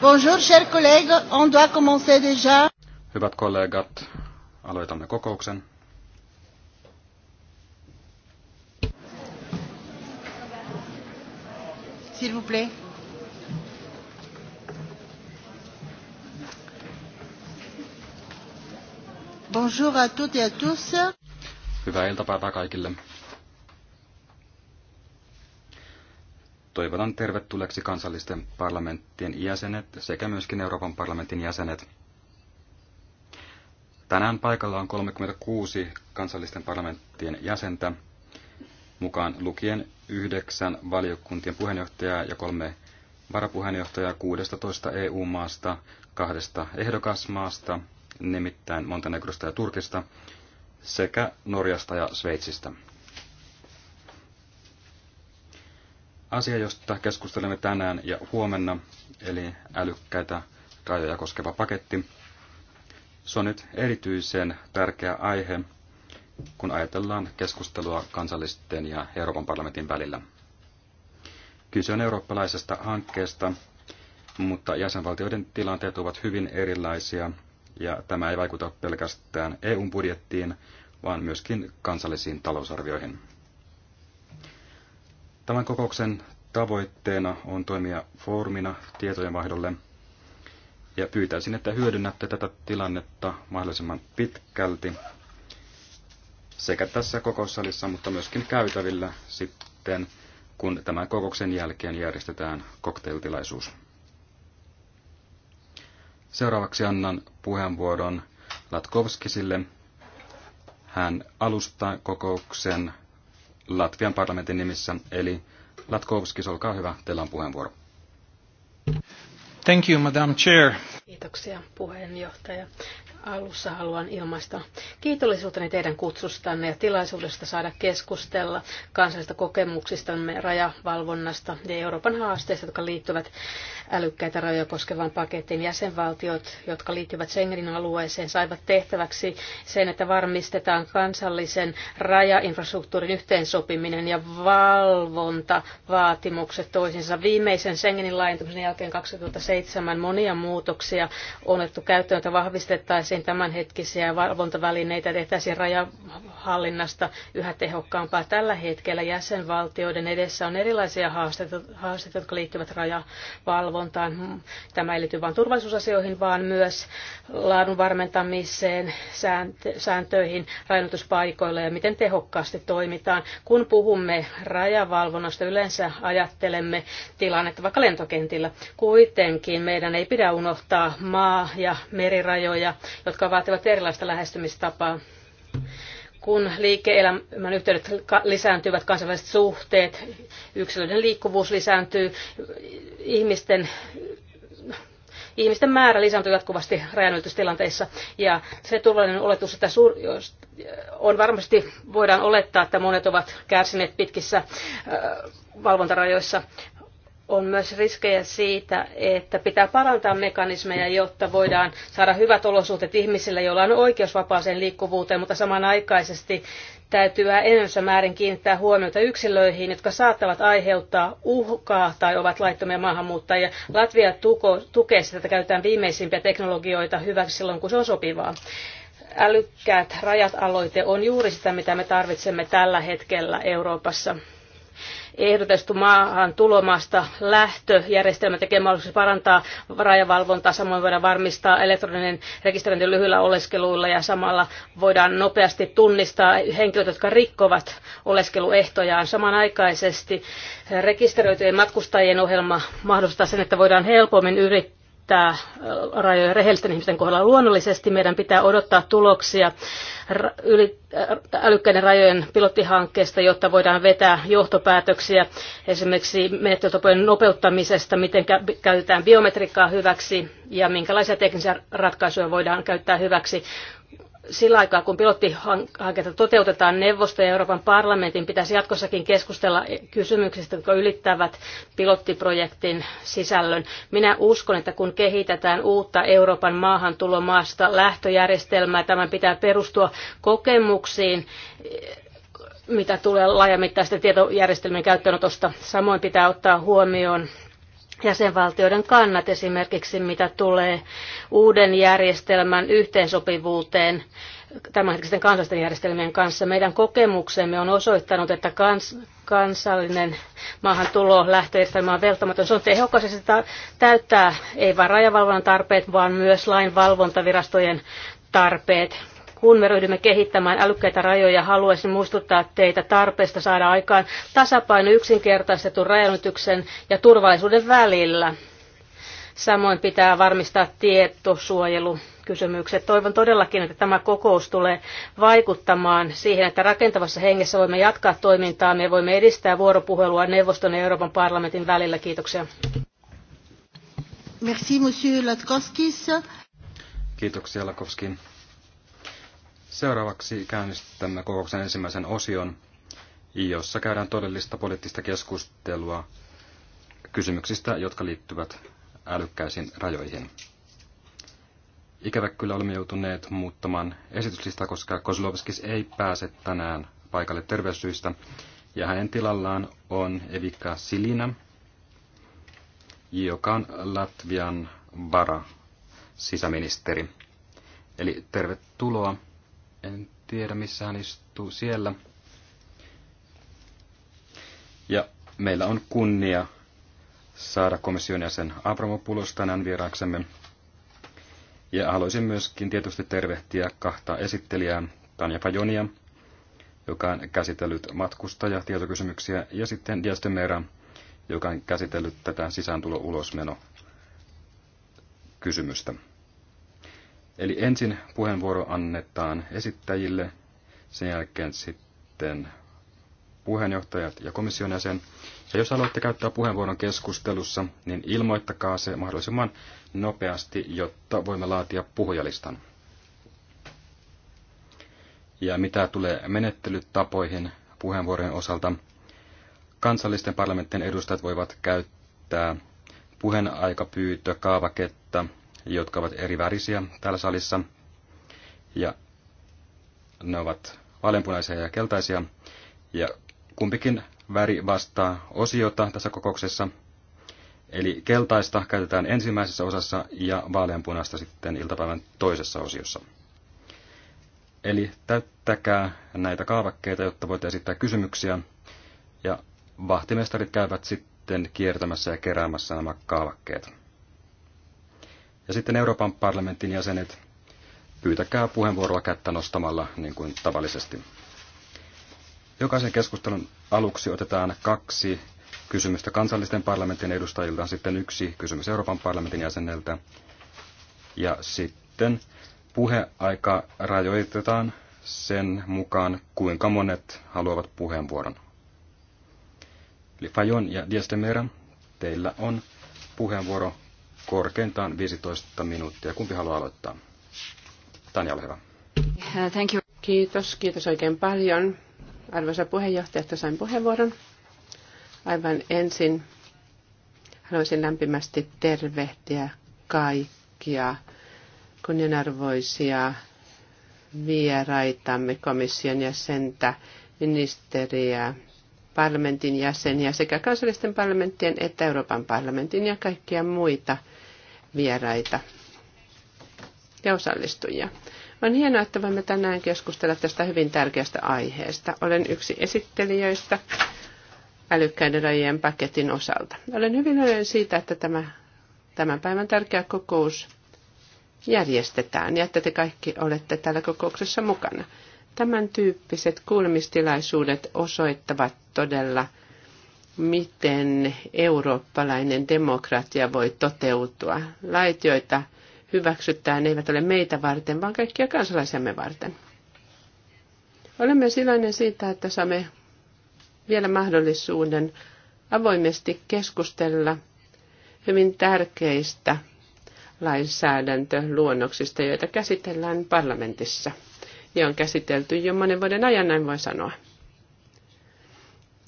Bonjour, cher collègue. On doit commencer déjà. Hyvät kollegat, aloitamme kokouksen. S'il vous plaît. Bonjour à toutes et à tous. Hyvää iltapäivää kaikille. toivotan tervetulleeksi kansallisten parlamenttien jäsenet sekä myöskin Euroopan parlamentin jäsenet. Tänään paikalla on 36 kansallisten parlamenttien jäsentä, mukaan lukien yhdeksän valiokuntien puheenjohtajaa ja kolme varapuheenjohtajaa 16 EU-maasta, kahdesta ehdokasmaasta, nimittäin Montenegrosta ja Turkista, sekä Norjasta ja Sveitsistä. asia, josta keskustelemme tänään ja huomenna, eli älykkäitä rajoja koskeva paketti. Se on nyt erityisen tärkeä aihe, kun ajatellaan keskustelua kansallisten ja Euroopan parlamentin välillä. Kyse on eurooppalaisesta hankkeesta, mutta jäsenvaltioiden tilanteet ovat hyvin erilaisia, ja tämä ei vaikuta pelkästään EUn budjettiin, vaan myöskin kansallisiin talousarvioihin. Tämän kokouksen tavoitteena on toimia foorumina tietojenvaihdolle ja pyytäisin, että hyödynnätte tätä tilannetta mahdollisimman pitkälti sekä tässä kokoussalissa, mutta myöskin käytävillä sitten, kun tämän kokouksen jälkeen järjestetään kokteiltilaisuus. Seuraavaksi annan puheenvuoron Latkovskisille. Hän alustaa kokouksen Latvian parlamentin nimissä. Eli Latkovskis, olkaa hyvä, teillä on puheenvuoro. Thank you, Madam Chair. Kiitoksia puheenjohtaja. Alussa haluan ilmaista kiitollisuuteni teidän kutsustanne ja tilaisuudesta saada keskustella kansallisista kokemuksistamme rajavalvonnasta ja Euroopan haasteista, jotka liittyvät älykkäitä rajoja koskevaan pakettiin. Jäsenvaltiot, jotka liittyvät Schengenin alueeseen, saivat tehtäväksi sen, että varmistetaan kansallisen rajainfrastruktuurin yhteensopiminen ja valvonta vaatimukset toisinsa. Viimeisen Schengenin laajentumisen jälkeen 2007 monia muutoksia on otettu käyttöön, että vahvistettaisiin saataisiin tämänhetkisiä valvontavälineitä, tehtäisiin rajahallinnasta yhä tehokkaampaa. Tällä hetkellä jäsenvaltioiden edessä on erilaisia haasteita, haasteita jotka liittyvät rajavalvontaan. Tämä ei liity vain turvallisuusasioihin, vaan myös laadun varmentamiseen, sääntöihin, rajoituspaikoilla ja miten tehokkaasti toimitaan. Kun puhumme rajavalvonnasta, yleensä ajattelemme tilannetta vaikka lentokentillä. Kuitenkin meidän ei pidä unohtaa maa- ja merirajoja jotka vaativat erilaista lähestymistapaa. Kun liike-elämän yhteydet lisääntyvät, kansainväliset suhteet, yksilöiden liikkuvuus lisääntyy, ihmisten ihmisten määrä lisääntyy jatkuvasti rajanylitystilanteissa. Ja se turvallinen oletus, että suur, on varmasti voidaan olettaa, että monet ovat kärsineet pitkissä valvontarajoissa, on myös riskejä siitä, että pitää parantaa mekanismeja, jotta voidaan saada hyvät olosuhteet ihmisille, joilla on oikeus vapaaseen liikkuvuuteen, mutta samanaikaisesti täytyy enemmän määrin kiinnittää huomiota yksilöihin, jotka saattavat aiheuttaa uhkaa tai ovat laittomia maahanmuuttajia. Latvia tuko, tukee sitä, että käytetään viimeisimpiä teknologioita hyväksi silloin, kun se on sopivaa. Älykkäät rajat-aloite on juuri sitä, mitä me tarvitsemme tällä hetkellä Euroopassa ehdotettu maahan tulomasta lähtöjärjestelmä tekee mahdollisuus parantaa rajavalvontaa, samoin voidaan varmistaa elektroninen rekisteröinti lyhyillä oleskeluilla ja samalla voidaan nopeasti tunnistaa henkilöt, jotka rikkovat oleskeluehtojaan. Samanaikaisesti rekisteröityjen matkustajien ohjelma mahdollistaa sen, että voidaan helpommin yrittää ylittää rajoja rehellisten ihmisten kohdalla. Luonnollisesti meidän pitää odottaa tuloksia yli, älykkäiden rajojen pilottihankkeesta, jotta voidaan vetää johtopäätöksiä esimerkiksi menettelytapojen nopeuttamisesta, miten käytetään biometriikkaa hyväksi ja minkälaisia teknisiä ratkaisuja voidaan käyttää hyväksi sillä aikaa, kun pilottihanketta toteutetaan, neuvosto ja Euroopan parlamentin pitäisi jatkossakin keskustella kysymyksistä, jotka ylittävät pilottiprojektin sisällön. Minä uskon, että kun kehitetään uutta Euroopan maahantulomaasta lähtöjärjestelmää, tämän pitää perustua kokemuksiin mitä tulee laajamittaisten tietojärjestelmien käyttöönotosta. Samoin pitää ottaa huomioon jäsenvaltioiden kannat esimerkiksi, mitä tulee uuden järjestelmän yhteensopivuuteen tämänhetkisten kansallisten järjestelmien kanssa. Meidän kokemuksemme on osoittanut, että kans, kansallinen maahantulo lähtöjärjestelmä on velttämätön. Se on tehokas ja se täyttää ei vain rajavalvonnan tarpeet, vaan myös lainvalvontavirastojen tarpeet kun me ryhdymme kehittämään älykkäitä rajoja, haluaisin muistuttaa teitä tarpeesta saada aikaan tasapaino yksinkertaistetun rajanytyksen ja turvallisuuden välillä. Samoin pitää varmistaa tietosuojelu kysymykset. Toivon todellakin, että tämä kokous tulee vaikuttamaan siihen, että rakentavassa hengessä voimme jatkaa toimintaa me voimme edistää vuoropuhelua neuvoston ja Euroopan parlamentin välillä. Kiitoksia. Merci, monsieur Latkowskis. Kiitoksia, Lakovskin. Seuraavaksi käynnistämme kokouksen ensimmäisen osion, jossa käydään todellista poliittista keskustelua kysymyksistä, jotka liittyvät älykkäisiin rajoihin. Ikävä kyllä olemme joutuneet muuttamaan esityslistaa, koska Kozlovskis ei pääse tänään paikalle terveyssyistä, ja hänen tilallaan on Evika Silina, joka on Latvian vara sisäministeri. Eli tervetuloa en tiedä, missä hän istuu siellä. Ja meillä on kunnia saada komission jäsen Abramopulos tänään vieraaksemme. Ja haluaisin myöskin tietysti tervehtiä kahta esittelijää, Tanja Pajonia, joka on käsitellyt matkustajatietokysymyksiä, ja sitten Diastemera, joka on käsitellyt tätä sisääntulo-ulosmeno kysymystä. Eli ensin puheenvuoro annetaan esittäjille, sen jälkeen sitten puheenjohtajat ja komission jäsen. Ja jos haluatte käyttää puheenvuoron keskustelussa, niin ilmoittakaa se mahdollisimman nopeasti, jotta voimme laatia puhujalistan. Ja mitä tulee menettelytapoihin puheenvuorojen osalta, kansallisten parlamenttien edustajat voivat käyttää puheenaikapyyntö kaavaketta – jotka ovat eri värisiä täällä salissa. Ja ne ovat vaaleanpunaisia ja keltaisia. Ja kumpikin väri vastaa osiota tässä kokouksessa. Eli keltaista käytetään ensimmäisessä osassa ja vaaleanpunaista sitten iltapäivän toisessa osiossa. Eli täyttäkää näitä kaavakkeita, jotta voitte esittää kysymyksiä. Ja vahtimestarit käyvät sitten kiertämässä ja keräämässä nämä kaavakkeet. Ja sitten Euroopan parlamentin jäsenet, pyytäkää puheenvuoroa kättä nostamalla niin kuin tavallisesti. Jokaisen keskustelun aluksi otetaan kaksi kysymystä kansallisten parlamentin edustajilta, sitten yksi kysymys Euroopan parlamentin jäseneltä. Ja sitten puheaika rajoitetaan sen mukaan, kuinka monet haluavat puheenvuoron. Eli Fajon ja Diestemera, teillä on puheenvuoro korkeintaan 15 minuuttia. Kumpi haluaa aloittaa? Tanja, ole hyvä. Uh, thank you. Kiitos, kiitos oikein paljon. Arvoisa puheenjohtaja, että sain puheenvuoron. Aivan ensin haluaisin lämpimästi tervehtiä kaikkia kunnianarvoisia vieraitamme komission jäsentä, ministeriä, parlamentin jäseniä sekä kansallisten parlamenttien että Euroopan parlamentin ja kaikkia muita – vieraita ja osallistujia. On hienoa, että voimme tänään keskustella tästä hyvin tärkeästä aiheesta. Olen yksi esittelijöistä älykkäiden rajien paketin osalta. Olen hyvin iloinen siitä, että tämä tämän päivän tärkeä kokous järjestetään ja että te kaikki olette täällä kokouksessa mukana. Tämän tyyppiset kuulemistilaisuudet osoittavat todella miten eurooppalainen demokratia voi toteutua. Lait, joita hyväksytään, eivät ole meitä varten, vaan kaikkia kansalaisiamme varten. Olemme iloinen siitä, että saamme vielä mahdollisuuden avoimesti keskustella hyvin tärkeistä lainsäädäntöluonnoksista, joita käsitellään parlamentissa ja on käsitelty jo monen vuoden ajan, näin voi sanoa.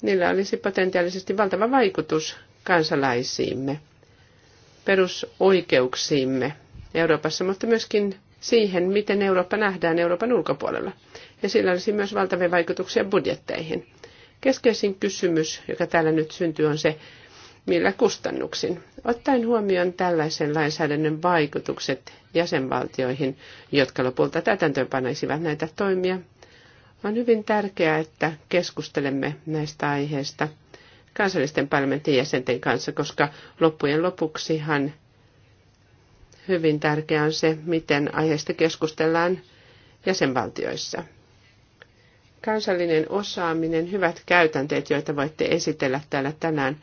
Niillä olisi potentiaalisesti valtava vaikutus kansalaisiimme, perusoikeuksiimme Euroopassa, mutta myöskin siihen, miten Eurooppa nähdään Euroopan ulkopuolella. Ja sillä olisi myös valtavia vaikutuksia budjetteihin. Keskeisin kysymys, joka täällä nyt syntyy, on se, millä kustannuksin. Ottaen huomioon tällaisen lainsäädännön vaikutukset jäsenvaltioihin, jotka lopulta täytäntöönpanaisivat näitä toimia, on hyvin tärkeää, että keskustelemme näistä aiheista kansallisten parlamentin jäsenten kanssa, koska loppujen lopuksihan hyvin tärkeää on se, miten aiheesta keskustellaan jäsenvaltioissa. Kansallinen osaaminen, hyvät käytänteet, joita voitte esitellä täällä tänään,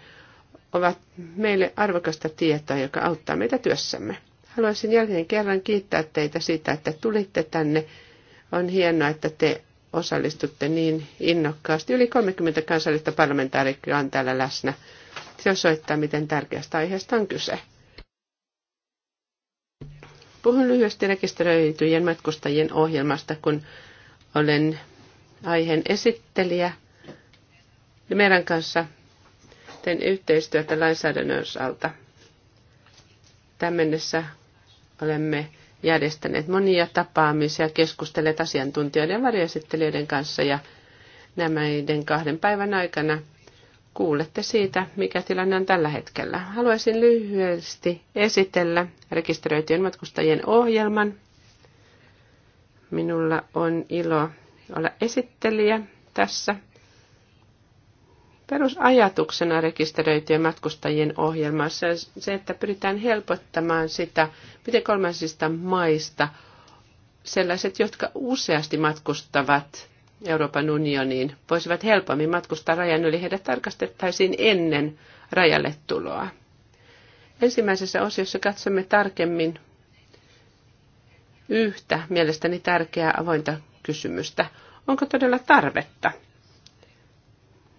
ovat meille arvokasta tietoa, joka auttaa meitä työssämme. Haluaisin jälleen kerran kiittää teitä siitä, että tulitte tänne. On hienoa, että te osallistutte niin innokkaasti. Yli 30 kansallista parlamentaarikkoa on täällä läsnä. Se osoittaa, miten tärkeästä aiheesta on kyse. Puhun lyhyesti rekisteröityjen matkustajien ohjelmasta, kun olen aiheen esittelijä. Meidän kanssa teen yhteistyötä lainsäädännön osalta. Tämän mennessä olemme järjestäneet monia tapaamisia, keskustelleet asiantuntijoiden ja varjoesittelijöiden kanssa ja näiden kahden päivän aikana kuulette siitä, mikä tilanne on tällä hetkellä. Haluaisin lyhyesti esitellä rekisteröityjen matkustajien ohjelman. Minulla on ilo olla esittelijä tässä perusajatuksena rekisteröityjen matkustajien ohjelmassa se, että pyritään helpottamaan sitä, miten kolmansista maista sellaiset, jotka useasti matkustavat Euroopan unioniin, voisivat helpommin matkustaa rajan yli, heidät tarkastettaisiin ennen rajalle tuloa. Ensimmäisessä osiossa katsomme tarkemmin yhtä mielestäni tärkeää avointa kysymystä. Onko todella tarvetta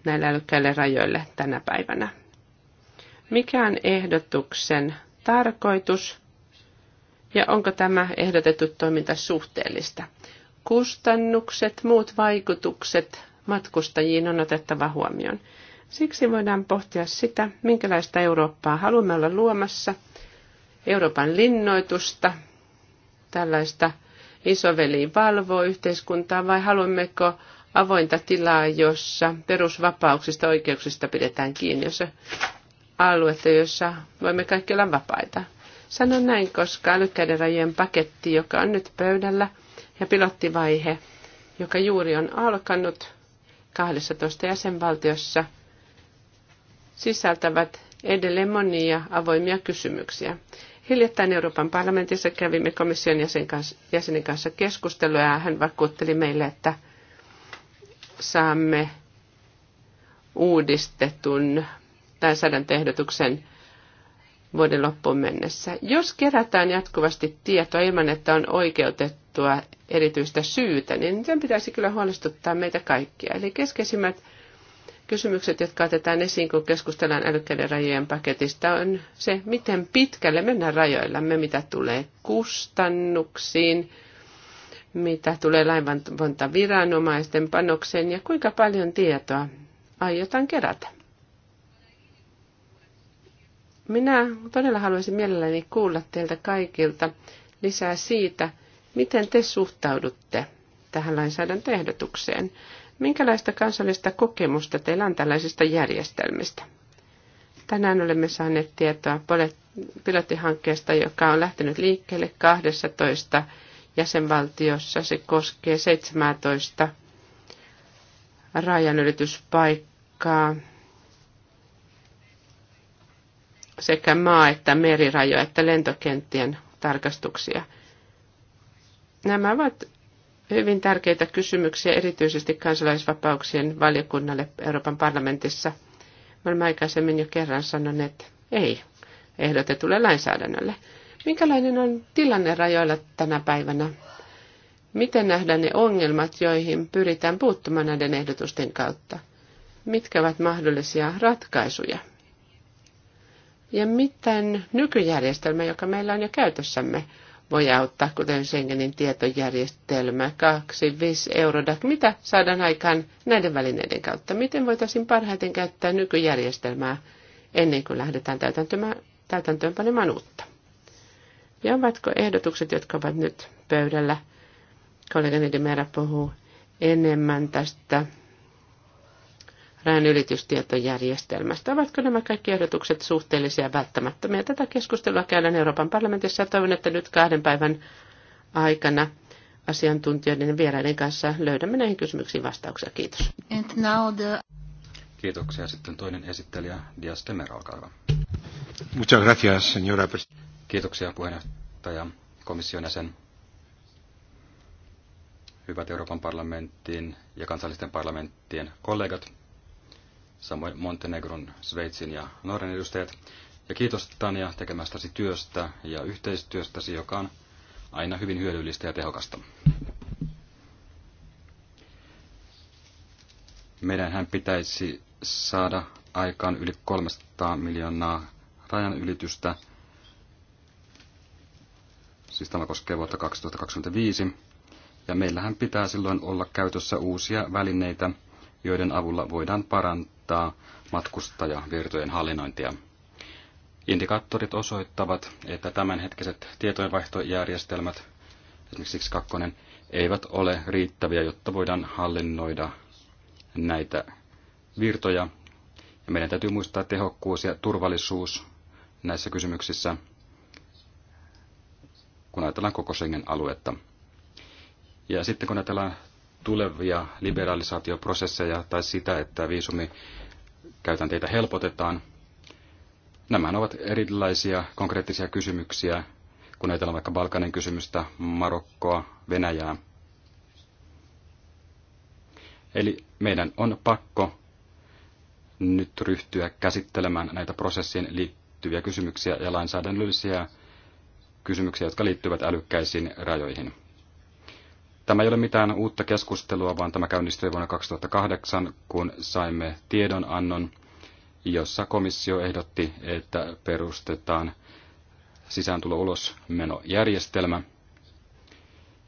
näille älykkäille rajoille tänä päivänä. Mikä on ehdotuksen tarkoitus ja onko tämä ehdotettu toiminta suhteellista? Kustannukset, muut vaikutukset matkustajiin on otettava huomioon. Siksi voidaan pohtia sitä, minkälaista Eurooppaa haluamme olla luomassa, Euroopan linnoitusta, tällaista isoveliin valvoa yhteiskuntaa vai haluammeko avointa tilaa, jossa perusvapauksista oikeuksista pidetään kiinni, jossa aluetta, jossa voimme kaikki olla vapaita. Sanon näin, koska älykkäiden rajojen paketti, joka on nyt pöydällä, ja pilottivaihe, joka juuri on alkanut 12 jäsenvaltiossa, sisältävät edelleen monia avoimia kysymyksiä. Hiljattain Euroopan parlamentissa kävimme komission jäsen kanssa, jäsenen kanssa keskustelua ja hän vakuutteli meille, että saamme uudistetun tai lainsäädäntöehdotuksen vuoden loppuun mennessä. Jos kerätään jatkuvasti tietoa ilman, että on oikeutettua erityistä syytä, niin sen pitäisi kyllä huolestuttaa meitä kaikkia. Eli keskeisimmät kysymykset, jotka otetaan esiin, kun keskustellaan älykkäiden rajojen paketista, on se, miten pitkälle mennään rajoillamme, mitä tulee kustannuksiin, mitä tulee lainvalvonta viranomaisten panokseen ja kuinka paljon tietoa aiotaan kerätä. Minä todella haluaisin mielelläni kuulla teiltä kaikilta lisää siitä, miten te suhtaudutte tähän lainsäädäntöehdotukseen. Minkälaista kansallista kokemusta teillä on tällaisista järjestelmistä? Tänään olemme saaneet tietoa pilottihankkeesta, joka on lähtenyt liikkeelle 12 jäsenvaltiossa. Se koskee 17 rajanylityspaikkaa sekä maa- että merirajoja että lentokenttien tarkastuksia. Nämä ovat hyvin tärkeitä kysymyksiä erityisesti kansalaisvapauksien valiokunnalle Euroopan parlamentissa. Me olemme aikaisemmin jo kerran sanoneet ei ehdotetulle lainsäädännölle. Minkälainen on tilanne rajoilla tänä päivänä? Miten nähdään ne ongelmat, joihin pyritään puuttumaan näiden ehdotusten kautta? Mitkä ovat mahdollisia ratkaisuja? Ja miten nykyjärjestelmä, joka meillä on jo käytössämme, voi auttaa, kuten Schengenin tietojärjestelmä, kaksi, 5, Eurodac, mitä saadaan aikaan näiden välineiden kautta? Miten voitaisiin parhaiten käyttää nykyjärjestelmää ennen kuin lähdetään täytäntöönpanemaan uutta? Ja ovatko ehdotukset, jotka ovat nyt pöydällä, kollega Nidimera puhuu enemmän tästä rajan ylitystietojärjestelmästä. Ovatko nämä kaikki ehdotukset suhteellisia ja välttämättömiä? Tätä keskustelua käydään Euroopan parlamentissa ja toivon, että nyt kahden päivän aikana asiantuntijoiden ja vieraiden kanssa löydämme näihin kysymyksiin vastauksia. Kiitos. The... Kiitoksia. Sitten toinen esittelijä, Dias Temer, olkaa hyvä. Muchas gracias, señora presidenta. Kiitoksia puheenjohtaja komission jäsen. Hyvät Euroopan parlamenttiin ja kansallisten parlamenttien kollegat, samoin Montenegron, Sveitsin ja Norjan edustajat. Ja kiitos Tania tekemästäsi työstä ja yhteistyöstäsi, joka on aina hyvin hyödyllistä ja tehokasta. Meidänhän pitäisi saada aikaan yli 300 miljoonaa rajanylitystä ylitystä siis tämä koskee vuotta 2025, ja meillähän pitää silloin olla käytössä uusia välineitä, joiden avulla voidaan parantaa matkustajavirtojen hallinnointia. Indikaattorit osoittavat, että tämänhetkiset tietojenvaihtojärjestelmät, esimerkiksi siksi kakkonen, eivät ole riittäviä, jotta voidaan hallinnoida näitä virtoja. Ja meidän täytyy muistaa tehokkuus ja turvallisuus näissä kysymyksissä – kun ajatellaan koko Schengen-aluetta. Ja sitten kun ajatellaan tulevia liberalisaatioprosesseja tai sitä, että viisumi käytänteitä helpotetaan, nämä ovat erilaisia konkreettisia kysymyksiä, kun ajatellaan vaikka Balkanin kysymystä, Marokkoa, Venäjää. Eli meidän on pakko nyt ryhtyä käsittelemään näitä prosessiin liittyviä kysymyksiä ja lainsäädännöllisiä kysymyksiä, jotka liittyvät älykkäisiin rajoihin. Tämä ei ole mitään uutta keskustelua, vaan tämä käynnistyi vuonna 2008, kun saimme tiedonannon, jossa komissio ehdotti, että perustetaan sisääntulo-ulosmenojärjestelmä.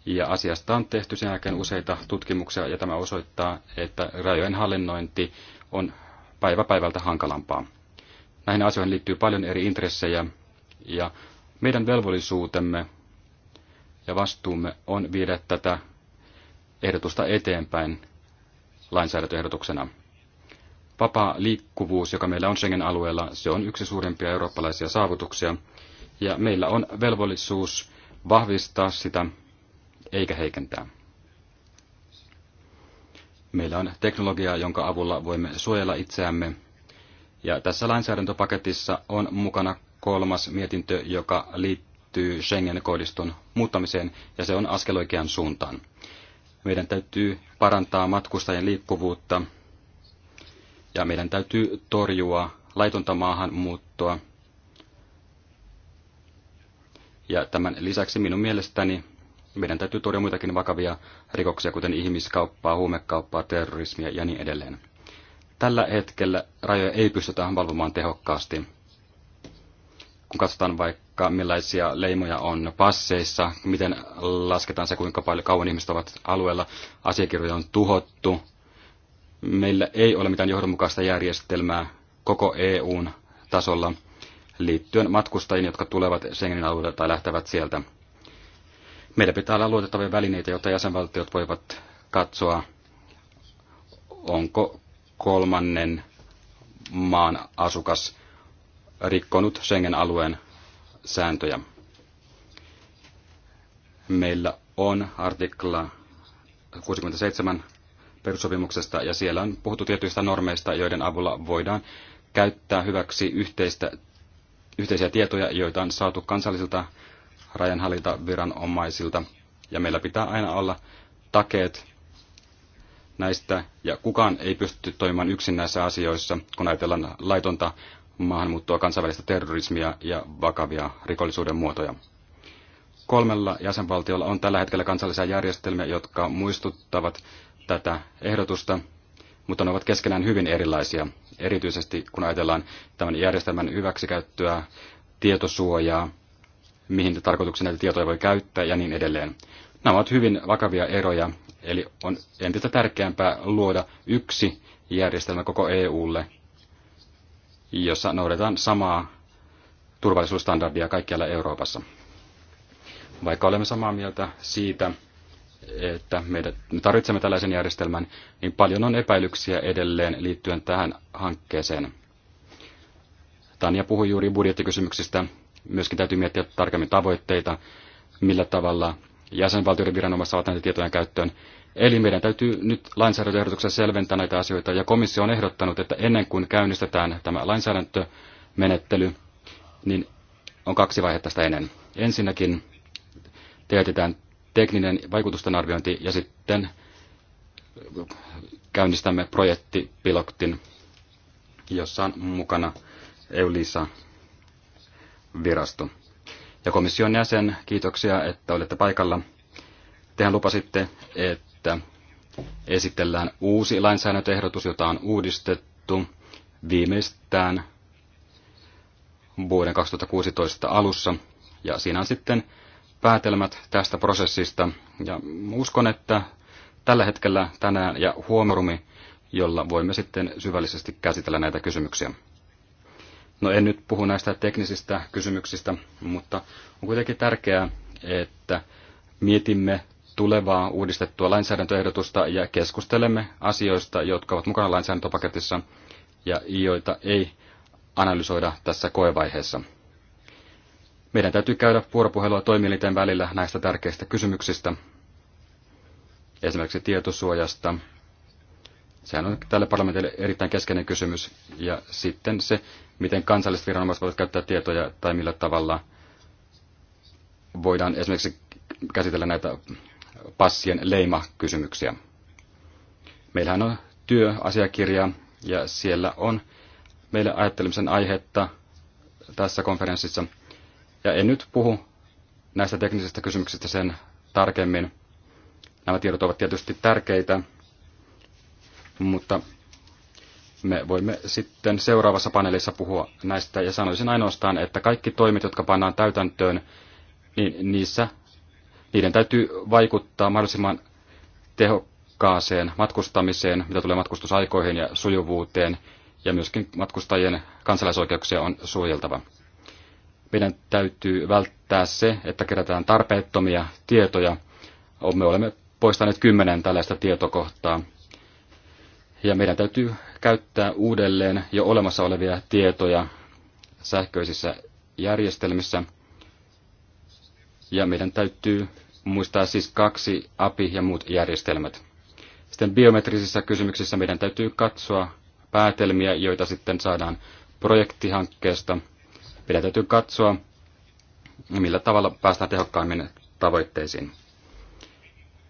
Ja asiasta on tehty sen jälkeen useita tutkimuksia, ja tämä osoittaa, että rajojen hallinnointi on päivä päivältä hankalampaa. Näihin asioihin liittyy paljon eri intressejä, ja meidän velvollisuutemme ja vastuumme on viedä tätä ehdotusta eteenpäin lainsäädäntöehdotuksena. Vapaa liikkuvuus, joka meillä on Schengen-alueella, se on yksi suurimpia eurooppalaisia saavutuksia, ja meillä on velvollisuus vahvistaa sitä eikä heikentää. Meillä on teknologia, jonka avulla voimme suojella itseämme, ja tässä lainsäädäntöpaketissa on mukana kolmas mietintö, joka liittyy Schengen-koodiston muuttamiseen, ja se on askel oikeaan suuntaan. Meidän täytyy parantaa matkustajien liikkuvuutta, ja meidän täytyy torjua laitonta maahanmuuttoa. Ja tämän lisäksi minun mielestäni meidän täytyy torjua muitakin vakavia rikoksia, kuten ihmiskauppaa, huumekauppaa, terrorismia ja niin edelleen. Tällä hetkellä rajoja ei pystytä valvomaan tehokkaasti kun katsotaan vaikka millaisia leimoja on passeissa, miten lasketaan se, kuinka paljon kauan ihmiset ovat alueella, asiakirjoja on tuhottu. Meillä ei ole mitään johdonmukaista järjestelmää koko EUn tasolla liittyen matkustajiin, jotka tulevat Schengenin alueelle tai lähtevät sieltä. Meillä pitää olla luotettavia välineitä, jotta jäsenvaltiot voivat katsoa, onko kolmannen maan asukas rikkonut Schengen-alueen sääntöjä. Meillä on artikla 67 perussopimuksesta ja siellä on puhuttu tietyistä normeista, joiden avulla voidaan käyttää hyväksi yhteistä, yhteisiä tietoja, joita on saatu kansallisilta rajanhallintaviranomaisilta. Ja meillä pitää aina olla takeet näistä, ja kukaan ei pysty toimimaan yksin näissä asioissa, kun ajatellaan laitonta maahanmuuttoa, kansainvälistä terrorismia ja vakavia rikollisuuden muotoja. Kolmella jäsenvaltiolla on tällä hetkellä kansallisia järjestelmiä, jotka muistuttavat tätä ehdotusta, mutta ne ovat keskenään hyvin erilaisia, erityisesti kun ajatellaan tämän järjestelmän hyväksikäyttöä, tietosuojaa, mihin tarkoituksena näitä tietoja voi käyttää ja niin edelleen. Nämä ovat hyvin vakavia eroja, eli on entistä tärkeämpää luoda yksi järjestelmä koko EUlle jossa noudatetaan samaa turvallisuusstandardia kaikkialla Euroopassa. Vaikka olemme samaa mieltä siitä, että meidät, me tarvitsemme tällaisen järjestelmän, niin paljon on epäilyksiä edelleen liittyen tähän hankkeeseen. Tanja puhui juuri budjettikysymyksistä. Myöskin täytyy miettiä tarkemmin tavoitteita, millä tavalla jäsenvaltioiden viranomaiset saavat näitä tietoja käyttöön. Eli meidän täytyy nyt lainsäädäntöehdotuksessa selventää näitä asioita, ja komissio on ehdottanut, että ennen kuin käynnistetään tämä lainsäädäntömenettely, niin on kaksi vaihetta sitä ennen. Ensinnäkin teetetään tekninen vaikutusten arviointi ja sitten käynnistämme projektipilottin, jossa on mukana EU-LISA-virasto. Ja komission jäsen, kiitoksia, että olette paikalla. Tehän lupasitte, että että esitellään uusi lainsäädäntöehdotus, jota on uudistettu viimeistään vuoden 2016 alussa. Ja siinä on sitten päätelmät tästä prosessista. Ja uskon, että tällä hetkellä tänään ja huomorumi, jolla voimme sitten syvällisesti käsitellä näitä kysymyksiä. No en nyt puhu näistä teknisistä kysymyksistä, mutta on kuitenkin tärkeää, että mietimme tulevaa uudistettua lainsäädäntöehdotusta ja keskustelemme asioista, jotka ovat mukana lainsäädäntöpaketissa ja joita ei analysoida tässä koevaiheessa. Meidän täytyy käydä vuoropuhelua toimielinten välillä näistä tärkeistä kysymyksistä, esimerkiksi tietosuojasta. Sehän on tälle parlamentille erittäin keskeinen kysymys. Ja sitten se, miten kansalliset viranomaiset voivat käyttää tietoja tai millä tavalla voidaan esimerkiksi käsitellä näitä passien leimakysymyksiä. Meillähän on työasiakirja ja siellä on meille ajattelemisen aihetta tässä konferenssissa. Ja en nyt puhu näistä teknisistä kysymyksistä sen tarkemmin. Nämä tiedot ovat tietysti tärkeitä, mutta me voimme sitten seuraavassa paneelissa puhua näistä ja sanoisin ainoastaan, että kaikki toimet, jotka pannaan täytäntöön, niin niissä niiden täytyy vaikuttaa mahdollisimman tehokkaaseen matkustamiseen, mitä tulee matkustusaikoihin ja sujuvuuteen, ja myöskin matkustajien kansalaisoikeuksia on suojeltava. Meidän täytyy välttää se, että kerätään tarpeettomia tietoja. Me olemme poistaneet kymmenen tällaista tietokohtaa. Ja meidän täytyy käyttää uudelleen jo olemassa olevia tietoja sähköisissä järjestelmissä. Ja meidän täytyy muistaa siis kaksi API ja muut järjestelmät. Sitten biometrisissä kysymyksissä meidän täytyy katsoa päätelmiä, joita sitten saadaan projektihankkeesta. Meidän täytyy katsoa, millä tavalla päästään tehokkaimmin tavoitteisiin.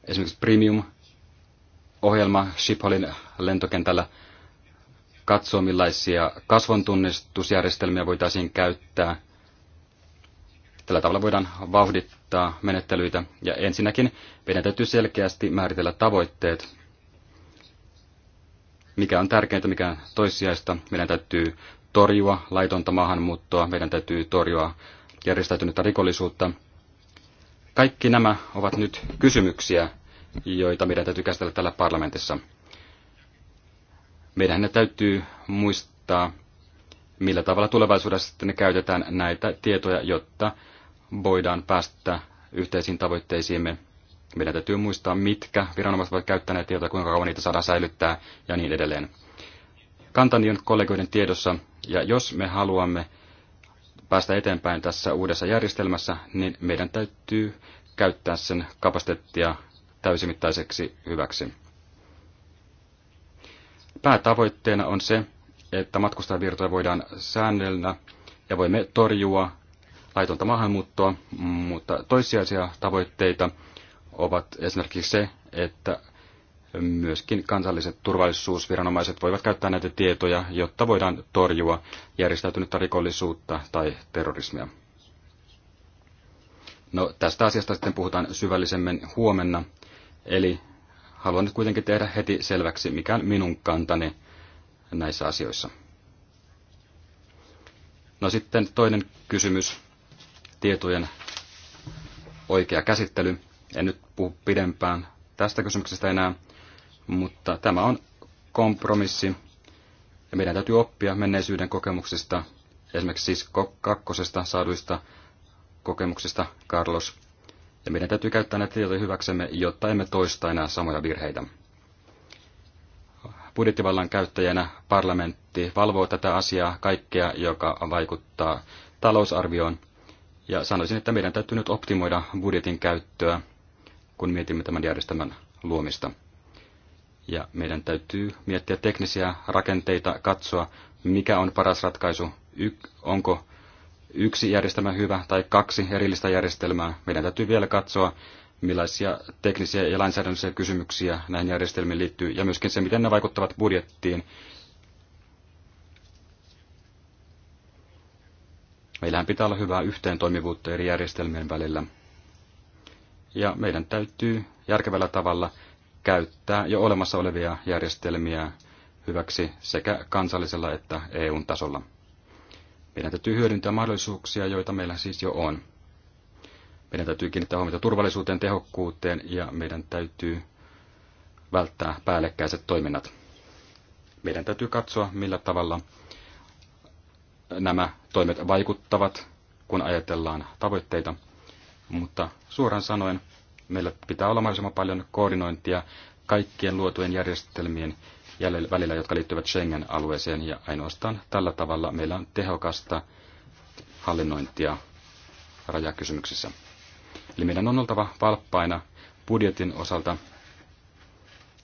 Esimerkiksi Premium-ohjelma Shipholin lentokentällä katsoo, millaisia kasvontunnistusjärjestelmiä voitaisiin käyttää – Tällä tavalla voidaan vauhdittaa menettelyitä ja ensinnäkin meidän täytyy selkeästi määritellä tavoitteet, mikä on tärkeintä, mikä on toissijaista. Meidän täytyy torjua laitonta maahanmuuttoa, meidän täytyy torjua järjestäytynyttä rikollisuutta. Kaikki nämä ovat nyt kysymyksiä, joita meidän täytyy käsitellä täällä parlamentissa. Meidän ne täytyy muistaa, millä tavalla tulevaisuudessa sitten käytetään näitä tietoja, jotta voidaan päästä yhteisiin tavoitteisiimme. Meidän täytyy muistaa, mitkä viranomaiset ovat käyttäneet tietoja, kuinka kauan niitä saadaan säilyttää ja niin edelleen. Kantani on kollegoiden tiedossa, ja jos me haluamme päästä eteenpäin tässä uudessa järjestelmässä, niin meidän täytyy käyttää sen kapasiteettia täysimittaiseksi hyväksi. Päätavoitteena on se, että matkustajavirtoja voidaan säännellä ja voimme torjua laitonta maahanmuuttoa, mutta toissijaisia tavoitteita ovat esimerkiksi se, että myöskin kansalliset turvallisuusviranomaiset voivat käyttää näitä tietoja, jotta voidaan torjua järjestäytynyttä rikollisuutta tai terrorismia. No, tästä asiasta sitten puhutaan syvällisemmin huomenna, eli haluan nyt kuitenkin tehdä heti selväksi, mikä on minun kantani näissä asioissa. No sitten toinen kysymys, tietojen oikea käsittely. En nyt puhu pidempään tästä kysymyksestä enää, mutta tämä on kompromissi. Ja meidän täytyy oppia menneisyyden kokemuksista, esimerkiksi siis kakkosesta saaduista kokemuksista, Carlos. Ja meidän täytyy käyttää näitä tietoja hyväksemme, jotta emme toista enää samoja virheitä. Budjettivallan käyttäjänä parlamentti valvoo tätä asiaa kaikkea, joka vaikuttaa talousarvioon – ja sanoisin, että meidän täytyy nyt optimoida budjetin käyttöä, kun mietimme tämän järjestelmän luomista. Ja meidän täytyy miettiä teknisiä rakenteita, katsoa, mikä on paras ratkaisu, onko yksi järjestelmä hyvä tai kaksi erillistä järjestelmää. Meidän täytyy vielä katsoa, millaisia teknisiä ja lainsäädännöllisiä kysymyksiä näihin järjestelmiin liittyy, ja myöskin se, miten ne vaikuttavat budjettiin Meillähän pitää olla hyvää yhteentoimivuutta eri järjestelmien välillä. Ja meidän täytyy järkevällä tavalla käyttää jo olemassa olevia järjestelmiä hyväksi sekä kansallisella että eu tasolla. Meidän täytyy hyödyntää mahdollisuuksia, joita meillä siis jo on. Meidän täytyy kiinnittää huomiota turvallisuuteen, tehokkuuteen ja meidän täytyy välttää päällekkäiset toiminnat. Meidän täytyy katsoa, millä tavalla nämä toimet vaikuttavat, kun ajatellaan tavoitteita, mutta suoraan sanoen meillä pitää olla mahdollisimman paljon koordinointia kaikkien luotujen järjestelmien välillä, jotka liittyvät Schengen-alueeseen, ja ainoastaan tällä tavalla meillä on tehokasta hallinnointia rajakysymyksissä. Eli meidän on oltava valppaina budjetin osalta.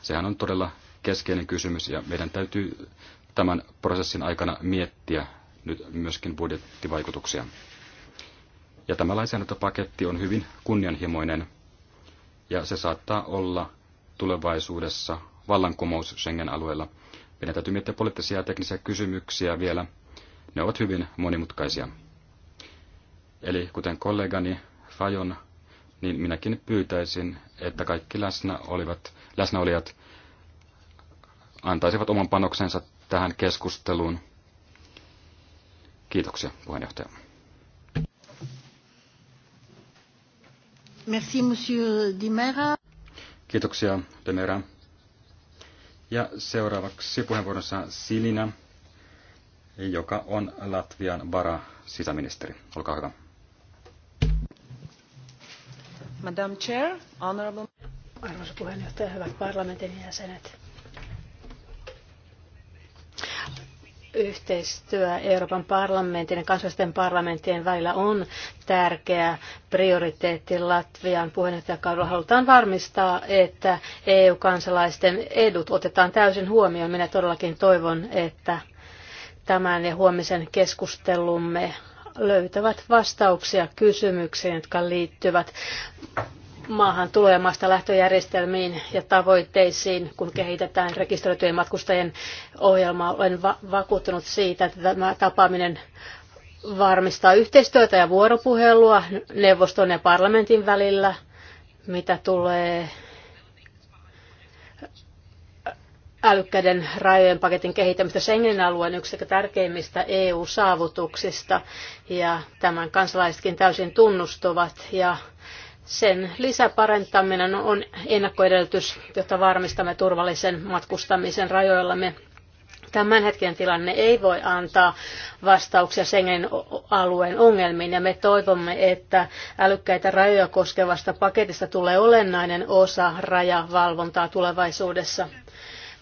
Sehän on todella keskeinen kysymys, ja meidän täytyy tämän prosessin aikana miettiä nyt myöskin budjettivaikutuksia. Ja tämä lainsäädäntöpaketti on hyvin kunnianhimoinen ja se saattaa olla tulevaisuudessa vallankumous Schengen-alueella. Meidän täytyy miettiä poliittisia ja teknisiä kysymyksiä vielä. Ne ovat hyvin monimutkaisia. Eli kuten kollegani Fajon, niin minäkin pyytäisin, että kaikki läsnä olivat, läsnäolijat antaisivat oman panoksensa tähän keskusteluun. Kiitoksia, puheenjohtaja. Merci, monsieur Dimera. Kiitoksia, Demera. Ja seuraavaksi puheenvuorossa Silina, joka on Latvian vara sisäministeri. Olkaa hyvä. Madame Chair, honorable... Arvoisa puheenjohtaja, hyvät parlamentin jäsenet. Yhteistyö Euroopan parlamentin ja kansallisten parlamenttien välillä on tärkeä prioriteetti Latvian puheenjohtajakaudella. Halutaan varmistaa, että EU-kansalaisten edut otetaan täysin huomioon. Minä todellakin toivon, että tämän ja huomisen keskustelumme löytävät vastauksia kysymyksiin, jotka liittyvät maahan tulemasta maasta lähtöjärjestelmiin ja tavoitteisiin, kun kehitetään rekisteröityjen matkustajien ohjelmaa. Olen va- vakuuttunut siitä, että tämä tapaaminen varmistaa yhteistyötä ja vuoropuhelua neuvoston ja parlamentin välillä, mitä tulee älykkäiden rajojen paketin kehittämistä Schengenin alueen yksi tärkeimmistä EU-saavutuksista, ja tämän kansalaisetkin täysin tunnustuvat, ja sen lisäparentaminen on ennakkoedellytys, jotta varmistamme turvallisen matkustamisen rajoillamme. Tämän hetken tilanne ei voi antaa vastauksia Schengen alueen ongelmiin ja me toivomme, että älykkäitä rajoja koskevasta paketista tulee olennainen osa rajavalvontaa tulevaisuudessa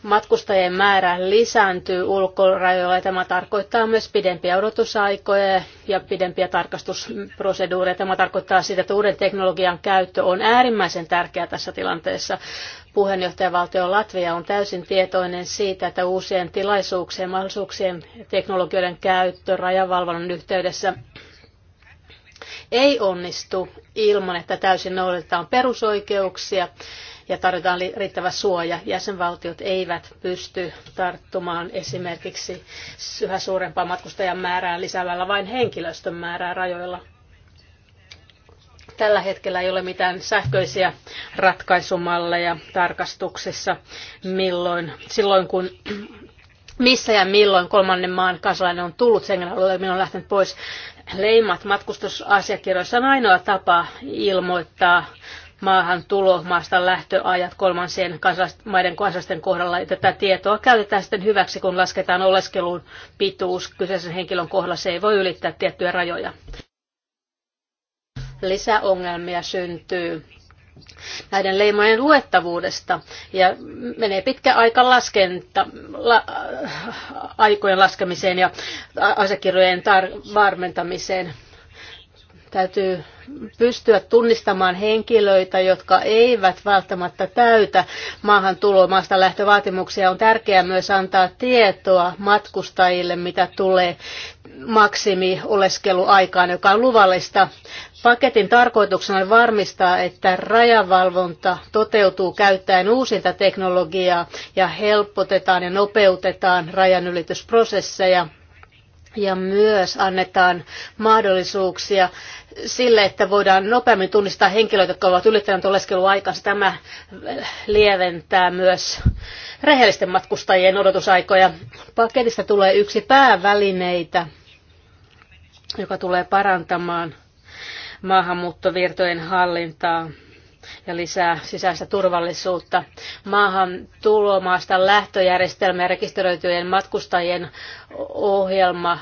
matkustajien määrä lisääntyy ulkorajoilla ja tämä tarkoittaa myös pidempiä odotusaikoja ja pidempiä tarkastusproseduureja. Tämä tarkoittaa sitä, että uuden teknologian käyttö on äärimmäisen tärkeää tässä tilanteessa. Puheenjohtajavaltio Latvia on täysin tietoinen siitä, että uusien tilaisuuksien, mahdollisuuksien teknologioiden käyttö rajavalvonnan yhteydessä ei onnistu ilman, että täysin noudatetaan perusoikeuksia ja tarjotaan riittävä suoja. Jäsenvaltiot eivät pysty tarttumaan esimerkiksi yhä suurempaa matkustajan määrää lisäämällä vain henkilöstön määrää rajoilla. Tällä hetkellä ei ole mitään sähköisiä ratkaisumalleja tarkastuksessa, milloin, silloin kun missä ja milloin kolmannen maan kansalainen on tullut Schengen alueelle, milloin on lähtenyt pois. Leimat matkustusasiakirjoissa on ainoa tapa ilmoittaa maahan tulo, maasta lähtöajat kolmansien maiden kansalaisten kohdalla. Tätä tietoa käytetään sitten hyväksi, kun lasketaan oleskelun pituus kyseisen henkilön kohdalla. Se ei voi ylittää tiettyjä rajoja. Lisäongelmia syntyy näiden leimojen luettavuudesta ja menee pitkä aika laskenta, la, äh, aikojen laskemiseen ja asiakirjojen tar- varmentamiseen. Täytyy pystyä tunnistamaan henkilöitä, jotka eivät välttämättä täytä maahan maasta lähtövaatimuksia. On tärkeää myös antaa tietoa matkustajille, mitä tulee maksimioleskeluaikaan, joka on luvallista. Paketin tarkoituksena on varmistaa, että rajavalvonta toteutuu käyttäen uusinta teknologiaa ja helpotetaan ja nopeutetaan rajanylitysprosesseja ja myös annetaan mahdollisuuksia sille, että voidaan nopeammin tunnistaa henkilöitä, jotka ovat ylittäneet oleskeluaikansa. Tämä eh, lieventää myös rehellisten matkustajien odotusaikoja. Paketista tulee yksi päävälineitä, joka tulee parantamaan maahanmuuttovirtojen hallintaa ja lisää sisäistä turvallisuutta Maahan tulomaasta lähtöjärjestelmä ja rekisteröityjen matkustajien ohjelma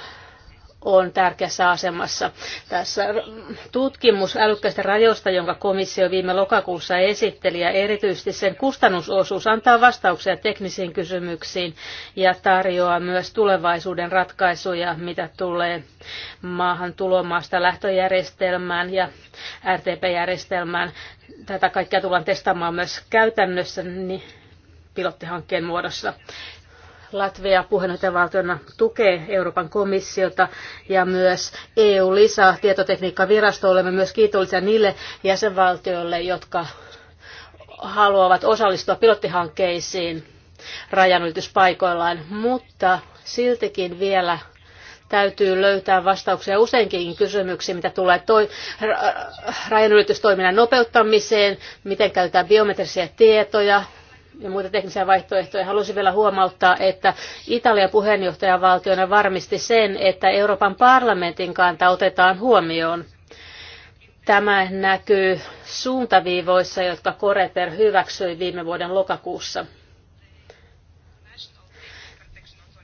on tärkeässä asemassa. Tässä tutkimus älykkäistä rajoista, jonka komissio viime lokakuussa esitteli ja erityisesti sen kustannusosuus antaa vastauksia teknisiin kysymyksiin ja tarjoaa myös tulevaisuuden ratkaisuja, mitä tulee maahan tulomaasta lähtöjärjestelmään ja RTP-järjestelmään. Tätä kaikkea tullaan testaamaan myös käytännössä niin pilottihankkeen muodossa. Latvia puheenjohtajavaltiona tukee Euroopan komissiota ja myös EU lisää tietotekniikkavirasto. Olemme myös kiitollisia niille jäsenvaltioille, jotka haluavat osallistua pilottihankkeisiin rajanylityspaikoillaan, mutta siltikin vielä täytyy löytää vastauksia useinkin kysymyksiin, mitä tulee toi, rajanylitystoiminnan nopeuttamiseen, miten käytetään biometrisiä tietoja, ja muita teknisiä vaihtoehtoja. Haluaisin vielä huomauttaa, että Italia puheenjohtajavaltiona varmisti sen, että Euroopan parlamentin kanta otetaan huomioon. Tämä näkyy suuntaviivoissa, jotka Koreper hyväksyi viime vuoden lokakuussa.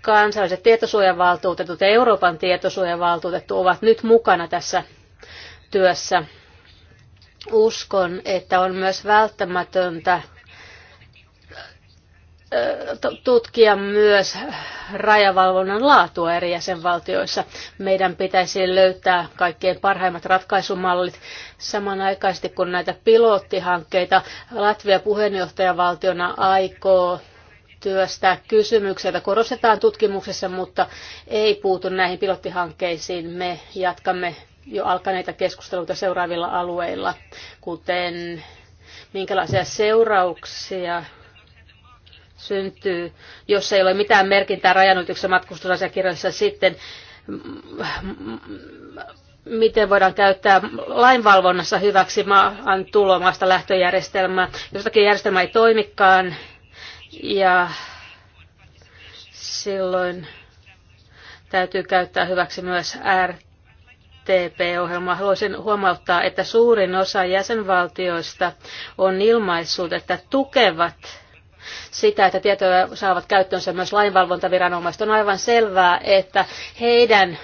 Kansalliset tietosuojavaltuutetut ja Euroopan tietosuojavaltuutettu ovat nyt mukana tässä työssä. Uskon, että on myös välttämätöntä tutkia myös rajavalvonnan laatua eri jäsenvaltioissa. Meidän pitäisi löytää kaikkein parhaimmat ratkaisumallit samanaikaisesti, kun näitä pilottihankkeita Latvia puheenjohtajavaltiona aikoo työstää kysymyksiä, korostetaan tutkimuksessa, mutta ei puutu näihin pilottihankkeisiin. Me jatkamme jo alkaneita keskusteluita seuraavilla alueilla, kuten minkälaisia seurauksia syntyy, jos ei ole mitään merkintää rajanylityksen matkustusasiakirjoissa sitten, mm, mm, miten voidaan käyttää lainvalvonnassa hyväksi maan tulomaasta lähtöjärjestelmää. Jostakin järjestelmä ei toimikaan ja silloin täytyy käyttää hyväksi myös RTP-ohjelmaa. Haluaisin huomauttaa, että suurin osa jäsenvaltioista on ilmaissut, että tukevat sitä, että tietoja saavat käyttöönsä myös lainvalvontaviranomaiset. On aivan selvää, että heidän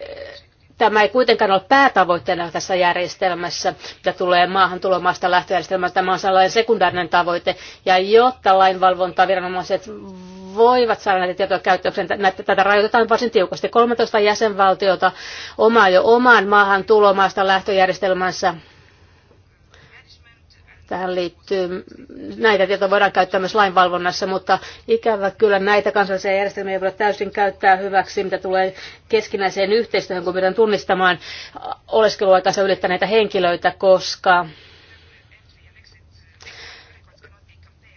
eh, tämä ei kuitenkaan ole päätavoitteena tässä järjestelmässä, mitä tulee maahan tulomaasta lähtöjärjestelmään. Tämä on sellainen sekundaarinen tavoite. Ja jotta lainvalvontaviranomaiset voivat saada näitä tietoja käyttöön, näitä, tätä rajoitetaan varsin tiukasti. 13 jäsenvaltiota omaa jo oman maahan tulomaasta lähtöjärjestelmänsä Tähän liittyy, näitä tietoja voidaan käyttää myös lainvalvonnassa, mutta ikävä kyllä näitä kansallisia järjestelmiä ei voida täysin käyttää hyväksi, mitä tulee keskinäiseen yhteistyöhön, kun pitää tunnistamaan oleskeluaikansa ylittäneitä henkilöitä, koska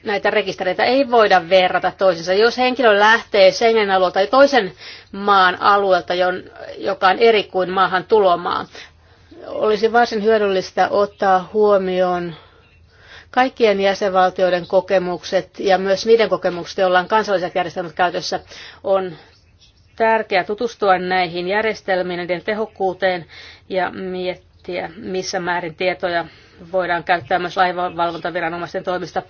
näitä rekistereitä ei voida verrata toisiinsa. Jos henkilö lähtee Schengen alueelta tai toisen maan alueelta, joka on eri kuin maahan tulomaa, olisi varsin hyödyllistä ottaa huomioon Kaikkien jäsenvaltioiden kokemukset ja myös niiden kokemukset, joilla on kansalliset järjestelmät käytössä, on tärkeää tutustua näihin järjestelmiin, niiden tehokkuuteen ja miettiä, missä määrin tietoja voidaan käyttää myös laivavalvontaviranomaisten toimista.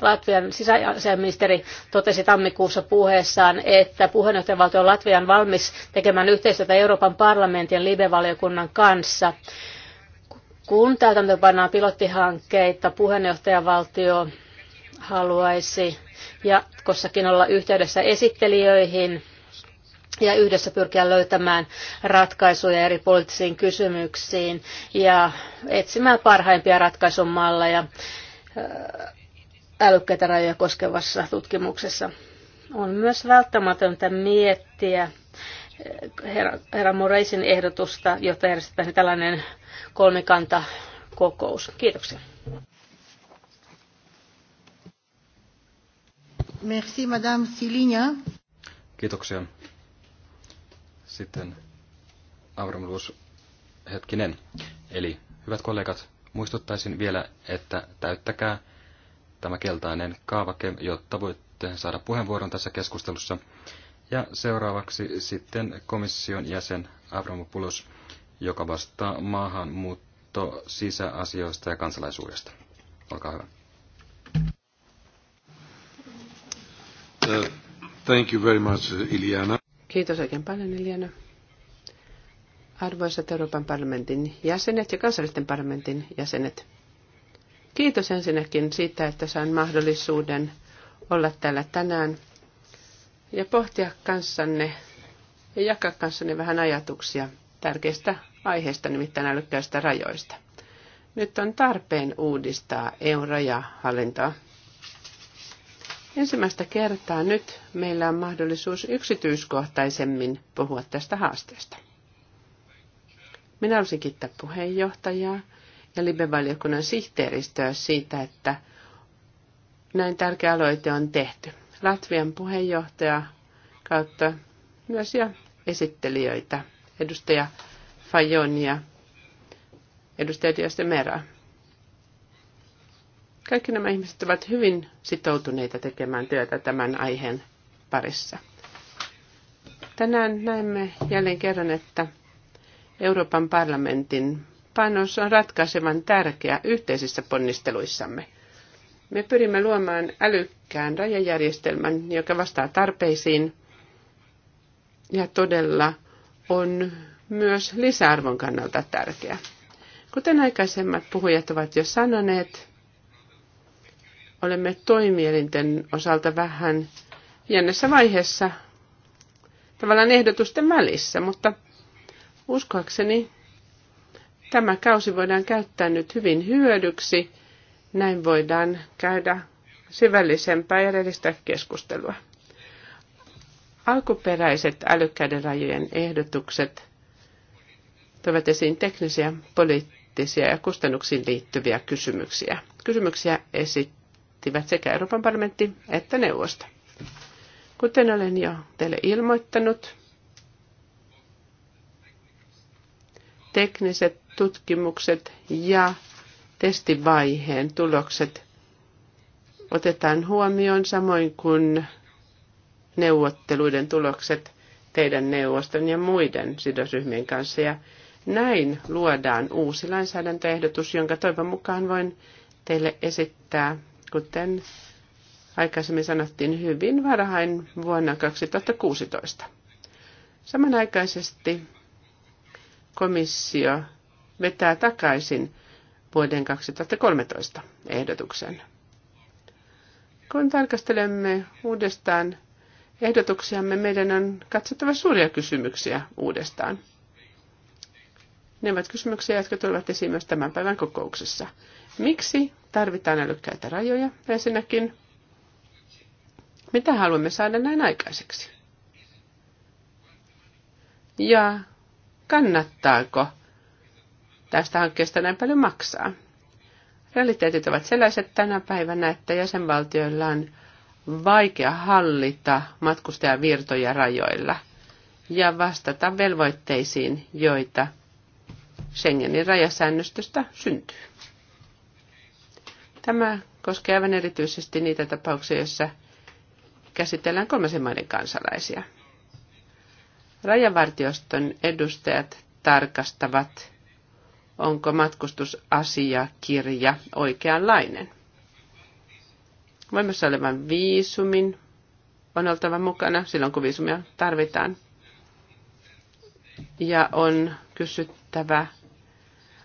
Latvian sisäasiaministeri totesi tammikuussa puheessaan, että puheenjohtajavaltio on Latvian valmis tekemään yhteistyötä Euroopan parlamentin libevaliokunnan valiokunnan kanssa kun täytäntöönpannaan pilottihankkeita, puheenjohtajavaltio haluaisi jatkossakin olla yhteydessä esittelijöihin ja yhdessä pyrkiä löytämään ratkaisuja eri poliittisiin kysymyksiin ja etsimään parhaimpia ratkaisumalleja äh, älykkäitä rajoja koskevassa tutkimuksessa. On myös välttämätöntä miettiä äh, herra, herra Moreisin ehdotusta, jotta järjestetään tällainen kolmikanta kokous. Kiitoksia. Merci, Madame Silinia. Kiitoksia. Sitten Avramluus hetkinen. Eli hyvät kollegat, muistuttaisin vielä, että täyttäkää tämä keltainen kaavake, jotta voitte saada puheenvuoron tässä keskustelussa. Ja seuraavaksi sitten komission jäsen Avramopoulos joka vastaa maahanmuutto sisäasioista ja kansalaisuudesta. Olkaa hyvä. Uh, thank you very much, Iliana. Kiitos oikein paljon, Iliana. Arvoisat Euroopan parlamentin jäsenet ja kansallisten parlamentin jäsenet, kiitos ensinnäkin siitä, että saan mahdollisuuden olla täällä tänään ja pohtia kanssanne ja jakaa kanssanne vähän ajatuksia – tärkeästä aiheesta, nimittäin älykkäistä rajoista. Nyt on tarpeen uudistaa EU-rajahallintoa. Ensimmäistä kertaa nyt meillä on mahdollisuus yksityiskohtaisemmin puhua tästä haasteesta. Minä olisin kiittää puheenjohtajaa ja Libe-valiokunnan sihteeristöä siitä, että näin tärkeä aloite on tehty. Latvian puheenjohtaja kautta myös ja esittelijöitä edustaja Fajon ja edustaja Diastemera. Kaikki nämä ihmiset ovat hyvin sitoutuneita tekemään työtä tämän aiheen parissa. Tänään näemme jälleen kerran, että Euroopan parlamentin panos on ratkaisevan tärkeä yhteisissä ponnisteluissamme. Me pyrimme luomaan älykkään rajajärjestelmän, joka vastaa tarpeisiin ja todella on myös lisäarvon kannalta tärkeä. Kuten aikaisemmat puhujat ovat jo sanoneet, olemme toimielinten osalta vähän jännässä vaiheessa tavallaan ehdotusten välissä, mutta uskoakseni tämä kausi voidaan käyttää nyt hyvin hyödyksi. Näin voidaan käydä syvällisempää ja edellistä keskustelua. Alkuperäiset älykkäiden rajojen ehdotukset toivat esiin teknisiä, poliittisia ja kustannuksiin liittyviä kysymyksiä. Kysymyksiä esittivät sekä Euroopan parlamentti että neuvosto. Kuten olen jo teille ilmoittanut, tekniset tutkimukset ja testivaiheen tulokset otetaan huomioon samoin kuin neuvotteluiden tulokset teidän neuvoston ja muiden sidosryhmien kanssa. Ja näin luodaan uusi lainsäädäntöehdotus, jonka toivon mukaan voin teille esittää, kuten aikaisemmin sanottiin, hyvin varhain vuonna 2016. Samanaikaisesti komissio vetää takaisin vuoden 2013 ehdotuksen. Kun tarkastelemme uudestaan ehdotuksiamme, meidän on katsottava suuria kysymyksiä uudestaan. Ne ovat kysymyksiä, jotka tulevat esiin myös tämän päivän kokouksessa. Miksi tarvitaan älykkäitä rajoja ensinnäkin? Mitä haluamme saada näin aikaiseksi? Ja kannattaako tästä hankkeesta näin paljon maksaa? Realiteetit ovat sellaiset tänä päivänä, että jäsenvaltioilla on vaikea hallita matkustajavirtoja rajoilla ja vastata velvoitteisiin, joita Schengenin rajasäännöstöstä syntyy. Tämä koskee aivan erityisesti niitä tapauksia, joissa käsitellään kolmasen maiden kansalaisia. Rajavartioston edustajat tarkastavat, onko matkustusasiakirja oikeanlainen – voimassa olevan viisumin on oltava mukana silloin, kun viisumia tarvitaan. Ja on kysyttävä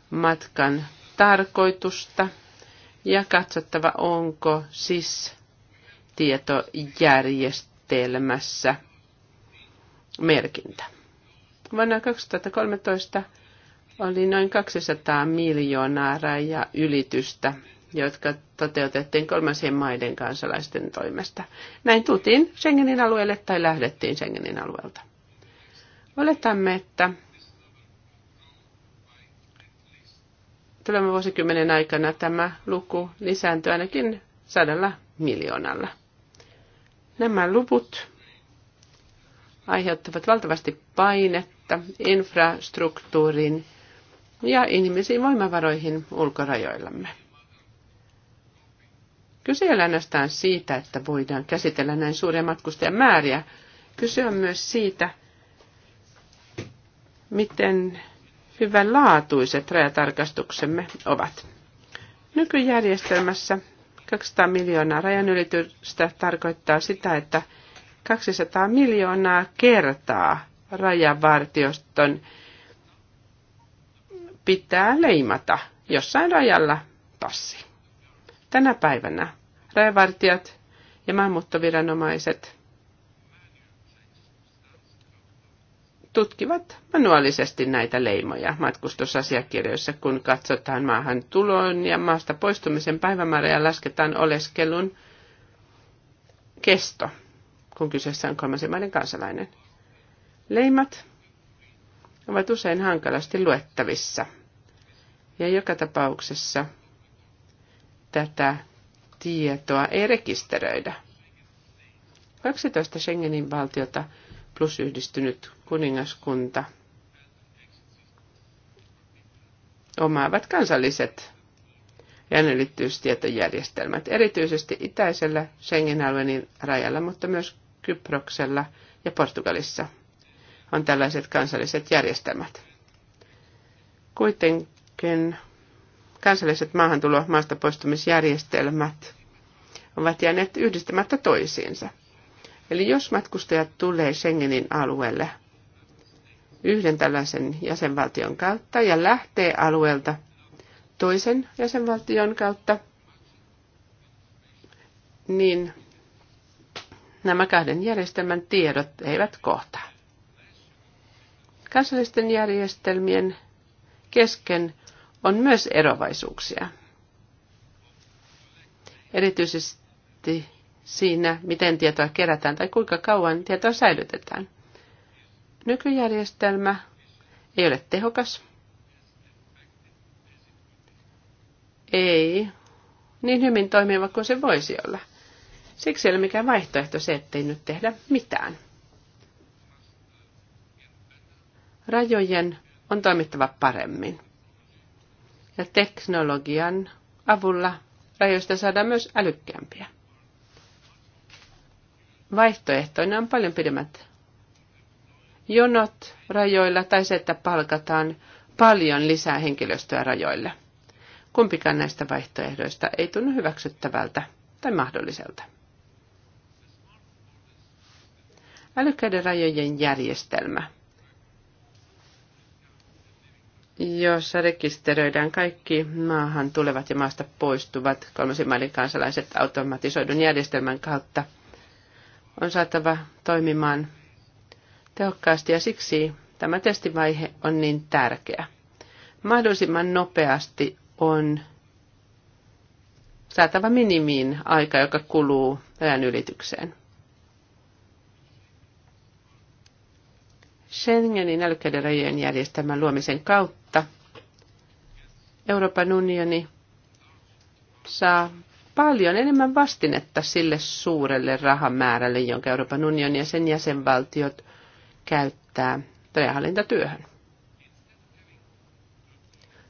matkan tarkoitusta ja katsottava, onko siis tietojärjestelmässä merkintä. Vuonna 2013 oli noin 200 miljoonaa raja ylitystä jotka toteutettiin kolmansien maiden kansalaisten toimesta. Näin tultiin Schengenin alueelle tai lähdettiin Schengenin alueelta. Oletamme, että tulemme vuosikymmenen aikana tämä luku lisääntyy ainakin sadalla miljoonalla. Nämä luvut aiheuttavat valtavasti painetta infrastruktuuriin ja ihmisiin voimavaroihin ulkorajoillamme. Kyse ei ole ainoastaan siitä, että voidaan käsitellä näin suuria matkustajamääriä. Kyse on myös siitä, miten hyvänlaatuiset rajatarkastuksemme ovat. Nykyjärjestelmässä 200 miljoonaa rajanylitystä tarkoittaa sitä, että 200 miljoonaa kertaa rajavartioston pitää leimata jossain rajalla passi. Tänä päivänä rajavartijat ja maahanmuuttoviranomaiset tutkivat manuaalisesti näitä leimoja matkustusasiakirjoissa, kun katsotaan maahan tulon ja maasta poistumisen päivämäärä ja lasketaan oleskelun kesto, kun kyseessä on kolmansien maiden kansalainen. Leimat ovat usein hankalasti luettavissa. Ja joka tapauksessa tätä tietoa ei rekisteröidä. 12 Schengenin valtiota plus yhdistynyt kuningaskunta omaavat kansalliset jännitystietojärjestelmät, erityisesti itäisellä Schengen-alueen rajalla, mutta myös Kyproksella ja Portugalissa on tällaiset kansalliset järjestelmät. Kuitenkin kansalliset maahantulo- maasta poistumisjärjestelmät ovat jääneet yhdistämättä toisiinsa. Eli jos matkustajat tulee Schengenin alueelle yhden tällaisen jäsenvaltion kautta ja lähtee alueelta toisen jäsenvaltion kautta, niin nämä kahden järjestelmän tiedot eivät kohtaa. Kansallisten järjestelmien kesken on myös erovaisuuksia. Erityisesti siinä, miten tietoa kerätään tai kuinka kauan tietoa säilytetään. Nykyjärjestelmä ei ole tehokas. Ei niin hyvin toimiva kuin se voisi olla. Siksi ei ole mikään vaihtoehto se, ettei nyt tehdä mitään. Rajojen on toimittava paremmin. Ja teknologian avulla rajoista saadaan myös älykkäämpiä. Vaihtoehtoina on paljon pidemmät jonot rajoilla tai se, että palkataan paljon lisää henkilöstöä rajoille. Kumpikaan näistä vaihtoehdoista ei tunnu hyväksyttävältä tai mahdolliselta. Älykkäiden rajojen järjestelmä – jossa rekisteröidään kaikki maahan tulevat ja maasta poistuvat kolmasimailin kansalaiset automatisoidun järjestelmän kautta, on saatava toimimaan tehokkaasti ja siksi tämä testivaihe on niin tärkeä. Mahdollisimman nopeasti on saatava minimiin aika, joka kuluu ajan ylitykseen. Schengenin älykkäiden rajojen järjestelmän luomisen kautta Euroopan unioni saa paljon enemmän vastinetta sille suurelle rahamäärälle, jonka Euroopan unioni ja sen jäsenvaltiot käyttää rajahallintatyöhön.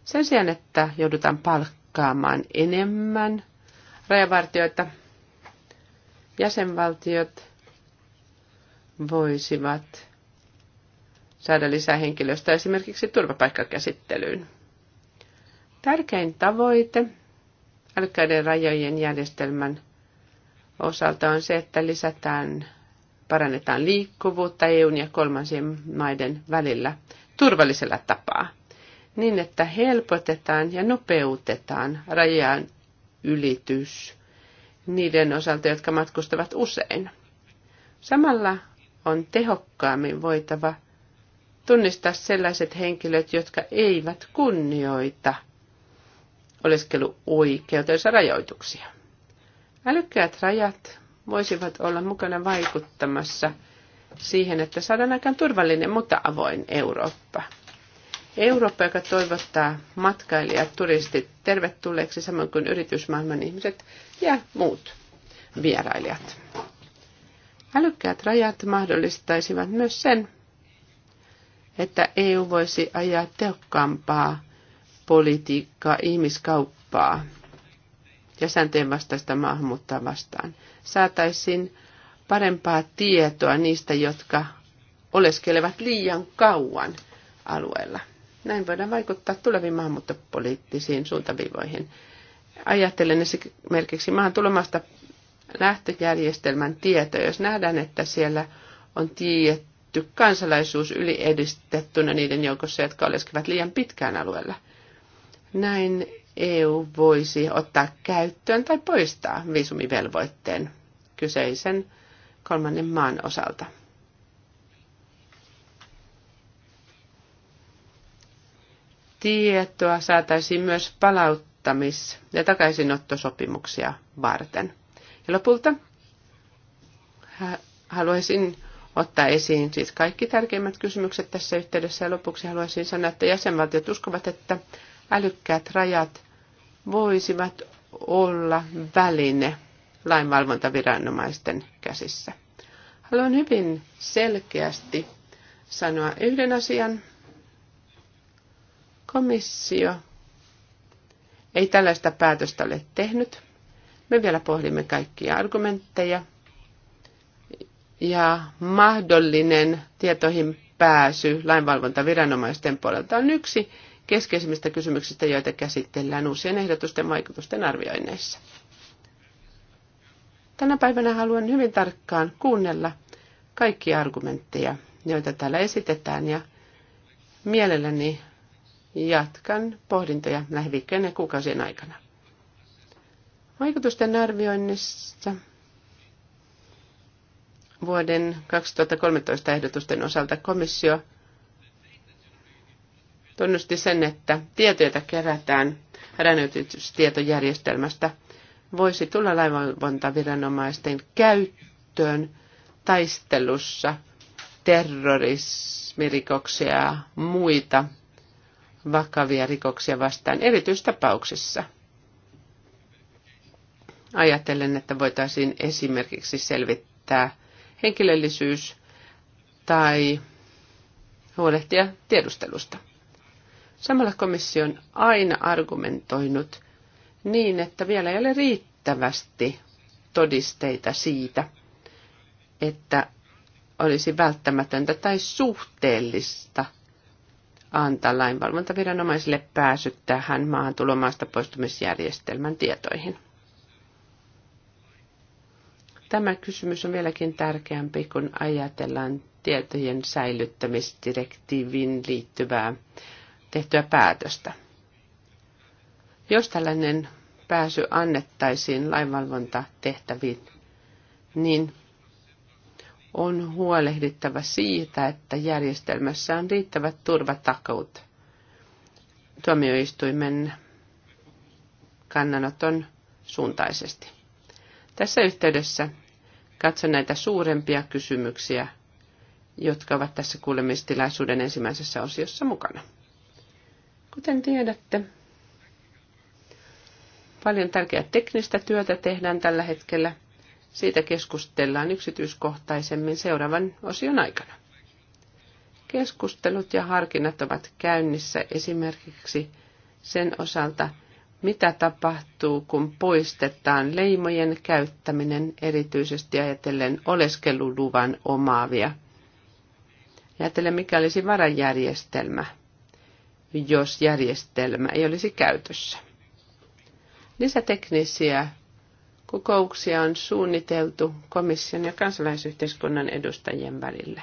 Sen sijaan, että joudutaan palkkaamaan enemmän rajavartioita, jäsenvaltiot voisivat saada lisää henkilöstöä esimerkiksi turvapaikkakäsittelyyn. Tärkein tavoite älykkäiden rajojen järjestelmän osalta on se, että lisätään, parannetaan liikkuvuutta EUn ja kolmansien maiden välillä turvallisella tapaa, niin että helpotetaan ja nopeutetaan rajan ylitys niiden osalta, jotka matkustavat usein. Samalla on tehokkaammin voitava tunnistaa sellaiset henkilöt, jotka eivät kunnioita oleskeluoikeutensa rajoituksia. Älykkäät rajat voisivat olla mukana vaikuttamassa siihen, että saadaan aikaan turvallinen, mutta avoin Eurooppa. Eurooppa, joka toivottaa matkailijat, turistit tervetulleeksi, samoin kuin yritysmaailman ihmiset ja muut vierailijat. Älykkäät rajat mahdollistaisivat myös sen, että EU voisi ajaa tehokkaampaa politiikkaa ihmiskauppaa ja sääntöjen vastaista maahanmuuttoa vastaan. Saataisiin parempaa tietoa niistä, jotka oleskelevat liian kauan alueella. Näin voidaan vaikuttaa tuleviin maahanmuuttopoliittisiin suuntaviivoihin. Ajattelen esimerkiksi maahan tulemasta lähtöjärjestelmän tietoa. Jos nähdään, että siellä on tietty nähty kansalaisuus yliedistettynä niiden joukossa, jotka oleskelevat liian pitkään alueella. Näin EU voisi ottaa käyttöön tai poistaa viisumivelvoitteen kyseisen kolmannen maan osalta. Tietoa saataisiin myös palauttamis- ja takaisinottosopimuksia varten. Ja lopulta haluaisin ottaa esiin siis kaikki tärkeimmät kysymykset tässä yhteydessä. Ja lopuksi haluaisin sanoa, että jäsenvaltiot uskovat, että älykkäät rajat voisivat olla väline lainvalvontaviranomaisten käsissä. Haluan hyvin selkeästi sanoa yhden asian. Komissio ei tällaista päätöstä ole tehnyt. Me vielä pohdimme kaikkia argumentteja ja mahdollinen tietoihin pääsy lainvalvontaviranomaisten puolelta on yksi keskeisimmistä kysymyksistä, joita käsitellään uusien ehdotusten vaikutusten arvioinneissa. Tänä päivänä haluan hyvin tarkkaan kuunnella kaikkia argumentteja, joita täällä esitetään, ja mielelläni jatkan pohdintoja lähiviikkojen ja kuukausien aikana. Vaikutusten arvioinnissa Vuoden 2013 ehdotusten osalta komissio tunnusti sen, että tietoja kerätään hädännytystietojärjestelmästä voisi tulla laivavontaviranomaisten käyttöön taistelussa terrorismirikoksia ja muita vakavia rikoksia vastaan erityistapauksissa. Ajattelen, että voitaisiin esimerkiksi selvittää henkilöllisyys tai huolehtia tiedustelusta. Samalla komissio on aina argumentoinut niin, että vielä ei ole riittävästi todisteita siitä, että olisi välttämätöntä tai suhteellista antaa lainvalvontaviranomaisille pääsy tähän maahantulomaasta poistumisjärjestelmän tietoihin. Tämä kysymys on vieläkin tärkeämpi, kun ajatellaan tietojen säilyttämisdirektiiviin liittyvää tehtyä päätöstä. Jos tällainen pääsy annettaisiin lainvalvontatehtäviin, niin on huolehdittava siitä, että järjestelmässä on riittävät turvatakaut. Tuomioistuimen kannanoton suuntaisesti. Tässä yhteydessä katso näitä suurempia kysymyksiä, jotka ovat tässä kuulemistilaisuuden ensimmäisessä osiossa mukana. Kuten tiedätte, paljon tärkeää teknistä työtä tehdään tällä hetkellä. Siitä keskustellaan yksityiskohtaisemmin seuraavan osion aikana. Keskustelut ja harkinnat ovat käynnissä esimerkiksi sen osalta, mitä tapahtuu, kun poistetaan leimojen käyttäminen, erityisesti ajatellen oleskeluluvan omaavia. Ajatellen, mikä olisi varajärjestelmä, jos järjestelmä ei olisi käytössä. Lisäteknisiä kokouksia on suunniteltu komission ja kansalaisyhteiskunnan edustajien välillä.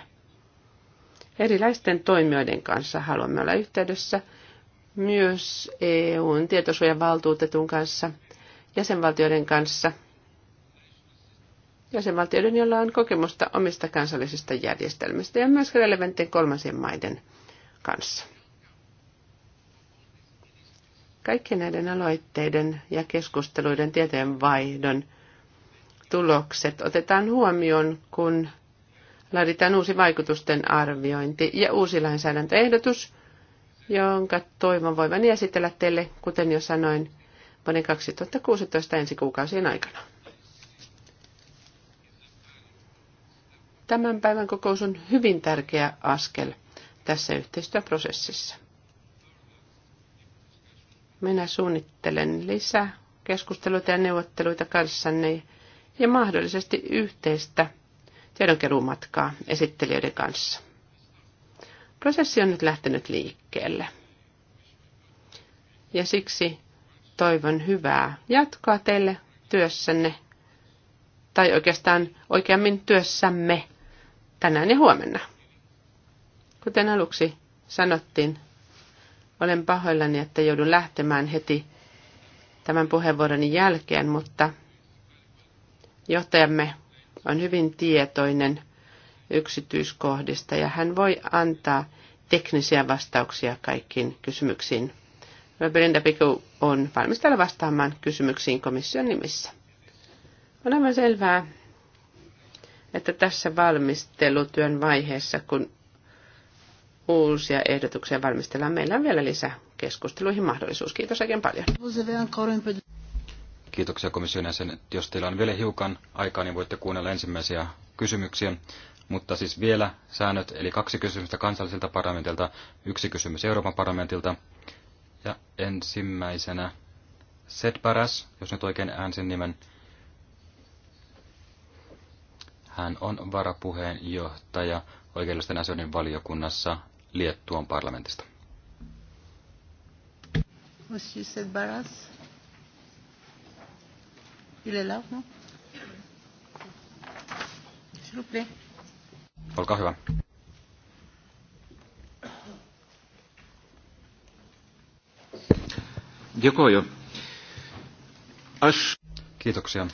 Erilaisten toimijoiden kanssa haluamme olla yhteydessä – myös EUn tietosuojavaltuutetun kanssa, jäsenvaltioiden kanssa, jäsenvaltioiden, joilla on kokemusta omista kansallisista järjestelmistä ja myös relevanttien kolmansien maiden kanssa. Kaikkien näiden aloitteiden ja keskusteluiden tietojenvaihdon tulokset otetaan huomioon, kun laaditaan uusi vaikutusten arviointi ja uusi lainsäädäntöehdotus – jonka toivon voivani esitellä teille, kuten jo sanoin, vuoden 2016 ensi kuukausien aikana. Tämän päivän kokous on hyvin tärkeä askel tässä yhteistyöprosessissa. Minä suunnittelen lisää keskusteluita ja neuvotteluita kanssanne ja mahdollisesti yhteistä tiedonkeruumatkaa esittelijöiden kanssa. Prosessi on nyt lähtenyt liikkeelle. Ja siksi toivon hyvää jatkoa teille työssänne, tai oikeastaan oikeammin työssämme tänään ja huomenna. Kuten aluksi sanottiin, olen pahoillani, että joudun lähtemään heti tämän puheenvuoroni jälkeen, mutta johtajamme on hyvin tietoinen yksityiskohdista ja hän voi antaa teknisiä vastauksia kaikkiin kysymyksiin. Brenda Pico on valmis täällä vastaamaan kysymyksiin komission nimissä. On aivan selvää, että tässä valmistelutyön vaiheessa, kun uusia ehdotuksia valmistellaan, meillä on vielä lisää keskusteluihin mahdollisuus. Kiitos oikein paljon. Kiitoksia komission jäsenet. Jos teillä on vielä hiukan aikaa, niin voitte kuunnella ensimmäisiä kysymyksiä. Mutta siis vielä säännöt, eli kaksi kysymystä kansallisilta parlamentilta, yksi kysymys Euroopan parlamentilta. Ja ensimmäisenä Setbaras, jos nyt oikein äänsin nimen. Hän on varapuheenjohtaja oikeudellisten asioiden valiokunnassa Liettuan parlamentista. Monsieur Setbaras. Il est là, non S'il vous plaît. Olkaa hyvä. Kiitoksia.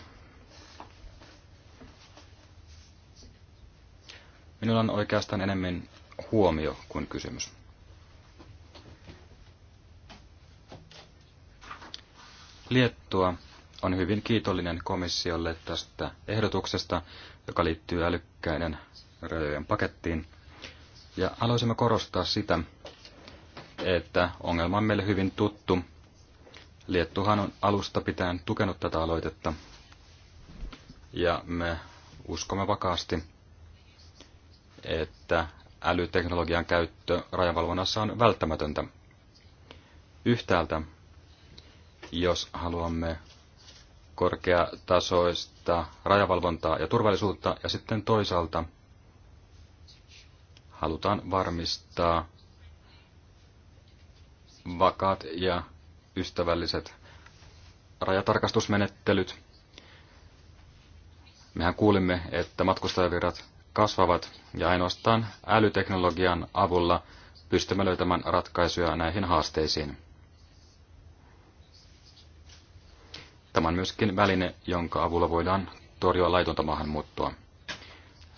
Minulla on oikeastaan enemmän huomio kuin kysymys. Liettua on hyvin kiitollinen komissiolle tästä ehdotuksesta, joka liittyy älykkäiden rajojen pakettiin. Ja haluaisimme korostaa sitä, että ongelma on meille hyvin tuttu. Liettuhan on alusta pitäen tukenut tätä aloitetta. Ja me uskomme vakaasti, että älyteknologian käyttö rajavalvonnassa on välttämätöntä. Yhtäältä, jos haluamme korkeatasoista rajavalvontaa ja turvallisuutta, ja sitten toisaalta – halutaan varmistaa vakaat ja ystävälliset rajatarkastusmenettelyt. Mehän kuulimme, että matkustajavirrat kasvavat ja ainoastaan älyteknologian avulla pystymme löytämään ratkaisuja näihin haasteisiin. Tämä on myöskin väline, jonka avulla voidaan torjua laitonta maahanmuuttoa.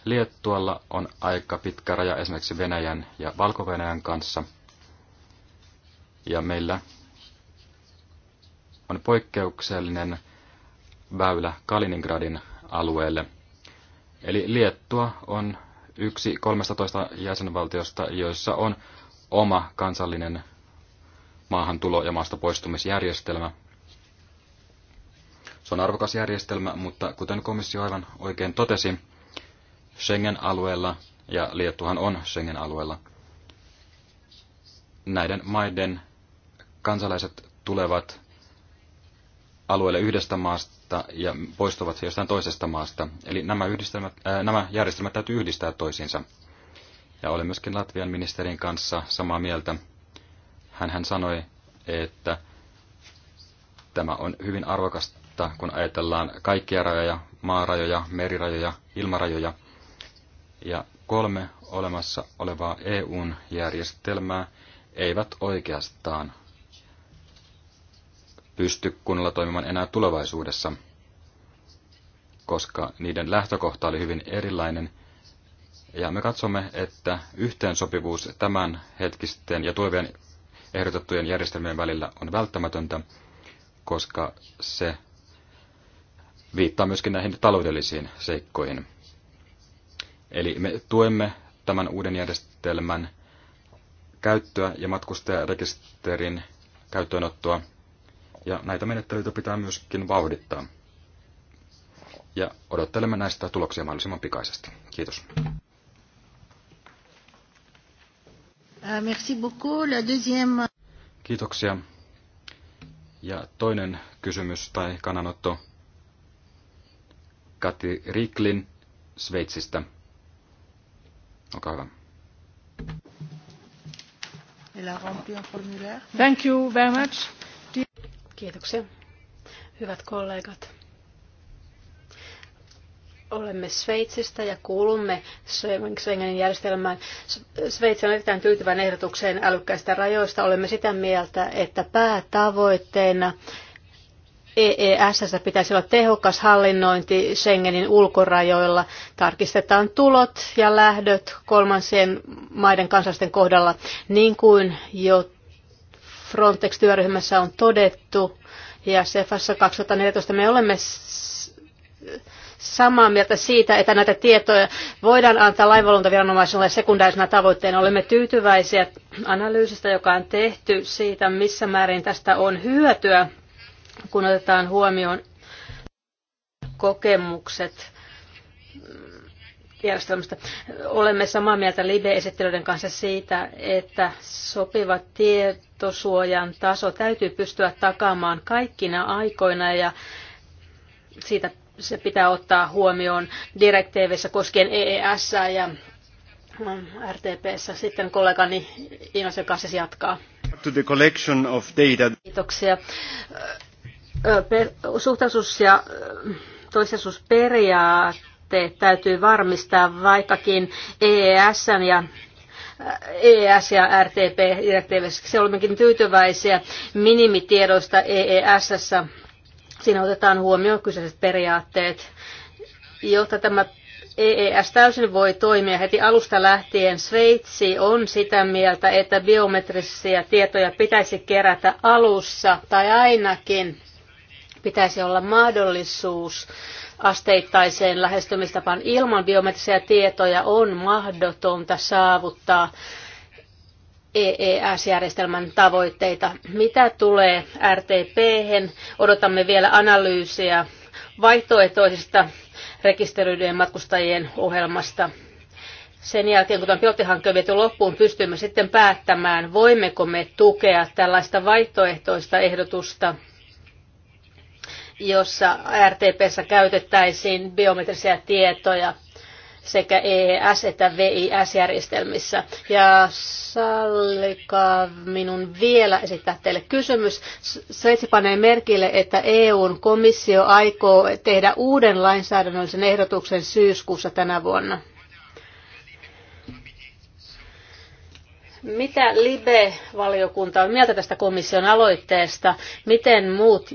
Liettualla on aika pitkä raja esimerkiksi Venäjän ja valko -Venäjän kanssa. Ja meillä on poikkeuksellinen väylä Kaliningradin alueelle. Eli Liettua on yksi 13 jäsenvaltiosta, joissa on oma kansallinen maahantulo- ja maasta poistumisjärjestelmä. Se on arvokas järjestelmä, mutta kuten komissio aivan oikein totesi, Schengen-alueella, ja Liettuhan on Schengen-alueella, näiden maiden kansalaiset tulevat alueelle yhdestä maasta ja poistuvat jostain toisesta maasta. Eli nämä, yhdistelmät, ää, äh, nämä järjestelmät täytyy yhdistää toisiinsa. Ja olen myöskin Latvian ministerin kanssa samaa mieltä. hän sanoi, että tämä on hyvin arvokasta, kun ajatellaan kaikkia rajoja, maarajoja, merirajoja, ilmarajoja ja kolme olemassa olevaa EUn järjestelmää eivät oikeastaan pysty kunnolla toimimaan enää tulevaisuudessa, koska niiden lähtökohta oli hyvin erilainen. Ja me katsomme, että yhteensopivuus tämän hetkisten ja tulevien ehdotettujen järjestelmien välillä on välttämätöntä, koska se viittaa myöskin näihin taloudellisiin seikkoihin. Eli me tuemme tämän uuden järjestelmän käyttöä ja matkustajarekisterin käyttöönottoa, ja näitä menettelyitä pitää myöskin vauhdittaa. Ja odottelemme näistä tuloksia mahdollisimman pikaisesti. Kiitos. Ah, merci beaucoup. La deuxième... Kiitoksia. Ja toinen kysymys tai kannanotto Kati Riklin Sveitsistä. Olkaa hyvä. Thank you very much. Kiitoksia. Hyvät kollegat. Olemme Sveitsistä ja kuulumme Schengenin järjestelmään. Sveitsi on erittäin tyytyväinen ehdotukseen älykkäistä rajoista. Olemme sitä mieltä, että päätavoitteena EES pitäisi olla tehokas hallinnointi Schengenin ulkorajoilla. Tarkistetaan tulot ja lähdöt kolmansien maiden kansalaisten kohdalla, niin kuin jo Frontex-työryhmässä on todettu. Ja Sefassa 2014 me olemme samaa mieltä siitä, että näitä tietoja voidaan antaa lainvalvontaviranomaisille sekundaarisena tavoitteena. Olemme tyytyväisiä analyysistä, joka on tehty siitä, missä määrin tästä on hyötyä kun otetaan huomioon kokemukset järjestelmästä. Olemme samaa mieltä Libe-esittelyiden kanssa siitä, että sopiva tietosuojan taso täytyy pystyä takaamaan kaikkina aikoina ja siitä se pitää ottaa huomioon direktiivissä koskien EES ja mm, RTPssä. Sitten kollegani Inosen kanssa jatkaa. To the collection of data. Kiitoksia suhtaisuus ja toisensuusperiaatteet täytyy varmistaa, vaikkakin EES ja EES ja RTP-direktiivissä. Olemmekin tyytyväisiä minimitiedoista EES. Siinä otetaan huomioon kyseiset periaatteet, jotta tämä EES täysin voi toimia heti alusta lähtien. Sveitsi on sitä mieltä, että biometrisiä tietoja pitäisi kerätä alussa tai ainakin pitäisi olla mahdollisuus asteittaiseen lähestymistapaan. Ilman biometrisiä tietoja on mahdotonta saavuttaa EES-järjestelmän tavoitteita. Mitä tulee rtp -hen? odotamme vielä analyysiä vaihtoehtoisesta rekisteröidyjen matkustajien ohjelmasta. Sen jälkeen, kun tämä pilottihanke on viety loppuun, pystymme sitten päättämään, voimmeko me tukea tällaista vaihtoehtoista ehdotusta – jossa RTPssä käytettäisiin biometrisiä tietoja sekä EES- että VIS-järjestelmissä. Ja sallikaa minun vielä esittää teille kysymys. Sveitsi panee merkille, että EUn komissio aikoo tehdä uuden lainsäädännöllisen ehdotuksen syyskuussa tänä vuonna. Mitä LIBE-valiokunta on mieltä tästä komission aloitteesta? Miten muut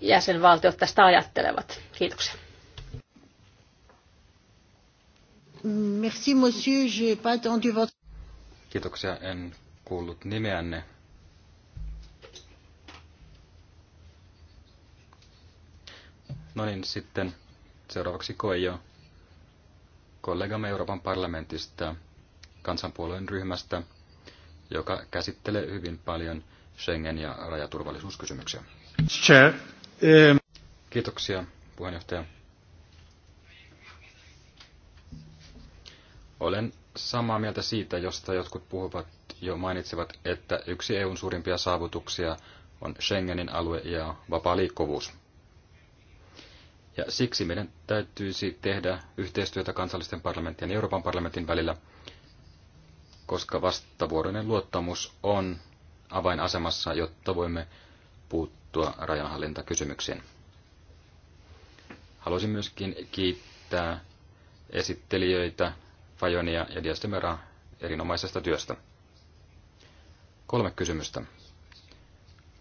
jäsenvaltiot tästä ajattelevat. Kiitoksia. Merci, monsieur. Je pas votre... Kiitoksia, en kuullut nimeänne. No niin, sitten seuraavaksi Koijo, kollegamme Euroopan parlamentista, kansanpuolueen ryhmästä, joka käsittelee hyvin paljon Schengen- ja rajaturvallisuuskysymyksiä. Chair. Ehm. Kiitoksia, puheenjohtaja. Olen samaa mieltä siitä, josta jotkut puhuvat jo mainitsivat, että yksi EUn suurimpia saavutuksia on Schengenin alue ja vapaa liikkuvuus. Ja siksi meidän täytyisi tehdä yhteistyötä kansallisten parlamenttien ja Euroopan parlamentin välillä, koska vastavuoroinen luottamus on avainasemassa, jotta voimme puuttua puuttua rajanhallintakysymyksiin. Haluaisin myöskin kiittää esittelijöitä Fajonia ja Diastemera erinomaisesta työstä. Kolme kysymystä.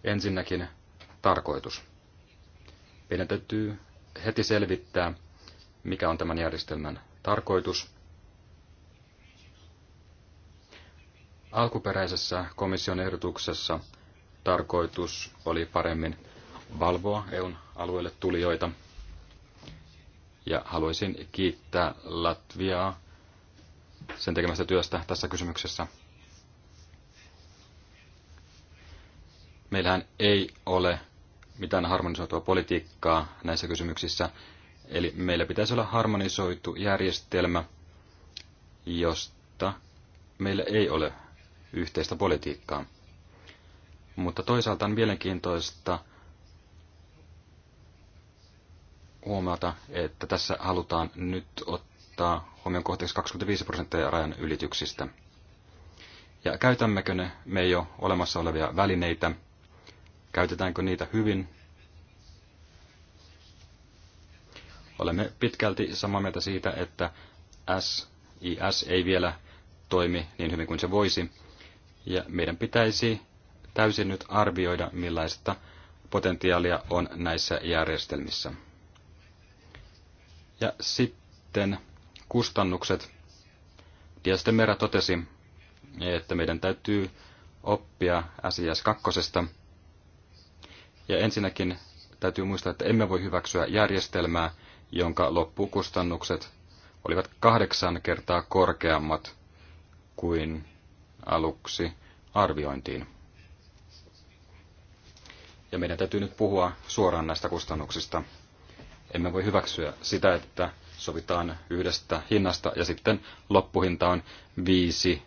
Ensinnäkin tarkoitus. Meidän täytyy heti selvittää, mikä on tämän järjestelmän tarkoitus. Alkuperäisessä komission ehdotuksessa tarkoitus oli paremmin valvoa EUn alueelle tulijoita. Ja haluaisin kiittää Latviaa sen tekemästä työstä tässä kysymyksessä. Meillähän ei ole mitään harmonisoitua politiikkaa näissä kysymyksissä, eli meillä pitäisi olla harmonisoitu järjestelmä, josta meillä ei ole yhteistä politiikkaa. Mutta toisaalta on mielenkiintoista huomata, että tässä halutaan nyt ottaa huomioon kohteeksi 25 prosenttia rajan ylityksistä. Ja käytämmekö ne me jo olemassa olevia välineitä? Käytetäänkö niitä hyvin? Olemme pitkälti samaa mieltä siitä, että SIS ei vielä toimi niin hyvin kuin se voisi. Ja meidän pitäisi täysin nyt arvioida, millaista potentiaalia on näissä järjestelmissä. Ja sitten kustannukset. Diastemera totesi, että meidän täytyy oppia SIS 2. Ja ensinnäkin täytyy muistaa, että emme voi hyväksyä järjestelmää, jonka loppukustannukset olivat kahdeksan kertaa korkeammat kuin aluksi arviointiin. Ja meidän täytyy nyt puhua suoraan näistä kustannuksista. Emme voi hyväksyä sitä, että sovitaan yhdestä hinnasta ja sitten loppuhinta on viisi,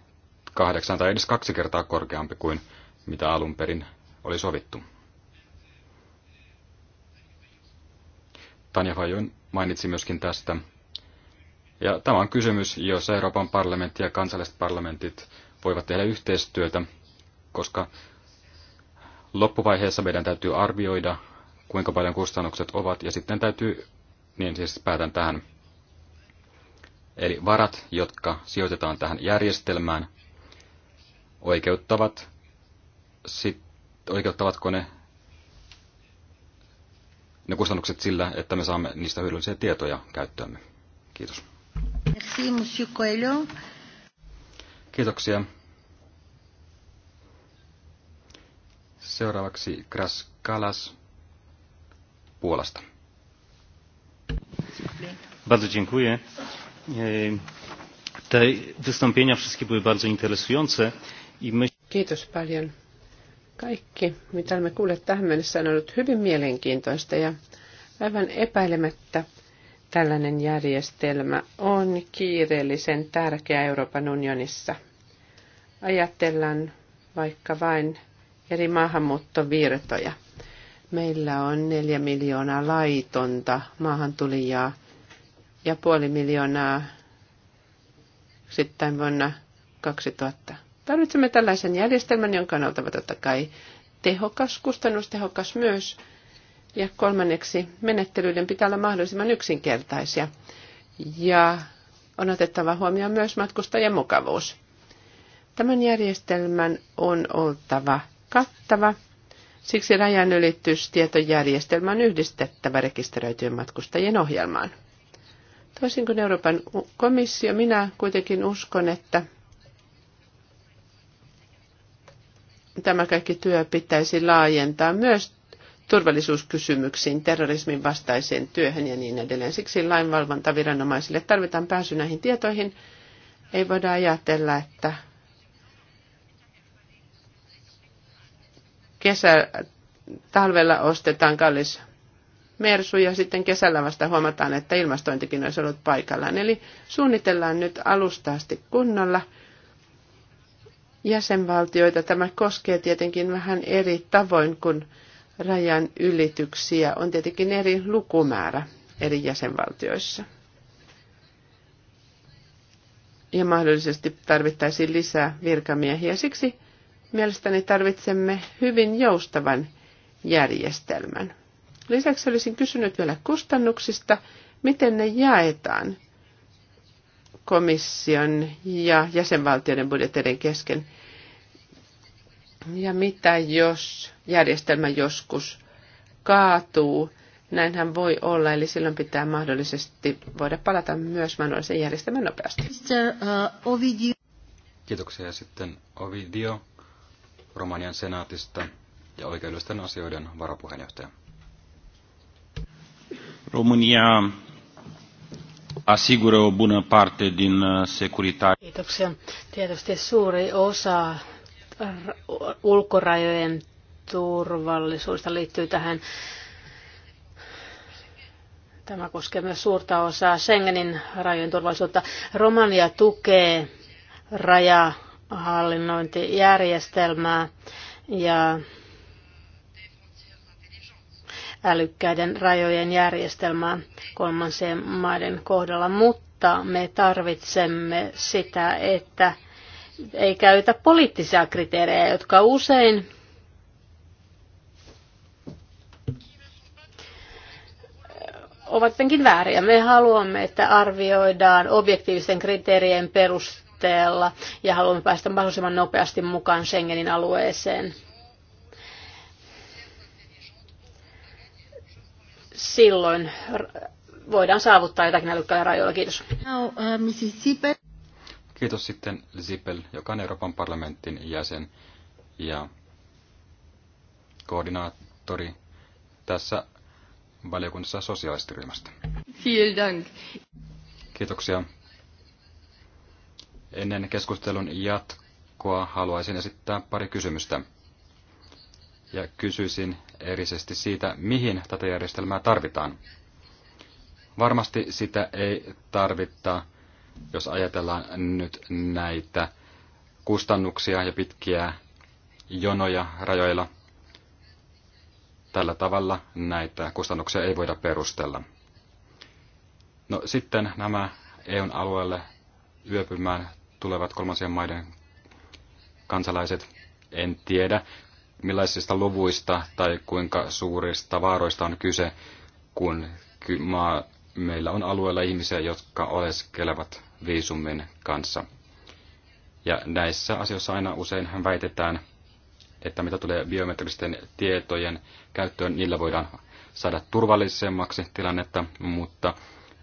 kahdeksan tai edes kaksi kertaa korkeampi kuin mitä alun perin oli sovittu. Tanja Fajun mainitsi myöskin tästä. Ja tämä on kysymys, jossa Euroopan parlamentti ja kansalliset parlamentit voivat tehdä yhteistyötä, koska Loppuvaiheessa meidän täytyy arvioida, kuinka paljon kustannukset ovat, ja sitten täytyy, niin siis päätän tähän, eli varat, jotka sijoitetaan tähän järjestelmään, oikeuttavat, sit, oikeuttavatko ne, ne kustannukset sillä, että me saamme niistä hyödyllisiä tietoja käyttöömme. Kiitos. Merci, Kiitoksia. Seuraavaksi Kras Kalas Puolasta. Bardzo dziękuję. E, te wystąpienia wszystkie były bardzo interesujące. I my... Kiitos paljon. Kaikki, mitä me kuulet tähän mennessä, on ollut hyvin mielenkiintoista ja aivan epäilemättä tällainen järjestelmä on kiireellisen tärkeä Euroopan unionissa. Ajatellaan vaikka vain eri maahanmuuttovirtoja. Meillä on neljä miljoonaa laitonta maahantulijaa ja puoli miljoonaa sitten vuonna 2000. Tarvitsemme tällaisen järjestelmän, jonka on oltava totta kai tehokas, kustannustehokas myös. Ja kolmanneksi, menettelyiden pitää olla mahdollisimman yksinkertaisia. Ja on otettava huomioon myös matkustajien mukavuus. Tämän järjestelmän on oltava kattava. Siksi rajanylitystietojärjestelmä on yhdistettävä rekisteröityjen matkustajien ohjelmaan. Toisin kuin Euroopan komissio, minä kuitenkin uskon, että tämä kaikki työ pitäisi laajentaa myös turvallisuuskysymyksiin, terrorismin vastaiseen työhön ja niin edelleen. Siksi lainvalvontaviranomaisille tarvitaan pääsy näihin tietoihin. Ei voida ajatella, että kesä, talvella ostetaan kallis mersu ja sitten kesällä vasta huomataan, että ilmastointikin olisi ollut paikallaan. Eli suunnitellaan nyt asti kunnolla jäsenvaltioita. Tämä koskee tietenkin vähän eri tavoin kuin rajan ylityksiä. On tietenkin eri lukumäärä eri jäsenvaltioissa. Ja mahdollisesti tarvittaisiin lisää virkamiehiä. Siksi Mielestäni tarvitsemme hyvin joustavan järjestelmän. Lisäksi olisin kysynyt vielä kustannuksista, miten ne jaetaan komission ja jäsenvaltioiden budjetteiden kesken. Ja mitä jos järjestelmä joskus kaatuu? Näinhän voi olla, eli silloin pitää mahdollisesti voida palata myös manuaalisen järjestelmän nopeasti. Uh, Kiitoksia. Sitten Ovidio Romanian senaatista ja oikeudellisten asioiden varapuheenjohtaja. Romania asigură o bună parte din uh, securitate. Kiitoksia. Tietysti suuri osa ulkorajojen turvallisuudesta liittyy tähän. Tämä koskee myös suurta osaa Schengenin rajojen turvallisuutta. Romania tukee raja hallinnointijärjestelmää ja älykkäiden rajojen järjestelmää kolmansien maiden kohdalla, mutta me tarvitsemme sitä, että ei käytä poliittisia kriteerejä, jotka usein ovat väärin, Me haluamme, että arvioidaan objektiivisten kriteerien perusteella perusteella ja haluamme päästä mahdollisimman nopeasti mukaan Schengenin alueeseen. Silloin voidaan saavuttaa jotakin älykkäillä rajoilla. Kiitos. Uh, Kiitos sitten Zipel, joka on Euroopan parlamentin jäsen ja koordinaattori tässä valiokunnassa sosiaalistiryhmästä. Vielen Kiitoksia. Ennen keskustelun jatkoa haluaisin esittää pari kysymystä. Ja kysyisin erisesti siitä, mihin tätä järjestelmää tarvitaan. Varmasti sitä ei tarvita, jos ajatellaan nyt näitä kustannuksia ja pitkiä jonoja rajoilla. Tällä tavalla näitä kustannuksia ei voida perustella. No sitten nämä EUn alueelle yöpymään tulevat kolmansien maiden kansalaiset. En tiedä, millaisista luvuista tai kuinka suurista vaaroista on kyse, kun maa, meillä on alueella ihmisiä, jotka oleskelevat viisumin kanssa. Ja näissä asioissa aina usein väitetään, että mitä tulee biometristen tietojen käyttöön, niillä voidaan saada turvallisemmaksi tilannetta, mutta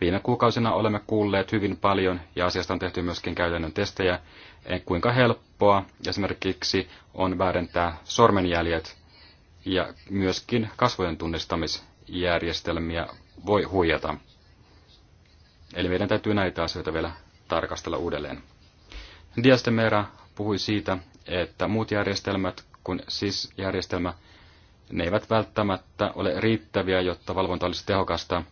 Viime kuukausina olemme kuulleet hyvin paljon ja asiasta on tehty myöskin käytännön testejä, e, kuinka helppoa esimerkiksi on väärentää sormenjäljet ja myöskin kasvojen tunnistamisjärjestelmiä voi huijata. Eli meidän täytyy näitä asioita vielä tarkastella uudelleen. Diastemera puhui siitä, että muut järjestelmät kuin SIS-järjestelmä, ne eivät välttämättä ole riittäviä, jotta valvonta olisi tehokasta –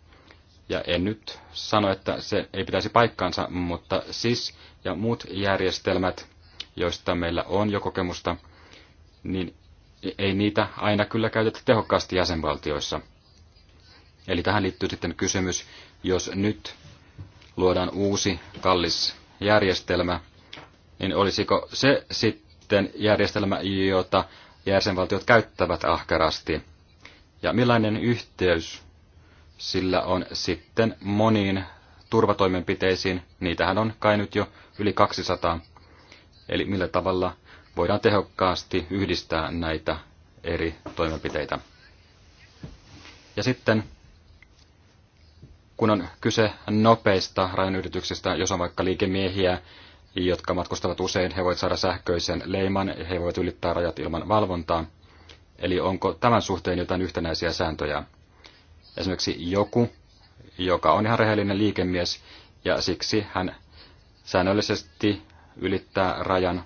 ja en nyt sano, että se ei pitäisi paikkaansa, mutta SIS ja muut järjestelmät, joista meillä on jo kokemusta, niin ei niitä aina kyllä käytetä tehokkaasti jäsenvaltioissa. Eli tähän liittyy sitten kysymys, jos nyt luodaan uusi kallis järjestelmä, niin olisiko se sitten järjestelmä, jota jäsenvaltiot käyttävät ahkerasti? Ja millainen yhteys sillä on sitten moniin turvatoimenpiteisiin, niitähän on kai nyt jo yli 200, eli millä tavalla voidaan tehokkaasti yhdistää näitä eri toimenpiteitä. Ja sitten kun on kyse nopeista rajanyrityksistä, jos on vaikka liikemiehiä, jotka matkustavat usein, he voivat saada sähköisen leiman, he voivat ylittää rajat ilman valvontaa. Eli onko tämän suhteen jotain yhtenäisiä sääntöjä? Esimerkiksi joku, joka on ihan rehellinen liikemies ja siksi hän säännöllisesti ylittää rajan,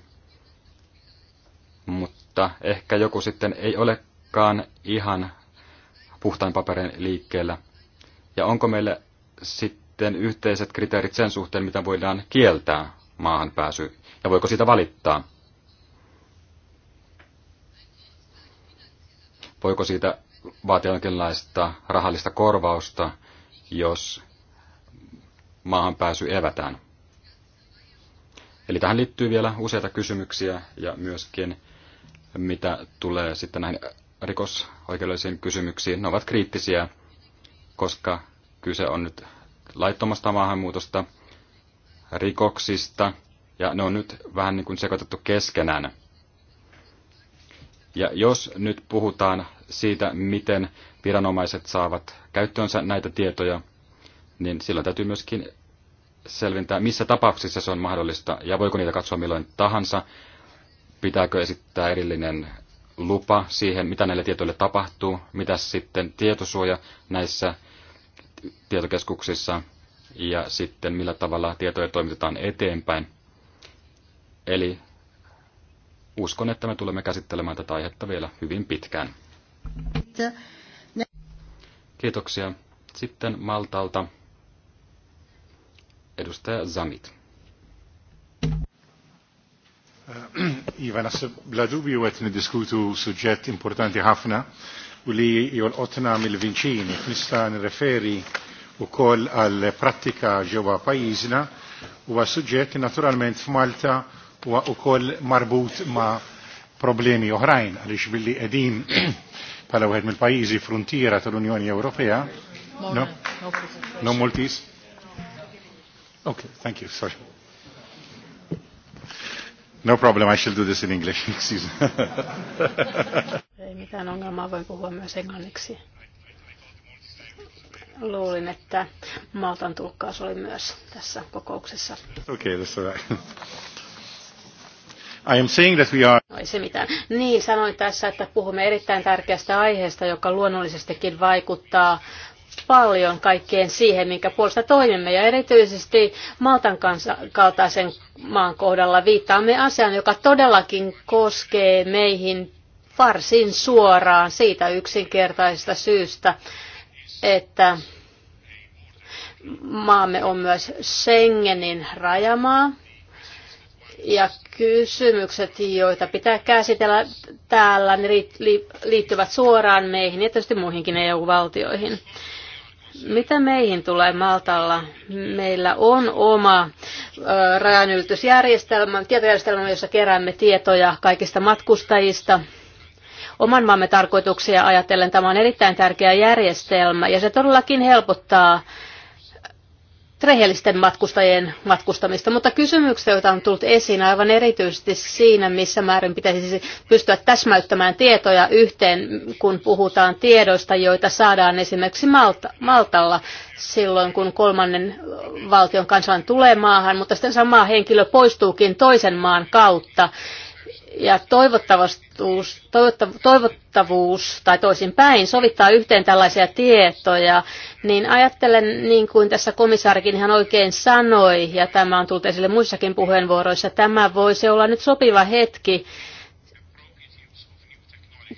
mutta ehkä joku sitten ei olekaan ihan puhtain paperin liikkeellä. Ja onko meillä sitten yhteiset kriteerit sen suhteen, mitä voidaan kieltää maahan pääsy, ja voiko siitä valittaa? Voiko siitä vaatia jonkinlaista rahallista korvausta, jos maahan pääsy evätään. Eli tähän liittyy vielä useita kysymyksiä ja myöskin mitä tulee sitten näihin rikosoikeudellisiin kysymyksiin. Ne ovat kriittisiä, koska kyse on nyt laittomasta maahanmuutosta, rikoksista, ja ne on nyt vähän niin kuin sekoitettu keskenään. Ja jos nyt puhutaan siitä, miten viranomaiset saavat käyttöönsä näitä tietoja, niin silloin täytyy myöskin selvintää, missä tapauksissa se on mahdollista ja voiko niitä katsoa milloin tahansa. Pitääkö esittää erillinen lupa siihen, mitä näille tietoille tapahtuu, mitä sitten tietosuoja näissä tietokeskuksissa ja sitten millä tavalla tietoja toimitetaan eteenpäin. Eli uskon, että me tulemme käsittelemään tätä aihetta vielä hyvin pitkään. Kiitoksia. Sitten Maltalta edustaja Zamit. Äh, iva, nasib bla dubju għet nidiskutu importanti hafna, uli li jolqotna mil vincini. Nista nireferi u koll al pratika ġewa pajizna Uva għal naturalment Malta u koll marbut ma' problemi oħrajn għaliex billi qegħdin bħala wieħed mill-pajjiżi fruntiera tal-Unjoni Ewropea. No? No Maltese? No okay, thank you. Sorry. No problem, I shall do this in English. Ei mitään ongelmaa, voin puhua myös englanniksi. Luulin, että Maltan tulkkaus oli myös tässä kokouksessa. Okay, that's all right. I am saying that we are... No ei se mitään. Niin, sanoin tässä, että puhumme erittäin tärkeästä aiheesta, joka luonnollisestikin vaikuttaa paljon kaikkeen siihen, minkä puolesta toimimme. Ja erityisesti Maltan kansa, kaltaisen maan kohdalla viittaamme asiaan, joka todellakin koskee meihin varsin suoraan siitä yksinkertaisesta syystä, että maamme on myös Schengenin rajamaa ja kysymykset, joita pitää käsitellä täällä, ne liittyvät suoraan meihin ja tietysti muihinkin EU-valtioihin. Mitä meihin tulee Maltalla? Meillä on oma rajanylitysjärjestelmä, tietojärjestelmä, jossa keräämme tietoja kaikista matkustajista. Oman maamme tarkoituksia ajatellen tämä on erittäin tärkeä järjestelmä ja se todellakin helpottaa rehellisten matkustajien matkustamista, mutta kysymyksiä, joita on tullut esiin aivan erityisesti siinä, missä määrin pitäisi siis pystyä täsmäyttämään tietoja yhteen, kun puhutaan tiedoista, joita saadaan esimerkiksi Malta, Maltalla silloin, kun kolmannen valtion kansalainen tulee maahan, mutta sitten sama henkilö poistuukin toisen maan kautta ja toivottavuus, toivottavuus tai toisin päin sovittaa yhteen tällaisia tietoja, niin ajattelen niin kuin tässä komissaarikin ihan oikein sanoi, ja tämä on tullut esille muissakin puheenvuoroissa, tämä voisi olla nyt sopiva hetki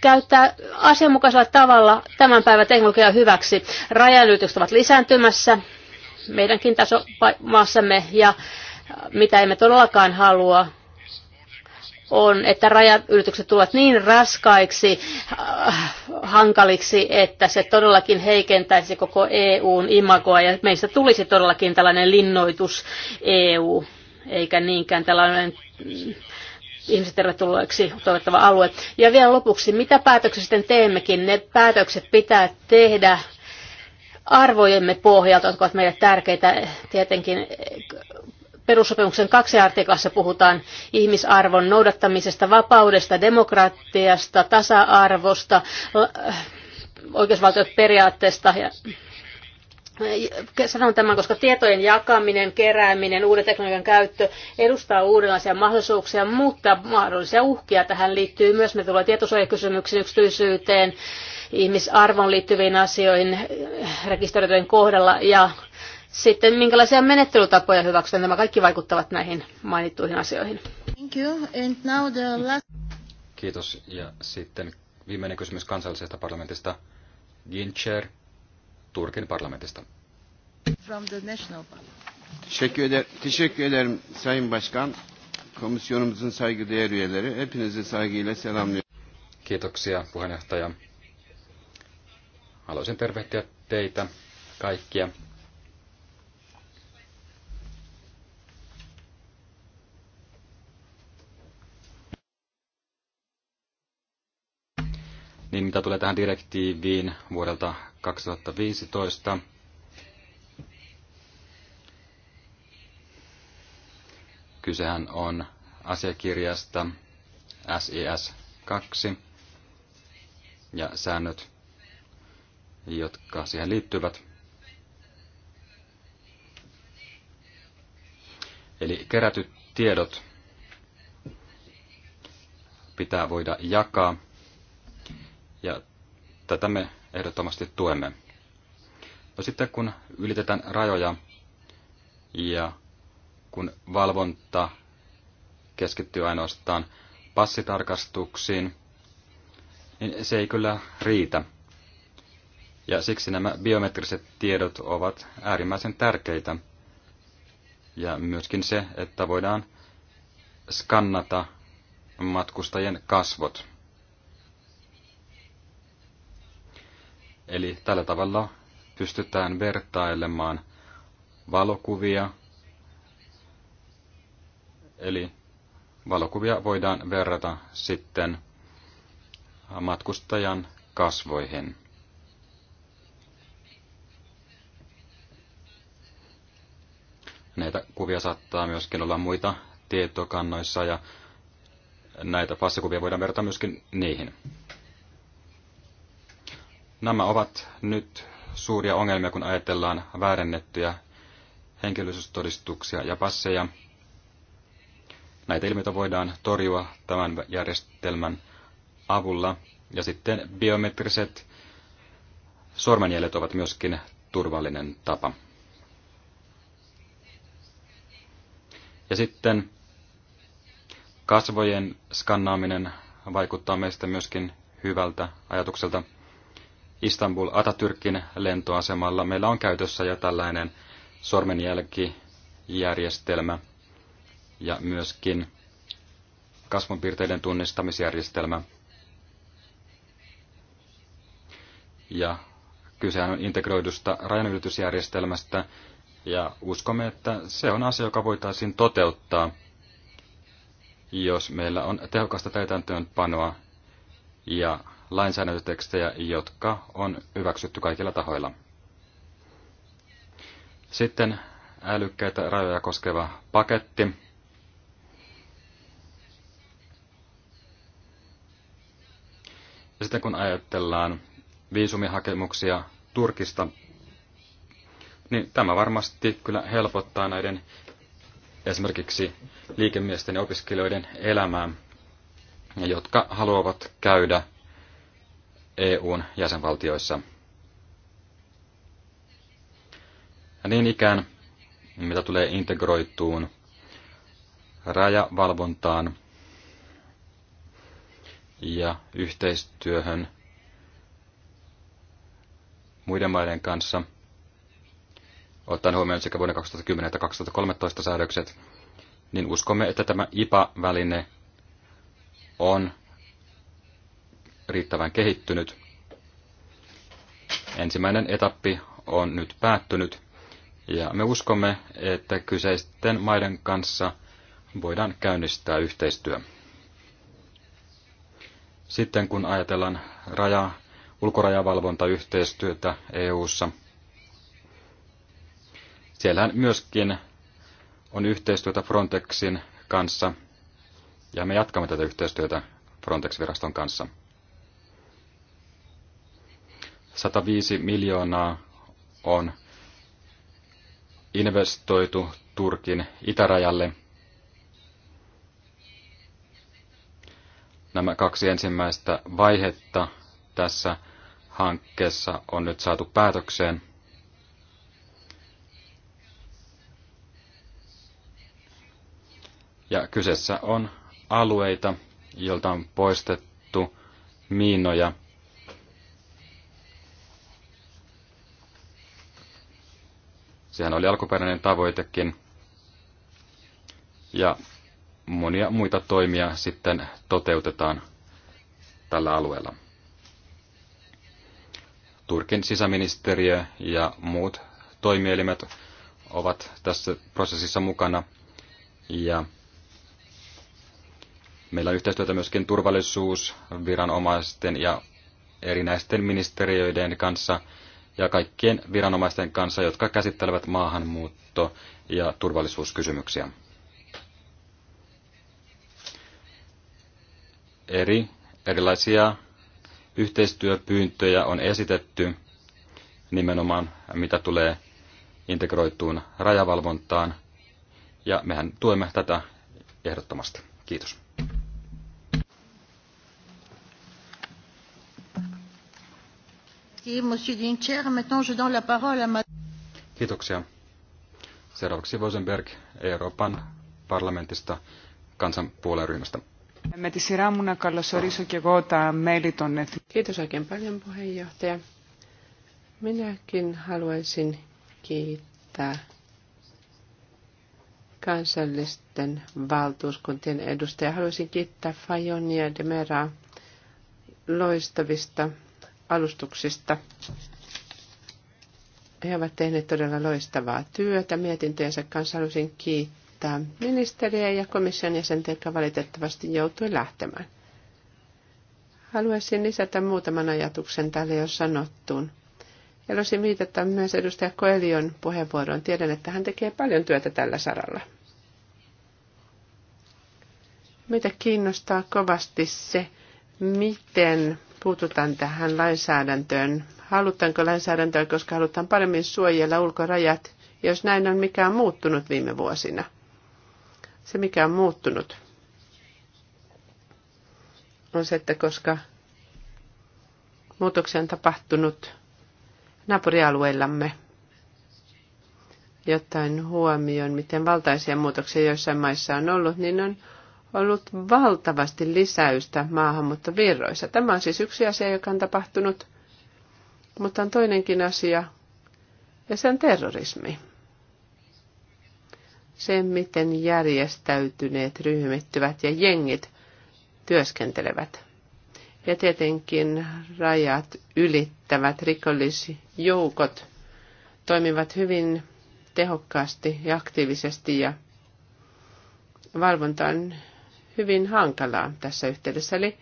käyttää asianmukaisella tavalla tämän päivän teknologiaa hyväksi. Rajanylitykset ovat lisääntymässä meidänkin taso maassamme ja mitä emme todellakaan halua on, että rajanylitykset tulevat niin raskaiksi, äh, hankaliksi, että se todellakin heikentäisi koko EUn imagoa ja meistä tulisi todellakin tällainen linnoitus EU, eikä niinkään tällainen mm, ihmiset tervetulleeksi toivottava alue. Ja vielä lopuksi, mitä päätöksiä sitten teemmekin? Ne päätökset pitää tehdä arvojemme pohjalta, jotka ovat meille tärkeitä. Tietenkin perussopimuksen kaksi artiklassa puhutaan ihmisarvon noudattamisesta, vapaudesta, demokratiasta, tasa-arvosta, äh, oikeusvaltioperiaatteesta ja sanon tämän, koska tietojen jakaminen, kerääminen, uuden teknologian käyttö edustaa uudenlaisia mahdollisuuksia, mutta mahdollisia uhkia tähän liittyy myös. Me tulee tietosuojakysymyksiin, yksityisyyteen, ihmisarvon liittyviin asioihin rekisteröityjen kohdalla ja sitten minkälaisia menettelytapoja hyväksytään. Nämä kaikki vaikuttavat näihin mainittuihin asioihin. Thank you. And now the last... Kiitos. Ja sitten viimeinen kysymys kansallisesta parlamentista. Gincher, Turkin parlamentista. From the national parliament. Teşekkür, eder, teşekkür ederim Sayın Başkan. Komisyonumuzun saygıdeğer üyeleri. Hepinizi saygıyla selamlıyorum. Kiitoksia puheenjohtaja. Haluaisin tervehtiä teitä kaikkia niin mitä tulee tähän direktiiviin vuodelta 2015, kysehän on asiakirjasta SIS 2 ja säännöt, jotka siihen liittyvät. Eli kerätyt tiedot pitää voida jakaa ja tätä me ehdottomasti tuemme. No sitten kun ylitetään rajoja ja kun valvonta keskittyy ainoastaan passitarkastuksiin, niin se ei kyllä riitä. Ja siksi nämä biometriset tiedot ovat äärimmäisen tärkeitä. Ja myöskin se, että voidaan skannata matkustajien kasvot. Eli tällä tavalla pystytään vertailemaan valokuvia. Eli valokuvia voidaan verrata sitten matkustajan kasvoihin. Näitä kuvia saattaa myöskin olla muita tietokannoissa ja näitä passikuvia voidaan verrata myöskin niihin. Nämä ovat nyt suuria ongelmia, kun ajatellaan väärennettyjä henkilöllisyystodistuksia ja passeja. Näitä ilmiöitä voidaan torjua tämän järjestelmän avulla. Ja sitten biometriset sormenjäljet ovat myöskin turvallinen tapa. Ja sitten kasvojen skannaaminen vaikuttaa meistä myöskin hyvältä ajatukselta. Istanbul Atatürkin lentoasemalla meillä on käytössä jo tällainen sormenjälkijärjestelmä ja myöskin kasvonpiirteiden tunnistamisjärjestelmä. Ja kysehän on integroidusta rajanylitysjärjestelmästä, ja uskomme, että se on asia, joka voitaisiin toteuttaa, jos meillä on tehokasta täytäntöönpanoa ja lainsäädäntötekstejä, jotka on hyväksytty kaikilla tahoilla. Sitten älykkäitä rajoja koskeva paketti. Ja sitten kun ajatellaan viisumihakemuksia Turkista, niin tämä varmasti kyllä helpottaa näiden esimerkiksi liikemiesten ja opiskelijoiden elämää, jotka haluavat käydä EUn jäsenvaltioissa. Ja niin ikään, mitä tulee integroituun rajavalvontaan ja yhteistyöhön muiden maiden kanssa, ottaen huomioon sekä vuoden 2010 että 2013 säädökset, niin uskomme, että tämä IPA-väline on riittävän kehittynyt. Ensimmäinen etappi on nyt päättynyt ja me uskomme, että kyseisten maiden kanssa voidaan käynnistää yhteistyö. Sitten kun ajatellaan raja, ulkorajavalvontayhteistyötä EU-ssa, siellähän myöskin on yhteistyötä Frontexin kanssa, ja me jatkamme tätä yhteistyötä Frontex-viraston kanssa. 105 miljoonaa on investoitu Turkin itärajalle. Nämä kaksi ensimmäistä vaihetta tässä hankkeessa on nyt saatu päätökseen. Ja kyseessä on alueita, joilta on poistettu miinoja – Sehän oli alkuperäinen tavoitekin. Ja monia muita toimia sitten toteutetaan tällä alueella. Turkin sisäministeriö ja muut toimielimet ovat tässä prosessissa mukana. Ja meillä on yhteistyötä myöskin turvallisuusviranomaisten ja erinäisten ministeriöiden kanssa, ja kaikkien viranomaisten kanssa, jotka käsittelevät maahanmuutto- ja turvallisuuskysymyksiä. Eri, erilaisia yhteistyöpyyntöjä on esitetty nimenomaan, mitä tulee integroituun rajavalvontaan, ja mehän tuemme tätä ehdottomasti. Kiitos. Kiitoksia. Seuraavaksi Vosenberg Euroopan parlamentista kansanpuolen ryhmästä. Kiitos oikein paljon puheenjohtaja. Minäkin haluaisin kiittää kansallisten valtuuskuntien edustajia. Haluaisin kiittää Fajonia ja Demeraa loistavista alustuksista. He ovat tehneet todella loistavaa työtä mietintöjensä kanssa. Halusin kiittää ministeriä ja komission jäsentä, jotka valitettavasti joutui lähtemään. Haluaisin lisätä muutaman ajatuksen tälle jo sanottuun. haluaisin viitata myös edustaja Koelion puheenvuoroon. Tiedän, että hän tekee paljon työtä tällä saralla. Meitä kiinnostaa kovasti se, miten puututaan tähän lainsäädäntöön? Halutaanko lainsäädäntöä, koska halutaan paremmin suojella ulkorajat, jos näin on mikä on muuttunut viime vuosina? Se mikä on muuttunut on se, että koska muutoksia on tapahtunut naapurialueillamme, jotain huomioon, miten valtaisia muutoksia joissain maissa on ollut, niin on ollut valtavasti lisäystä maahanmuuttovirroissa. Tämä on siis yksi asia, joka on tapahtunut, mutta on toinenkin asia, ja se on terrorismi. Se, miten järjestäytyneet ryhmittyvät ja jengit työskentelevät. Ja tietenkin rajat ylittävät rikollisjoukot toimivat hyvin tehokkaasti ja aktiivisesti ja valvonta on hyvin hankalaa tässä yhteydessä. Eli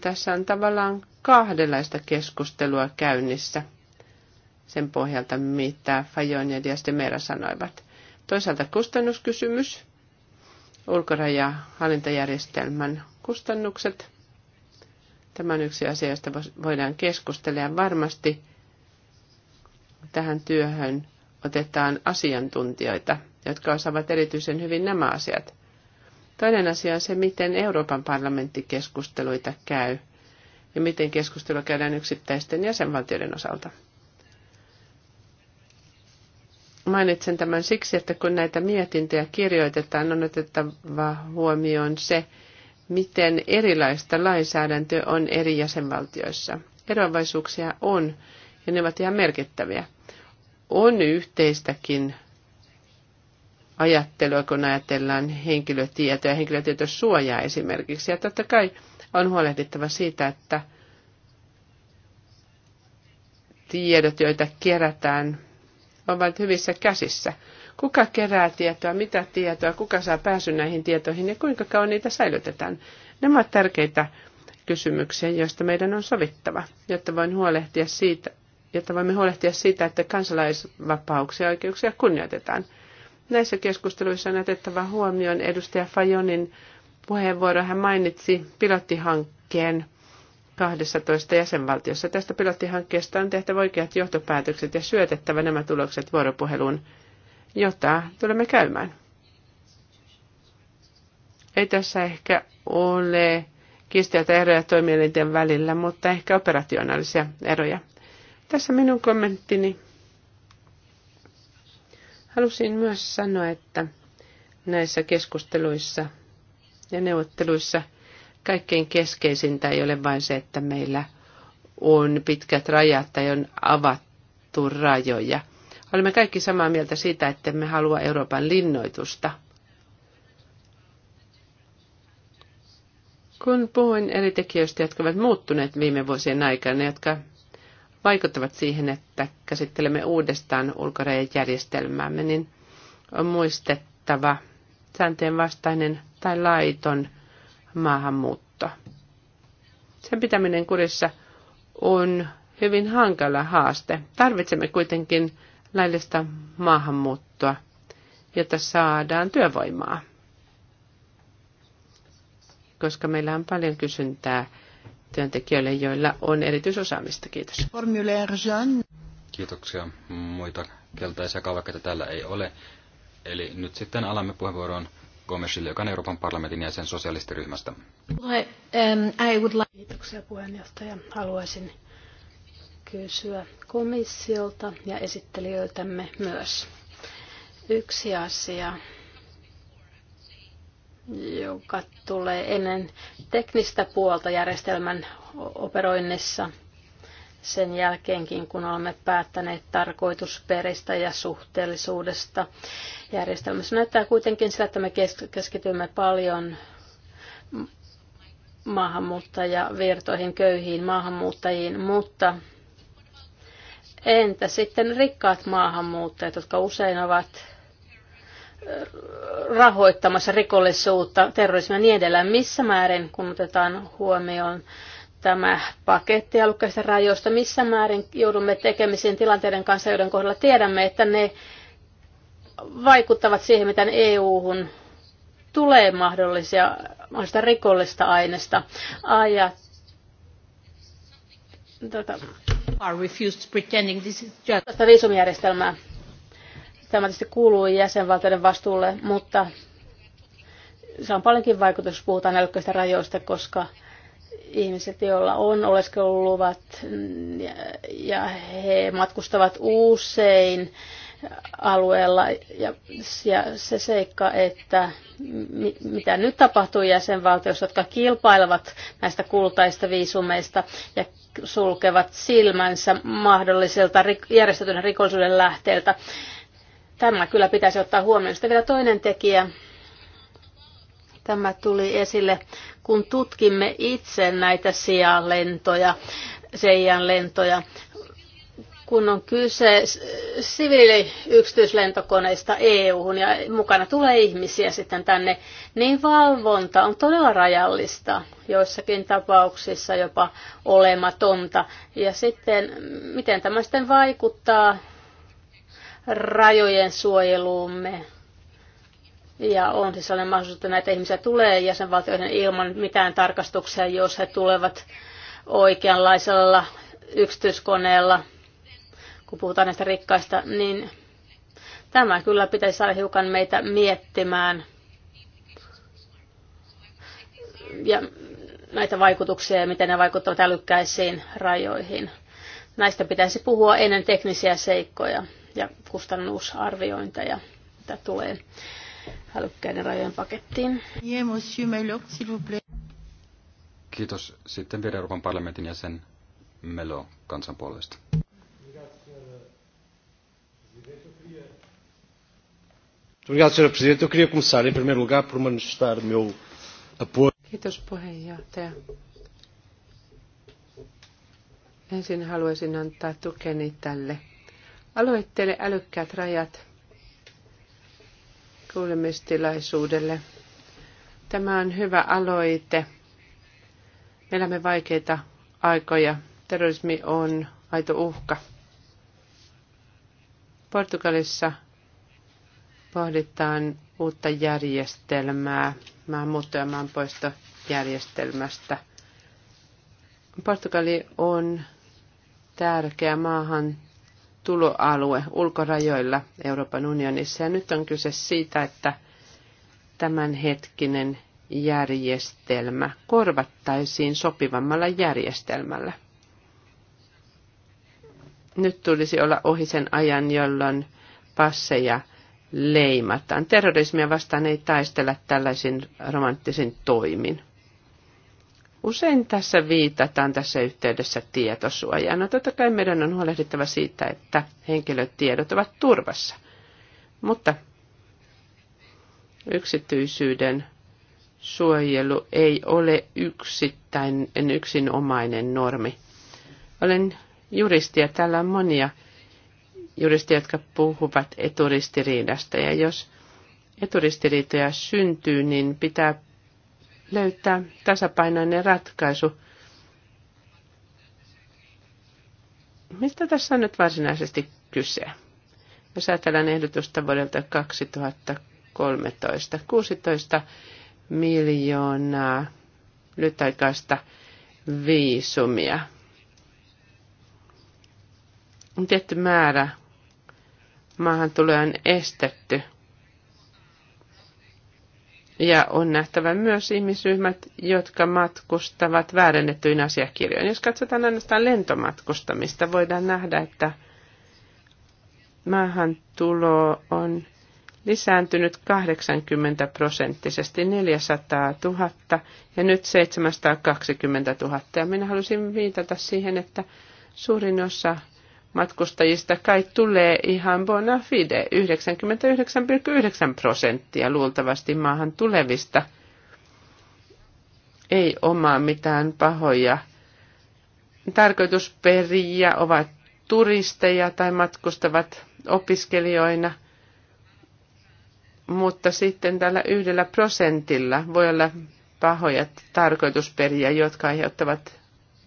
tässä on tavallaan kahdenlaista keskustelua käynnissä sen pohjalta, mitä Fajon ja Diastemera sanoivat. Toisaalta kustannuskysymys, ulkorajahallintajärjestelmän kustannukset. Tämä on yksi asia, josta voidaan keskustella ja varmasti tähän työhön otetaan asiantuntijoita, jotka osaavat erityisen hyvin nämä asiat. Toinen asia on se, miten Euroopan parlamentti keskusteluita käy ja miten keskustelua käydään yksittäisten jäsenvaltioiden osalta. Mainitsen tämän siksi, että kun näitä mietintöjä kirjoitetaan, on otettava huomioon se, miten erilaista lainsäädäntöä on eri jäsenvaltioissa. Eroavaisuuksia on, ja ne ovat ihan merkittäviä. On yhteistäkin ajattelua, kun ajatellaan henkilötietoja, henkilötietosuojaa esimerkiksi. Ja totta kai on huolehdittava siitä, että tiedot, joita kerätään, ovat hyvissä käsissä. Kuka kerää tietoa, mitä tietoa, kuka saa pääsyn näihin tietoihin ja kuinka kauan niitä säilytetään. Nämä ovat tärkeitä kysymyksiä, joista meidän on sovittava, jotta, voin huolehtia siitä, jotta voimme huolehtia siitä, että kansalaisvapauksia ja oikeuksia kunnioitetaan – Näissä keskusteluissa on otettava huomioon edustaja Fajonin puheenvuoro. Hän mainitsi pilottihankkeen 12 jäsenvaltiossa. Tästä pilottihankkeesta on tehtävä oikeat johtopäätökset ja syötettävä nämä tulokset vuoropuheluun, jota tulemme käymään. Ei tässä ehkä ole kiistiä eroja toimielinten välillä, mutta ehkä operationaalisia eroja. Tässä minun kommenttini Halusin myös sanoa, että näissä keskusteluissa ja neuvotteluissa kaikkein keskeisintä ei ole vain se, että meillä on pitkät rajat tai on avattu rajoja. Olemme kaikki samaa mieltä siitä, että me halua Euroopan linnoitusta. Kun puhuin eri tekijöistä, jotka ovat muuttuneet viime vuosien aikana, jotka vaikuttavat siihen, että käsittelemme uudestaan ulkorajajärjestelmäämme, niin on muistettava sääntöjen vastainen tai laiton maahanmuutto. Sen pitäminen kurissa on hyvin hankala haaste. Tarvitsemme kuitenkin laillista maahanmuuttoa, jotta saadaan työvoimaa, koska meillä on paljon kysyntää työntekijöille, joilla on erityisosaamista. Kiitos. Kiitoksia. Muita keltaisia kaavakkeita täällä ei ole. Eli nyt sitten alamme puheenvuoron Gomesille, joka on Euroopan parlamentin jäsen sosialistiryhmästä. Um, Kiitoksia puheenjohtaja. Haluaisin kysyä komissiolta ja esittelijöiltämme myös. Yksi asia, joka tulee ennen teknistä puolta järjestelmän operoinnissa sen jälkeenkin, kun olemme päättäneet tarkoitusperistä ja suhteellisuudesta järjestelmässä. Näyttää kuitenkin sillä, että me keskitymme paljon maahanmuuttajavirtoihin, köyhiin maahanmuuttajiin, mutta entä sitten rikkaat maahanmuuttajat, jotka usein ovat rahoittamassa rikollisuutta, terrorismia ja niin edelleen. Missä määrin, kun otetaan huomioon tämä paketti alukkaista rajoista, missä määrin joudumme tekemisiin tilanteiden kanssa, joiden kohdalla tiedämme, että ne vaikuttavat siihen, miten EU-hun tulee mahdollisia, mahdollista rikollista aineesta. Tuota, tota, viisumijärjestelmää Tämä tietysti kuuluu jäsenvaltioiden vastuulle, mutta se on paljonkin vaikutus, jos puhutaan älykköistä rajoista, koska ihmiset, joilla on oleskeluluvat ja he matkustavat usein alueella ja, ja se seikka, että mitä nyt tapahtuu jäsenvaltioissa, jotka kilpailevat näistä kultaista viisumeista ja sulkevat silmänsä mahdolliselta järjestetyn rikollisuuden lähteeltä. Tämä kyllä pitäisi ottaa huomioon. Sitten vielä toinen tekijä. Tämä tuli esille, kun tutkimme itse näitä sijalentoja, seijan lentoja, kun on kyse siviiliyksityislentokoneista EU-hun ja mukana tulee ihmisiä sitten tänne, niin valvonta on todella rajallista, joissakin tapauksissa jopa olematonta. Ja sitten, miten tämä sitten vaikuttaa rajojen suojeluumme. Ja on siis sellainen mahdollisuus, että näitä ihmisiä tulee jäsenvaltioiden ilman mitään tarkastuksia, jos he tulevat oikeanlaisella yksityiskoneella, kun puhutaan näistä rikkaista, niin tämä kyllä pitäisi saada hiukan meitä miettimään ja näitä vaikutuksia ja miten ne vaikuttavat älykkäisiin rajoihin. Näistä pitäisi puhua ennen teknisiä seikkoja ja kustannusarviointeja, mitä tulee älykkäiden rajojen pakettiin. Kiitos. Sitten vielä Euroopan parlamentin jäsen Melo kansan puolesta. Kiitos, puheenjohtaja. Ensin haluaisin antaa tukeni tälle Aloittele Älykkäät rajat kuulemistilaisuudelle. Tämä on hyvä aloite. Me elämme vaikeita aikoja. Terrorismi on aito uhka. Portugalissa pohditaan uutta järjestelmää, maahanmuutto- ja maanpoistojärjestelmästä. Portugali on tärkeä maahan tuloalue ulkorajoilla Euroopan unionissa. Ja nyt on kyse siitä, että tämänhetkinen järjestelmä korvattaisiin sopivammalla järjestelmällä. Nyt tulisi olla ohi sen ajan, jolloin passeja leimataan. Terrorismia vastaan ei taistella tällaisin romanttisin toimin. Usein tässä viitataan tässä yhteydessä tietosuojaan. No totta kai meidän on huolehdittava siitä, että henkilötiedot ovat turvassa. Mutta yksityisyyden suojelu ei ole yksittäinen yksinomainen normi. Olen juristi ja täällä on monia juristia, jotka puhuvat eturistiriidasta. Ja jos eturistiriitoja syntyy, niin pitää löytää tasapainoinen ratkaisu. Mistä tässä on nyt varsinaisesti kyse? Jos ajatellaan ehdotusta vuodelta 2013, 16 miljoonaa lyhytaikaista viisumia. Tietty määrä maahan tulee on estetty – ja on nähtävä myös ihmisryhmät, jotka matkustavat väärennettyyn asiakirjoihin. Jos katsotaan ainoastaan lentomatkustamista, voidaan nähdä, että maahantulo on lisääntynyt 80 prosenttisesti 400 000 ja nyt 720 000. Ja minä halusin viitata siihen, että suurin osa matkustajista kai tulee ihan bona fide, 99,9 prosenttia luultavasti maahan tulevista ei omaa mitään pahoja tarkoitusperiä, ovat turisteja tai matkustavat opiskelijoina, mutta sitten tällä yhdellä prosentilla voi olla pahoja tarkoitusperiä, jotka aiheuttavat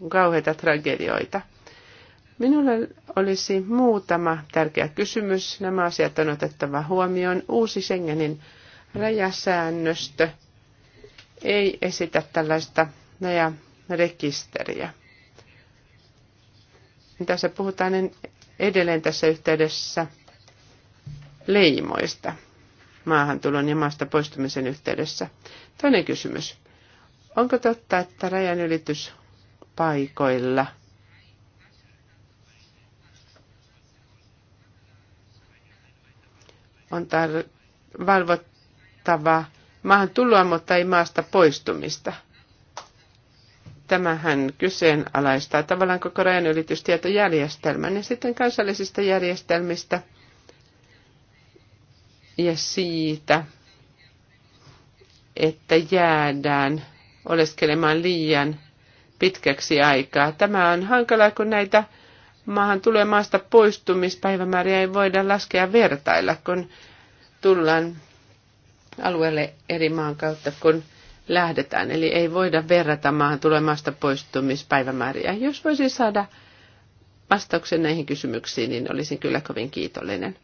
kauheita tragedioita. Minulla olisi muutama tärkeä kysymys. Nämä asiat on otettava huomioon. Uusi Schengenin rajasäännöstö ei esitä tällaista rekisteriä. Tässä puhutaan edelleen tässä yhteydessä leimoista maahantulon ja maasta poistumisen yhteydessä. Toinen kysymys. Onko totta, että rajanylityspaikoilla – on tar- valvottava maahan tuloa, mutta ei maasta poistumista. Tämähän kyseenalaistaa tavallaan koko rajanylitystietojärjestelmän ja sitten kansallisista järjestelmistä ja siitä, että jäädään oleskelemaan liian pitkäksi aikaa. Tämä on hankalaa, kun näitä maahan tulee maasta poistumispäivämääriä ei voida laskea vertailla, kun tullaan alueelle eri maan kautta, kun lähdetään. Eli ei voida verrata maahan tulemasta poistumispäivämääriä. Jos voisi saada vastauksen näihin kysymyksiin, niin olisin kyllä kovin kiitollinen.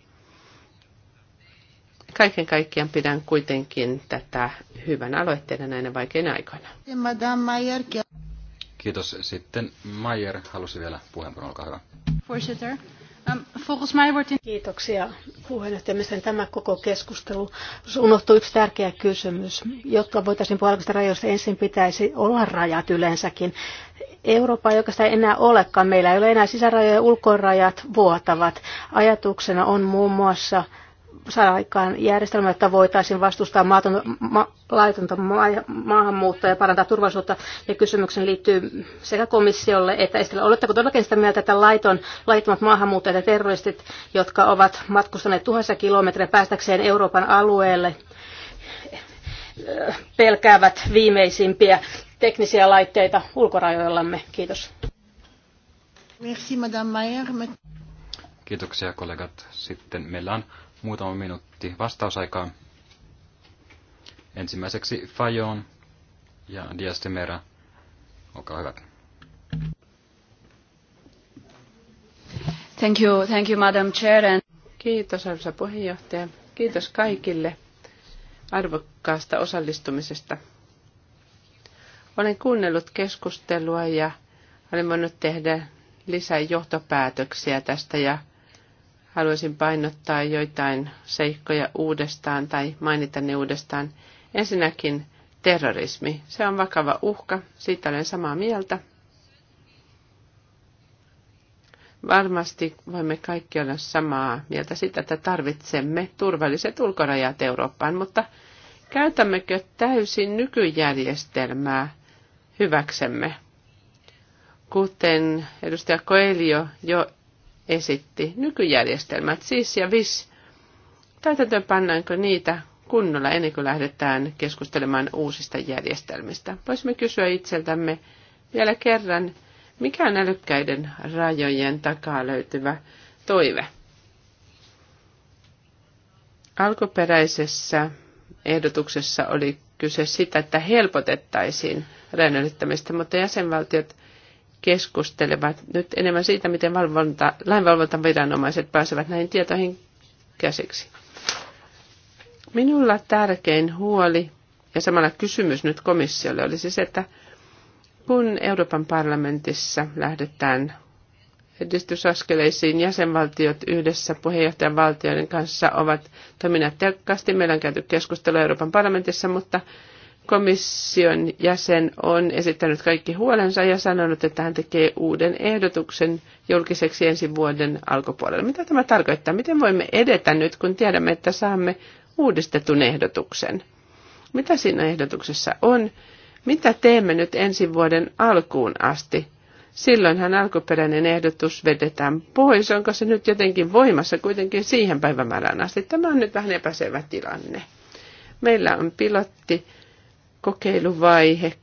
Kaiken kaikkiaan pidän kuitenkin tätä hyvän aloitteena näinä vaikeina aikoina. Kiitos. Sitten Mayer halusi vielä puheenvuoron, olkaa hyvä. Um, Kiitoksia puheenjohtaja. Tämä koko keskustelu unohtuu yksi tärkeä kysymys. Jotta voitaisiin puhua rajoista, ensin pitäisi olla rajat yleensäkin. Eurooppa ei oikeastaan enää olekaan. Meillä ei ole enää sisärajoja ja ulkorajat vuotavat. Ajatuksena on muun muassa saada aikaan järjestelmä, että voitaisiin vastustaa maaton, ma, laitonta ma, maahanmuuttoa ja parantaa turvallisuutta. Ja kysymyksen liittyy sekä komissiolle että Estelä. Oletteko todellakin sitä mieltä, että laiton, laittomat maahanmuuttajat ja terroristit, jotka ovat matkustaneet tuhansia kilometrejä päästäkseen Euroopan alueelle, pelkäävät viimeisimpiä teknisiä laitteita ulkorajoillamme? Kiitos. Merci, Madame Mayer. Kiitoksia kollegat. Sitten meillä on muutama minuutti vastausaikaa. Ensimmäiseksi Fajon ja Diastemera. Olkaa hyvä. Thank you, thank you, Madam Chair. And... Kiitos, arvoisa puheenjohtaja. Kiitos kaikille arvokkaasta osallistumisesta. Olen kuunnellut keskustelua ja olen voinut tehdä lisää johtopäätöksiä tästä ja haluaisin painottaa joitain seikkoja uudestaan tai mainita ne uudestaan. Ensinnäkin terrorismi. Se on vakava uhka, siitä olen samaa mieltä. Varmasti voimme kaikki olla samaa mieltä sitä, että tarvitsemme turvalliset ulkorajat Eurooppaan, mutta käytämmekö täysin nykyjärjestelmää hyväksemme? Kuten edustaja Koelio jo esitti, nykyjärjestelmät siis ja vis, täytäntöön pannaanko niitä kunnolla ennen kuin lähdetään keskustelemaan uusista järjestelmistä. Voisimme kysyä itseltämme vielä kerran, mikä on älykkäiden rajojen takaa löytyvä toive? Alkuperäisessä ehdotuksessa oli kyse sitä, että helpotettaisiin rajan ylittämistä, mutta jäsenvaltiot keskustelevat nyt enemmän siitä, miten valvonta, lainvalvontaviranomaiset pääsevät näihin tietoihin käsiksi. Minulla tärkein huoli ja samalla kysymys nyt komissiolle olisi siis, se, että kun Euroopan parlamentissa lähdetään edistysaskeleisiin, jäsenvaltiot yhdessä puheenjohtajan valtioiden kanssa ovat toimineet tehokkaasti. Meillä on käyty keskustelua Euroopan parlamentissa, mutta komission jäsen on esittänyt kaikki huolensa ja sanonut, että hän tekee uuden ehdotuksen julkiseksi ensi vuoden alkupuolella. Mitä tämä tarkoittaa? Miten voimme edetä nyt, kun tiedämme, että saamme uudistetun ehdotuksen? Mitä siinä ehdotuksessa on? Mitä teemme nyt ensi vuoden alkuun asti? Silloinhan alkuperäinen ehdotus vedetään pois. Onko se nyt jotenkin voimassa kuitenkin siihen päivämäärään asti? Tämä on nyt vähän epäselvä tilanne. Meillä on pilotti kokeiluvaihe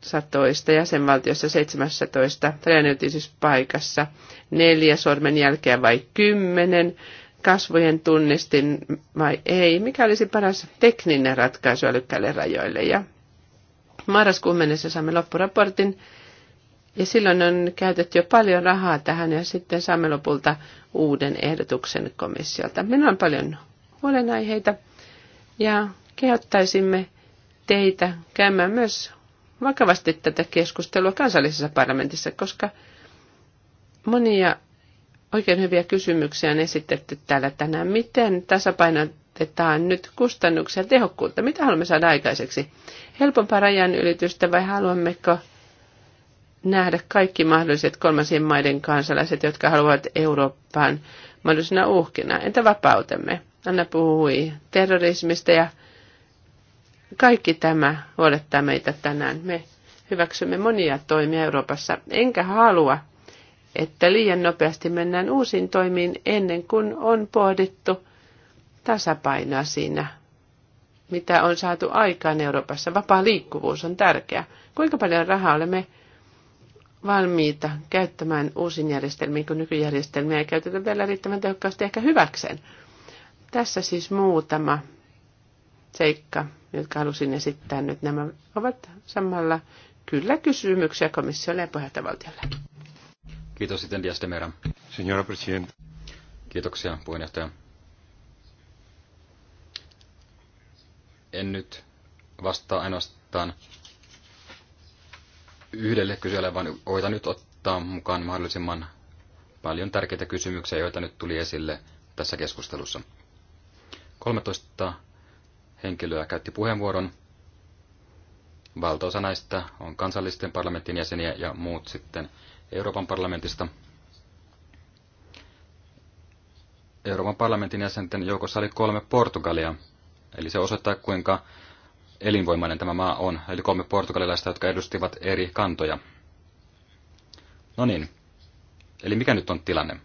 12 jäsenvaltiossa 17 rajanylityspaikassa, siis neljä jälkeä vai kymmenen, kasvojen tunnistin vai ei, mikä olisi paras tekninen ratkaisu älykkäille rajoille. Ja marraskuun mennessä saamme loppuraportin ja silloin on käytetty jo paljon rahaa tähän ja sitten saamme lopulta uuden ehdotuksen komissiolta. Meillä on paljon huolenaiheita ja kehottaisimme teitä käymään myös vakavasti tätä keskustelua kansallisessa parlamentissa, koska monia oikein hyviä kysymyksiä on esitetty täällä tänään. Miten tasapainotetaan nyt kustannuksia tehokkuutta? Mitä haluamme saada aikaiseksi? Helpompaa rajan ylitystä vai haluammeko nähdä kaikki mahdolliset kolmansien maiden kansalaiset, jotka haluavat Eurooppaan mahdollisena uhkina? Entä vapautemme? Anna puhui terrorismista ja kaikki tämä huolettaa meitä tänään. Me hyväksymme monia toimia Euroopassa, enkä halua, että liian nopeasti mennään uusiin toimiin ennen kuin on pohdittu tasapainoa siinä, mitä on saatu aikaan Euroopassa. Vapaa liikkuvuus on tärkeä. Kuinka paljon rahaa olemme valmiita käyttämään uusin järjestelmiin, kun nykyjärjestelmiä ei käytetä vielä riittävän tehokkaasti ehkä hyväkseen. Tässä siis muutama seikka, jotka halusin esittää nyt, nämä ovat samalla kyllä kysymyksiä komissiolle ja puheenjohtajavaltiolle. Kiitos sitten Dias Demera. Signora Presidente. Kiitoksia puheenjohtaja. En nyt vastaa ainoastaan yhdelle kysyjälle, vaan koitan nyt ottaa mukaan mahdollisimman paljon tärkeitä kysymyksiä, joita nyt tuli esille tässä keskustelussa. 13 henkilöä käytti puheenvuoron. Valtaosa näistä on kansallisten parlamentin jäseniä ja muut sitten Euroopan parlamentista. Euroopan parlamentin jäsenten joukossa oli kolme Portugalia, eli se osoittaa kuinka elinvoimainen tämä maa on, eli kolme portugalilaista, jotka edustivat eri kantoja. No niin, eli mikä nyt on tilanne?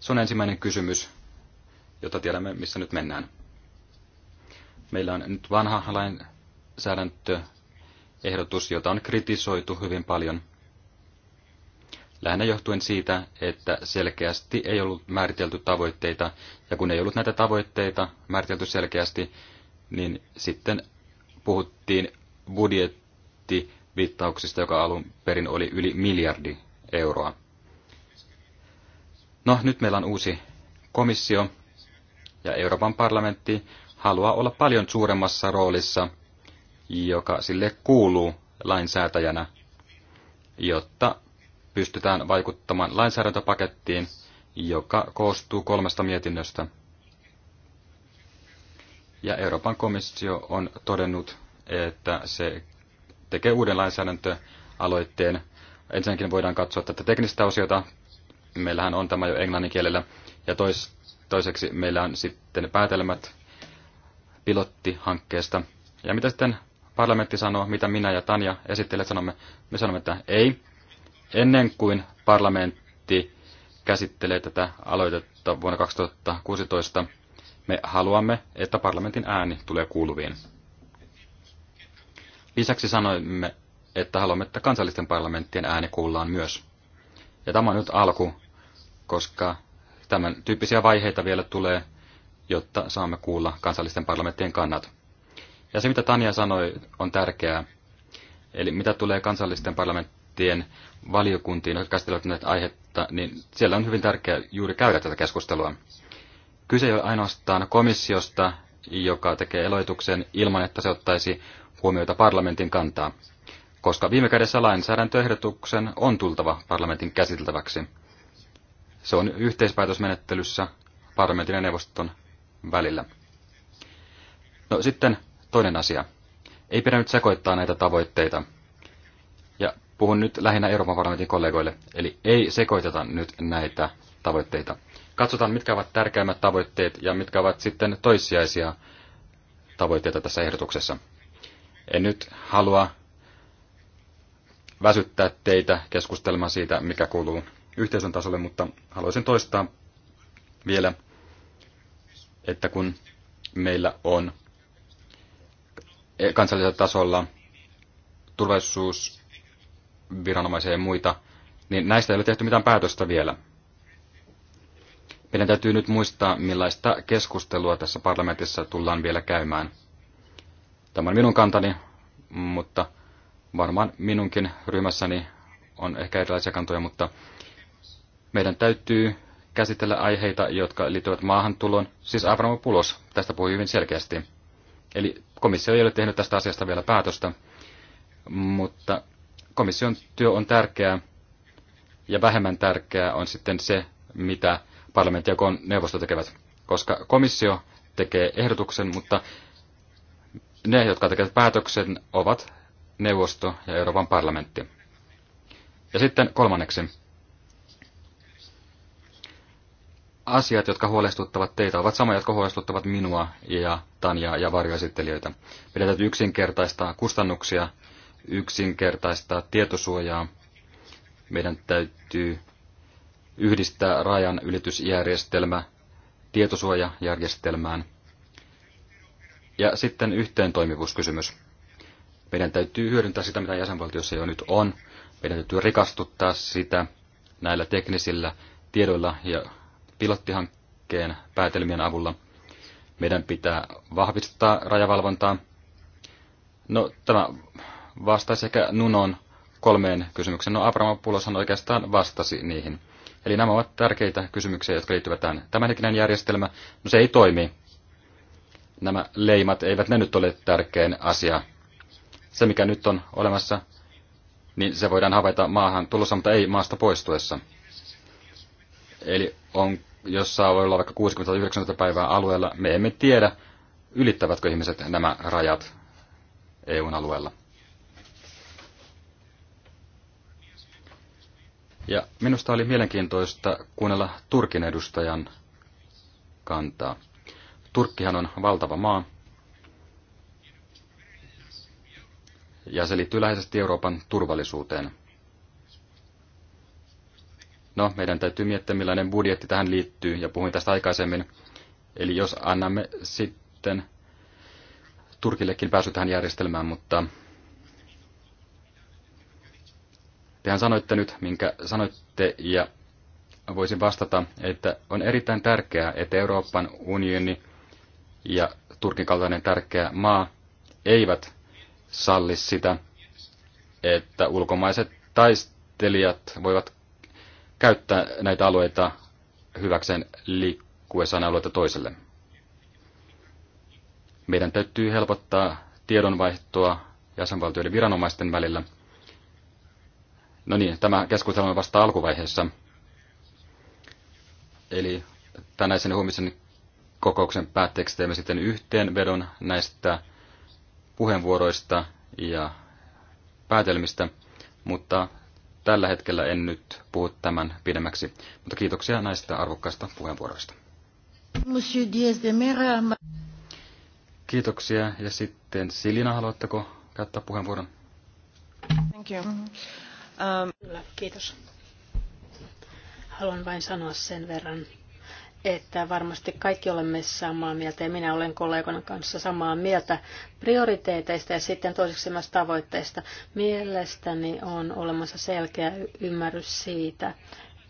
Se on ensimmäinen kysymys, jota tiedämme, missä nyt mennään. Meillä on nyt vanha lainsäädäntöehdotus, jota on kritisoitu hyvin paljon. Lähinnä johtuen siitä, että selkeästi ei ollut määritelty tavoitteita, ja kun ei ollut näitä tavoitteita määritelty selkeästi, niin sitten puhuttiin budjettiviittauksista, joka alun perin oli yli miljardi euroa. No, nyt meillä on uusi komissio ja Euroopan parlamentti haluaa olla paljon suuremmassa roolissa, joka sille kuuluu lainsäätäjänä, jotta pystytään vaikuttamaan lainsäädäntöpakettiin, joka koostuu kolmesta mietinnöstä. Ja Euroopan komissio on todennut, että se tekee uuden lainsäädäntöaloitteen. Ensinnäkin voidaan katsoa tätä teknistä osiota. Meillähän on tämä jo englannin kielellä. Ja tois, toiseksi meillä on sitten päätelmät pilottihankkeesta. Ja mitä sitten parlamentti sanoo, mitä minä ja Tanja esittelijät sanomme? Me sanomme, että ei. Ennen kuin parlamentti käsittelee tätä aloitetta vuonna 2016, me haluamme, että parlamentin ääni tulee kuuluviin. Lisäksi sanoimme, että haluamme, että kansallisten parlamenttien ääni kuullaan myös. Ja tämä on nyt alku, koska tämän tyyppisiä vaiheita vielä tulee jotta saamme kuulla kansallisten parlamenttien kannat. Ja se, mitä Tanja sanoi, on tärkeää. Eli mitä tulee kansallisten parlamenttien valiokuntiin, jotka käsittelevät näitä aihetta, niin siellä on hyvin tärkeää juuri käydä tätä keskustelua. Kyse ei ole ainoastaan komissiosta, joka tekee eloituksen ilman, että se ottaisi huomioita parlamentin kantaa, koska viime kädessä lainsäädäntöehdotuksen on tultava parlamentin käsiteltäväksi. Se on yhteispäätösmenettelyssä parlamentin ja neuvoston välillä. No sitten toinen asia. Ei pidä nyt sekoittaa näitä tavoitteita. Ja puhun nyt lähinnä Euroopan parlamentin kollegoille, eli ei sekoiteta nyt näitä tavoitteita. Katsotaan, mitkä ovat tärkeimmät tavoitteet ja mitkä ovat sitten toissijaisia tavoitteita tässä ehdotuksessa. En nyt halua väsyttää teitä keskustelemaan siitä, mikä kuuluu yhteisön tasolle, mutta haluaisin toistaa vielä, että kun meillä on kansallisella tasolla turvallisuusviranomaisia ja muita, niin näistä ei ole tehty mitään päätöstä vielä. Meidän täytyy nyt muistaa, millaista keskustelua tässä parlamentissa tullaan vielä käymään. Tämä on minun kantani, mutta varmaan minunkin ryhmässäni on ehkä erilaisia kantoja, mutta meidän täytyy käsitellä aiheita, jotka liittyvät maahantuloon. Siis Avramopulos tästä puhui hyvin selkeästi. Eli komissio ei ole tehnyt tästä asiasta vielä päätöstä, mutta komission työ on tärkeää ja vähemmän tärkeää on sitten se, mitä parlamentti ja neuvosto tekevät, koska komissio tekee ehdotuksen, mutta ne, jotka tekevät päätöksen, ovat neuvosto ja Euroopan parlamentti. Ja sitten kolmanneksi. asiat, jotka huolestuttavat teitä, ovat samoja, jotka huolestuttavat minua ja Tanja ja varjoesittelijöitä. Meidän täytyy yksinkertaistaa kustannuksia, yksinkertaistaa tietosuojaa. Meidän täytyy yhdistää rajan ylitysjärjestelmä tietosuojajärjestelmään. Ja sitten yhteen toimivuuskysymys. Meidän täytyy hyödyntää sitä, mitä jäsenvaltiossa jo nyt on. Meidän täytyy rikastuttaa sitä näillä teknisillä tiedoilla ja pilottihankkeen päätelmien avulla. Meidän pitää vahvistaa rajavalvontaa. No, tämä vastaisi ehkä Nunon kolmeen kysymykseen. No, Abramopulloshan oikeastaan vastasi niihin. Eli nämä ovat tärkeitä kysymyksiä, jotka liittyvät tähän. Tämänhetkinen järjestelmä, no se ei toimi. Nämä leimat eivät ne nyt ole tärkein asia. Se, mikä nyt on olemassa, niin se voidaan havaita maahan tulossa, mutta ei maasta poistuessa. Eli on jossa voi olla vaikka 60-90 päivää alueella, me emme tiedä, ylittävätkö ihmiset nämä rajat EUn alueella. Ja minusta oli mielenkiintoista kuunnella Turkin edustajan kantaa. Turkkihan on valtava maa, ja se liittyy läheisesti Euroopan turvallisuuteen. No, meidän täytyy miettiä, millainen budjetti tähän liittyy, ja puhuin tästä aikaisemmin. Eli jos annamme sitten Turkillekin pääsy tähän järjestelmään, mutta tehän sanoitte nyt, minkä sanoitte, ja voisin vastata, että on erittäin tärkeää, että Euroopan unioni ja Turkin kaltainen tärkeä maa eivät salli sitä, että ulkomaiset taistelijat voivat käyttää näitä alueita hyväkseen liikkuessaan alueita toiselle. Meidän täytyy helpottaa tiedonvaihtoa jäsenvaltioiden viranomaisten välillä. No niin, tämä keskustelu on vasta alkuvaiheessa. Eli tänäisen huomisen kokouksen päätteeksi teemme sitten yhteenvedon näistä puheenvuoroista ja päätelmistä, mutta tällä hetkellä en nyt puhu tämän pidemmäksi, mutta kiitoksia näistä arvokkaista puheenvuoroista. Monsieur Kiitoksia. Ja sitten Silina, haluatteko käyttää puheenvuoron? Thank you. Mm-hmm. Um, Kyllä, kiitos. Haluan vain sanoa sen verran, että varmasti kaikki olemme samaa mieltä ja minä olen kollegan kanssa samaa mieltä prioriteeteista ja sitten toiseksi myös tavoitteista. Mielestäni on olemassa selkeä ymmärrys siitä,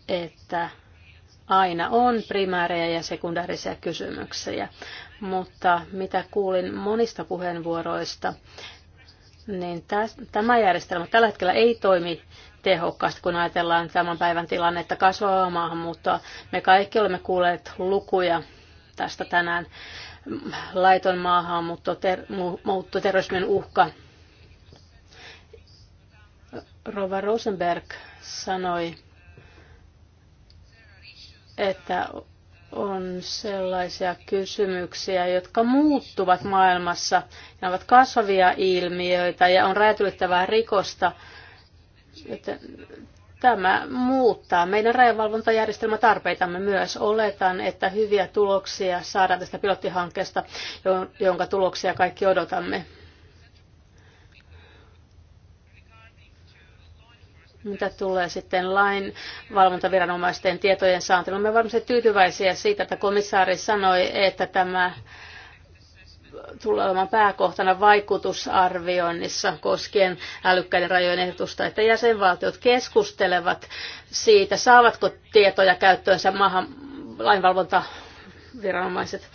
että aina on primäärejä ja sekundäärisiä kysymyksiä, mutta mitä kuulin monista puheenvuoroista, niin tämä järjestelmä tällä hetkellä ei toimi tehokkaasti, kun ajatellaan tämän päivän tilannetta kasvavaa maahanmuuttoa. Me kaikki olemme kuulleet lukuja tästä tänään. Laiton maahanmuutto, ter, muutto, terrorismin uhka. Rova Rosenberg sanoi, että on sellaisia kysymyksiä, jotka muuttuvat maailmassa. Ne ovat kasvavia ilmiöitä ja on räätylittävää rikosta, että tämä muuttaa meidän tarpeitamme myös. Oletan, että hyviä tuloksia saadaan tästä pilottihankkeesta, jonka tuloksia kaikki odotamme. Mitä tulee sitten lain valvontaviranomaisten tietojen saantiin, olemme varmasti tyytyväisiä siitä, että komissaari sanoi, että tämä tulee olemaan pääkohtana vaikutusarvioinnissa koskien älykkäiden rajojen ehdotusta, että jäsenvaltiot keskustelevat siitä, saavatko tietoja käyttöönsä maahan lainvalvontaviranomaiset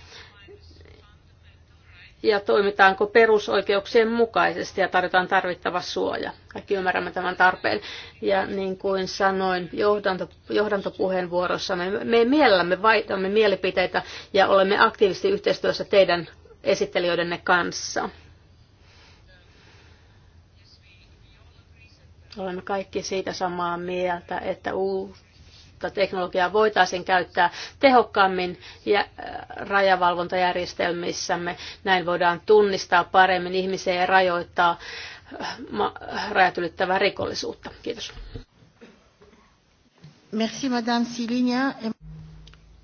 ja toimitaanko perusoikeuksien mukaisesti ja tarjotaan tarvittava suoja. Kaikki ymmärrämme tämän tarpeen. Ja niin kuin sanoin johdanto, johdantopuheenvuorossa, me, me mielellämme vaihdamme mielipiteitä ja olemme aktiivisesti yhteistyössä teidän esittelijöidenne kanssa. Olemme kaikki siitä samaa mieltä, että uutta teknologiaa voitaisiin käyttää tehokkaammin ja äh, rajavalvontajärjestelmissämme. Näin voidaan tunnistaa paremmin ihmisiä ja rajoittaa äh, rajat ylittävää rikollisuutta. Kiitos. Merci, Madame Silinia.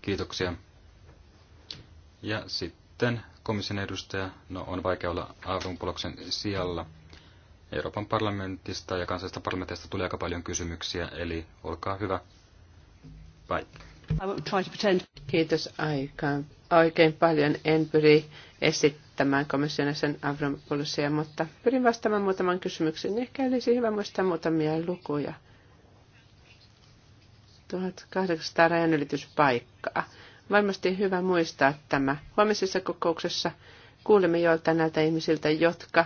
Kiitoksia. Ja sitten komission edustaja. No, on vaikea olla aavunpoloksen sijalla. Euroopan parlamentista ja kansallisesta parlamentista tuli aika paljon kysymyksiä, eli olkaa hyvä. Bye. I try to pretend. Kiitos aika Oikein paljon en pyri esittämään komission sen Avramopoulosia, mutta pyrin vastaamaan muutaman kysymyksen. Ehkä olisi hyvä muistaa muutamia lukuja. 1800 rajanylityspaikkaa varmasti hyvä muistaa tämä. Huomisessa kokouksessa kuulemme joiltain näiltä ihmisiltä, jotka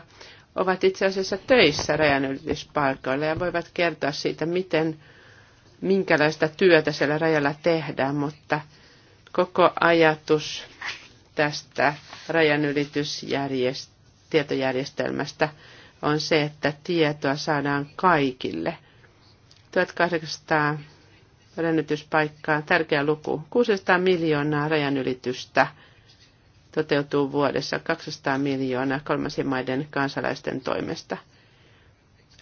ovat itse asiassa töissä rajanylityspaikoilla ja voivat kertoa siitä, miten, minkälaista työtä siellä rajalla tehdään, mutta koko ajatus tästä rajanylitystietojärjestelmästä on se, että tietoa saadaan kaikille. 1800 rännytyspaikkaa. Tärkeä luku. 600 miljoonaa rajanylitystä toteutuu vuodessa 200 miljoonaa kolmansien maiden kansalaisten toimesta.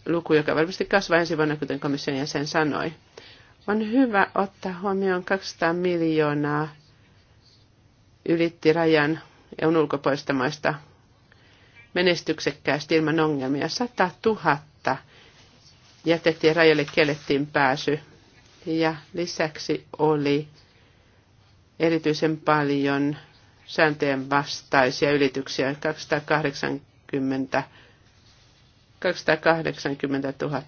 Luku, joka varmasti kasvaa ensi vuonna, kuten komission jäsen sanoi. On hyvä ottaa huomioon 200 miljoonaa ylitti rajan EUn ulkopuolista maista menestyksekkäästi ilman ongelmia. 100 000 jätettiin rajalle, kiellettiin pääsy ja lisäksi oli erityisen paljon sääntöjen vastaisia ylityksiä, 280, 280 000.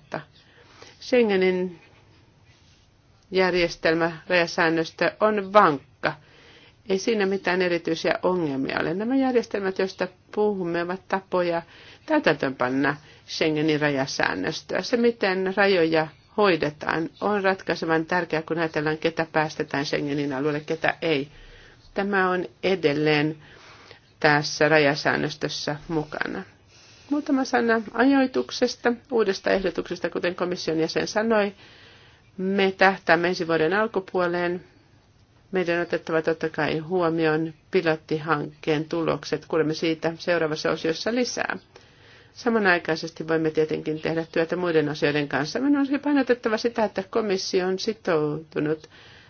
Schengenin järjestelmä rajasäännöstä on vankka. Ei siinä mitään erityisiä ongelmia ole. Nämä järjestelmät, joista puhumme, ovat tapoja täytäntöönpanna Schengenin rajasäännöstöä. Se, miten rajoja hoidetaan, on ratkaisevan tärkeää, kun ajatellaan, ketä päästetään Schengenin alueelle, ketä ei. Tämä on edelleen tässä rajasäännöstössä mukana. Muutama sana ajoituksesta, uudesta ehdotuksesta, kuten komission jäsen sanoi. Me tähtäämme ensi vuoden alkupuoleen. Meidän on otettava totta kai huomioon pilottihankkeen tulokset. Kuulemme siitä seuraavassa osiossa lisää. Samanaikaisesti voimme tietenkin tehdä työtä muiden asioiden kanssa. Minun on painotettava sitä, että komissio on sitoutunut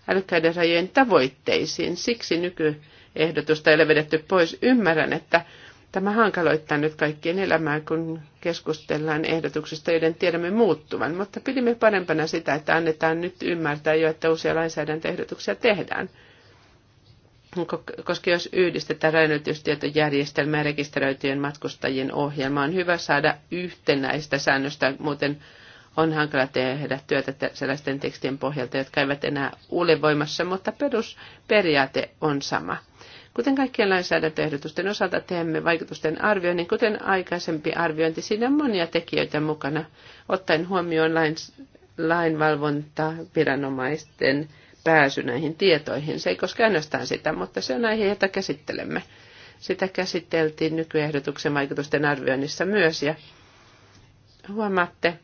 älykkäiden rajojen tavoitteisiin. Siksi nykyehdotusta ei ole vedetty pois. Ymmärrän, että tämä hankaloittaa nyt kaikkien elämää, kun keskustellaan ehdotuksista, joiden tiedämme muuttuvan, mutta pidimme parempana sitä, että annetaan nyt ymmärtää jo, että uusia lainsäädäntöehdotuksia tehdään – koska jos yhdistetään rajoitustietojärjestelmä rekisteröityjen matkustajien ohjelma, on hyvä saada yhtenäistä säännöstä, muuten on hankala tehdä työtä sellaisten tekstien pohjalta, jotka eivät enää ole voimassa, mutta perusperiaate on sama. Kuten kaikkien lainsäädäntöehdotusten osalta teemme vaikutusten arvioinnin, kuten aikaisempi arviointi, siinä on monia tekijöitä mukana, ottaen huomioon lain, lainvalvontaviranomaisten viranomaisten pääsy näihin tietoihin. Se ei koske ainoastaan sitä, mutta se on aihe, jota käsittelemme. Sitä käsiteltiin nykyehdotuksen vaikutusten arvioinnissa myös ja huomaatte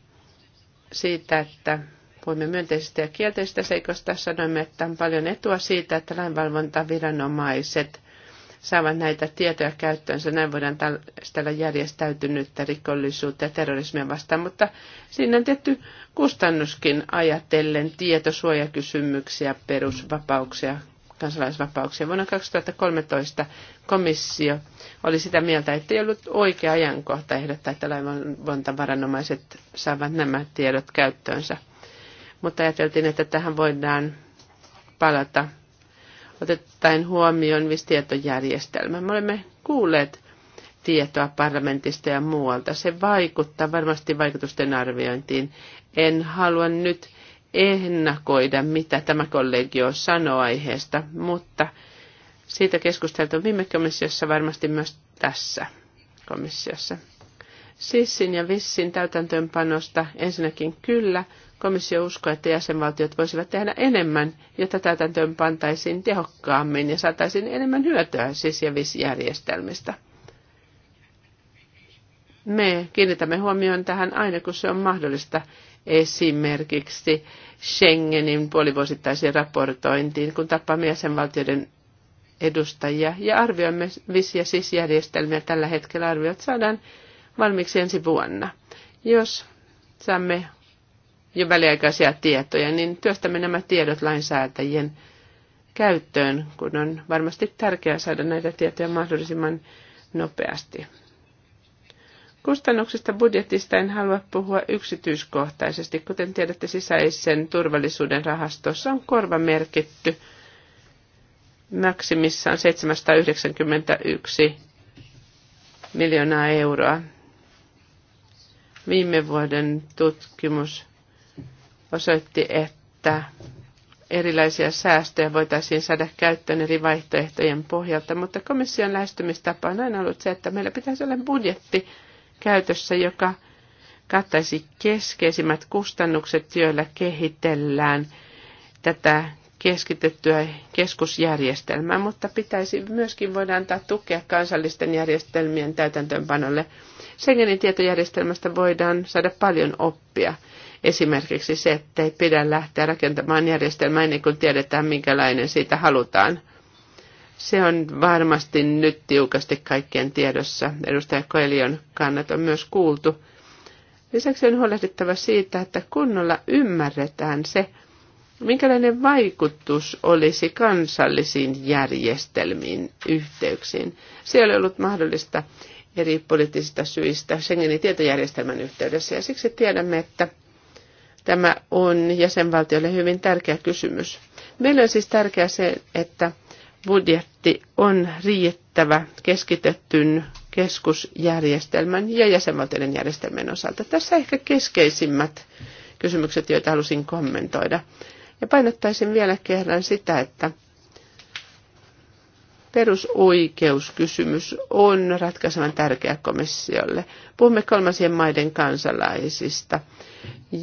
siitä, että puhumme myönteisistä ja kielteisistä seikoista. Sanoimme, että on paljon etua siitä, että lainvalvontaviranomaiset saavat näitä tietoja käyttöönsä. Näin voidaan tällä järjestäytynyttä rikollisuutta ja terrorismia vastaan, mutta siinä on tietty kustannuskin ajatellen tietosuojakysymyksiä, perusvapauksia, kansalaisvapauksia. Vuonna 2013 komissio oli sitä mieltä, että ei ollut oikea ajankohta ehdottaa, että lainvalvontavaranomaiset saavat nämä tiedot käyttöönsä. Mutta ajateltiin, että tähän voidaan palata otettaen huomioon tietojärjestelmä. Me olemme kuulleet tietoa parlamentista ja muualta. Se vaikuttaa varmasti vaikutusten arviointiin en halua nyt ennakoida, mitä tämä kollegio sanoo aiheesta, mutta siitä keskusteltu viime komissiossa varmasti myös tässä komissiossa. Sissin ja Vissin täytäntöönpanosta ensinnäkin kyllä, komissio uskoo, että jäsenvaltiot voisivat tehdä enemmän, jotta täytäntöön pantaisiin tehokkaammin ja saataisiin enemmän hyötyä sis- ja järjestelmistä. Me kiinnitämme huomioon tähän aina, kun se on mahdollista, esimerkiksi Schengenin puolivuosittaisiin raportointiin, kun tapaamme jäsenvaltioiden edustajia ja arvioimme vis- ja sisjärjestelmiä. Tällä hetkellä arviot saadaan valmiiksi ensi vuonna. Jos saamme jo väliaikaisia tietoja, niin työstämme nämä tiedot lainsäätäjien käyttöön, kun on varmasti tärkeää saada näitä tietoja mahdollisimman nopeasti. Kustannuksista budjetista en halua puhua yksityiskohtaisesti. Kuten tiedätte, sisäisen turvallisuuden rahastossa on korva merkitty maksimissaan 791 miljoonaa euroa. Viime vuoden tutkimus osoitti, että erilaisia säästöjä voitaisiin saada käyttöön eri vaihtoehtojen pohjalta, mutta komission lähestymistapa on aina ollut se, että meillä pitäisi olla budjetti, käytössä, joka kattaisi keskeisimmät kustannukset, joilla kehitellään tätä keskitettyä keskusjärjestelmää, mutta pitäisi myöskin voida antaa tukea kansallisten järjestelmien täytäntöönpanolle. Schengenin tietojärjestelmästä voidaan saada paljon oppia. Esimerkiksi se, ei pidä lähteä rakentamaan järjestelmää ennen kuin tiedetään, minkälainen siitä halutaan. Se on varmasti nyt tiukasti kaikkien tiedossa. Edustaja Koelion kannat on myös kuultu. Lisäksi on huolehdittava siitä, että kunnolla ymmärretään se, minkälainen vaikutus olisi kansallisiin järjestelmiin, yhteyksiin. Se ei ole ollut mahdollista eri poliittisista syistä Schengenin tietojärjestelmän yhteydessä, ja siksi tiedämme, että tämä on jäsenvaltiolle hyvin tärkeä kysymys. Meillä on siis tärkeää se, että budjetti on riittävä keskitetyn keskusjärjestelmän ja jäsenvaltioiden järjestelmien osalta. Tässä ehkä keskeisimmät kysymykset, joita halusin kommentoida. Ja painottaisin vielä kerran sitä, että perusoikeuskysymys on ratkaisevan tärkeä komissiolle. Puhumme kolmansien maiden kansalaisista,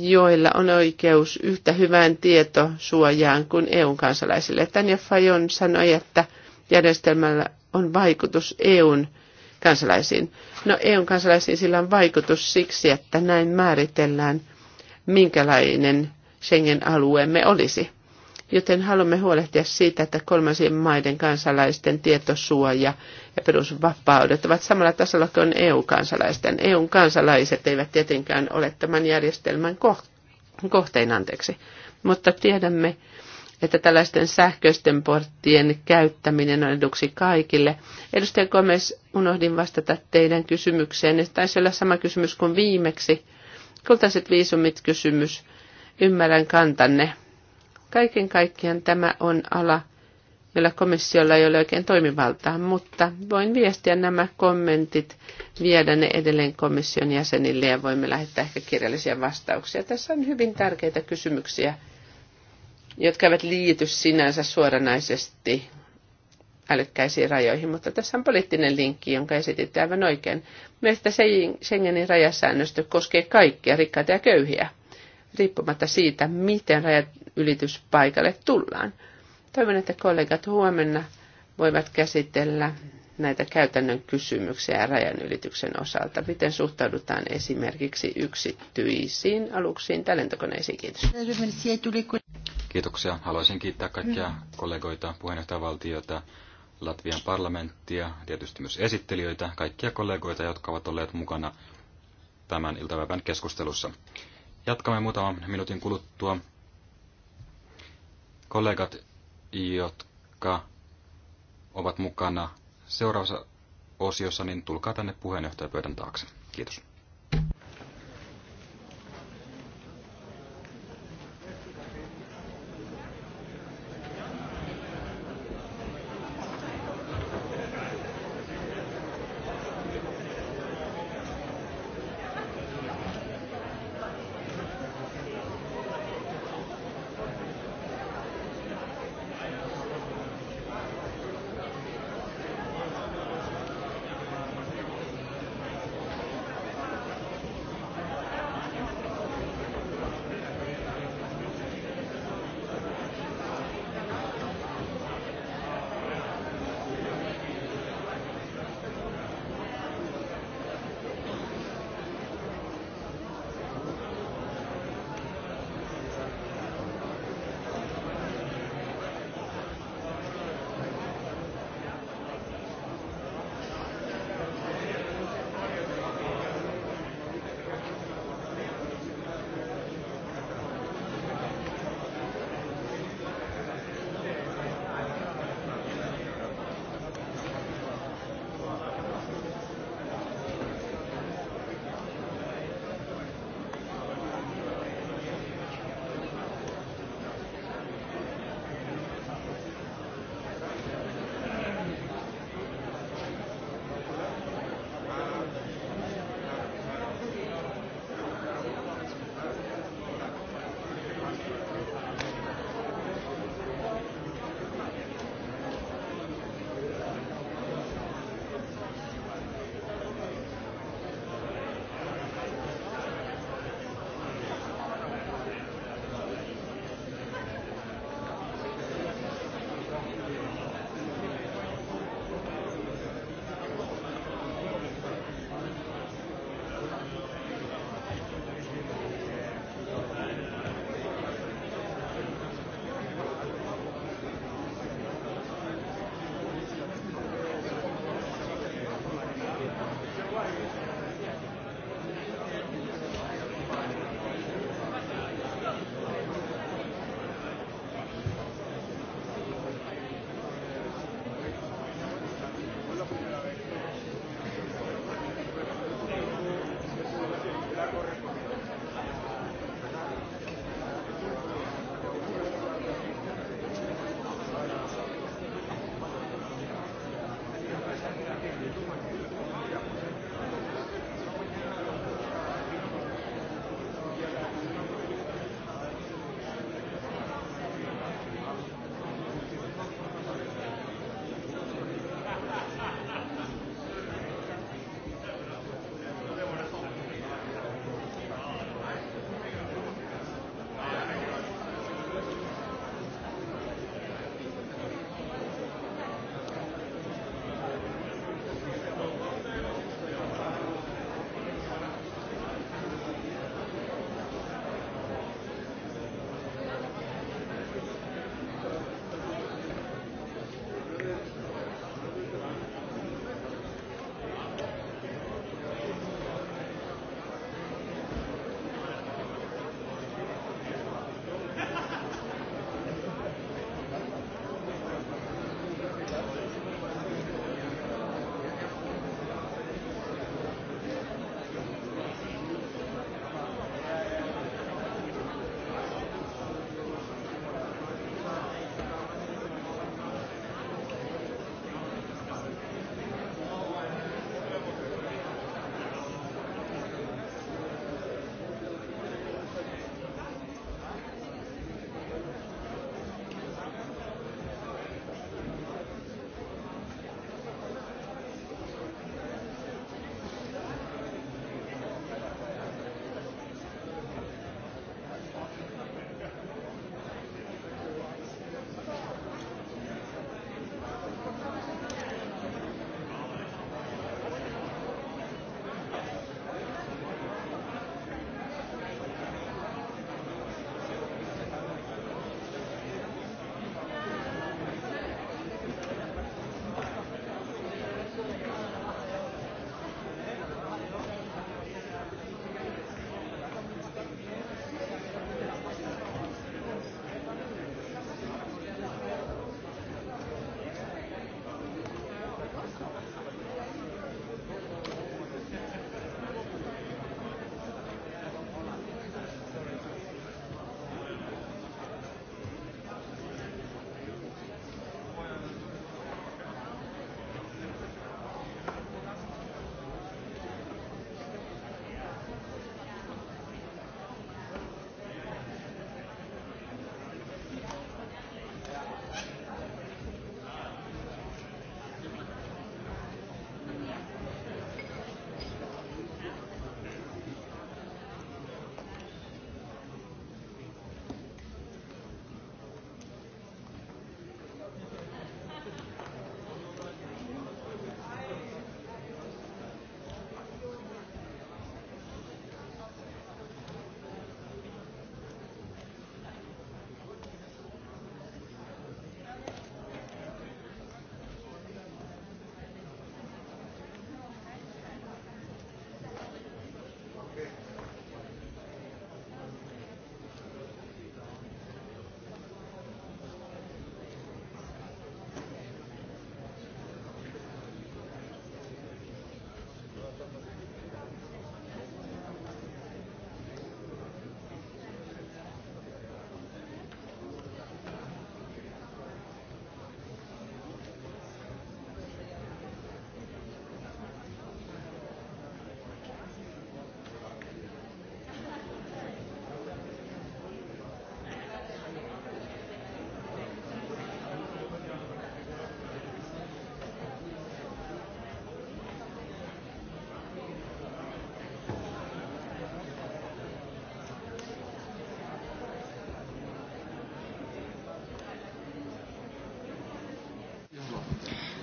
joilla on oikeus yhtä hyvään tietosuojaan kuin EUn kansalaisille. Tanja Fajon sanoi, että järjestelmällä on vaikutus EUn kansalaisiin. No EUn kansalaisiin sillä on vaikutus siksi, että näin määritellään, minkälainen Schengen-alueemme olisi joten haluamme huolehtia siitä, että kolmansien maiden kansalaisten tietosuoja ja perusvapaudet ovat samalla tasolla kuin EU-kansalaisten. eu kansalaiset eivät tietenkään ole tämän järjestelmän kohtein, anteeksi, mutta tiedämme, että tällaisten sähköisten porttien käyttäminen on eduksi kaikille. Edustaja Gomez, unohdin vastata teidän kysymykseen. Taisi olla sama kysymys kuin viimeksi. Kultaiset viisumit kysymys. Ymmärrän kantanne Kaiken kaikkiaan tämä on ala, jolla komissiolla ei ole oikein toimivaltaa, mutta voin viestiä nämä kommentit, viedä ne edelleen komission jäsenille ja voimme lähettää ehkä kirjallisia vastauksia. Tässä on hyvin tärkeitä kysymyksiä, jotka eivät liity sinänsä suoranaisesti älykkäisiin rajoihin, mutta tässä on poliittinen linkki, jonka esititte aivan oikein. Mielestäni Schengenin rajasäännöstö koskee kaikkia, rikkaita ja köyhiä riippumatta siitä, miten rajat ylityspaikalle tullaan. Toivon, että kollegat huomenna voivat käsitellä näitä käytännön kysymyksiä rajan ylityksen osalta. Miten suhtaudutaan esimerkiksi yksityisiin aluksiin tai lentokoneisiin? Kiitos. Kiitoksia. Haluaisin kiittää kaikkia kollegoita, puheenjohtajavaltiota, Latvian parlamenttia, tietysti myös esittelijöitä, kaikkia kollegoita, jotka ovat olleet mukana tämän iltapäivän keskustelussa. Jatkamme muutaman minuutin kuluttua. Kollegat, jotka ovat mukana seuraavassa osiossa, niin tulkaa tänne puheenjohtajapöydän taakse. Kiitos.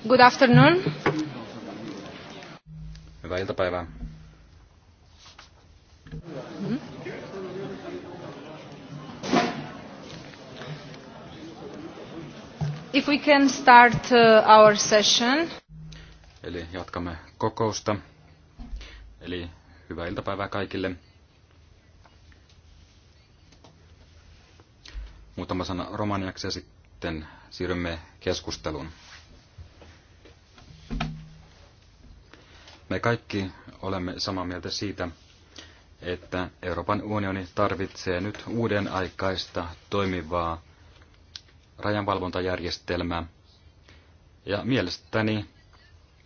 Good afternoon. Hyvää iltapäivää. If we can start uh, our session. Eli jatkamme kokousta. Eli hyvää iltapäivää kaikille. Muutama sana romaniaksi ja sitten siirrymme keskusteluun. Me kaikki olemme samaa mieltä siitä, että Euroopan unioni tarvitsee nyt uuden aikaista toimivaa rajanvalvontajärjestelmää. Ja mielestäni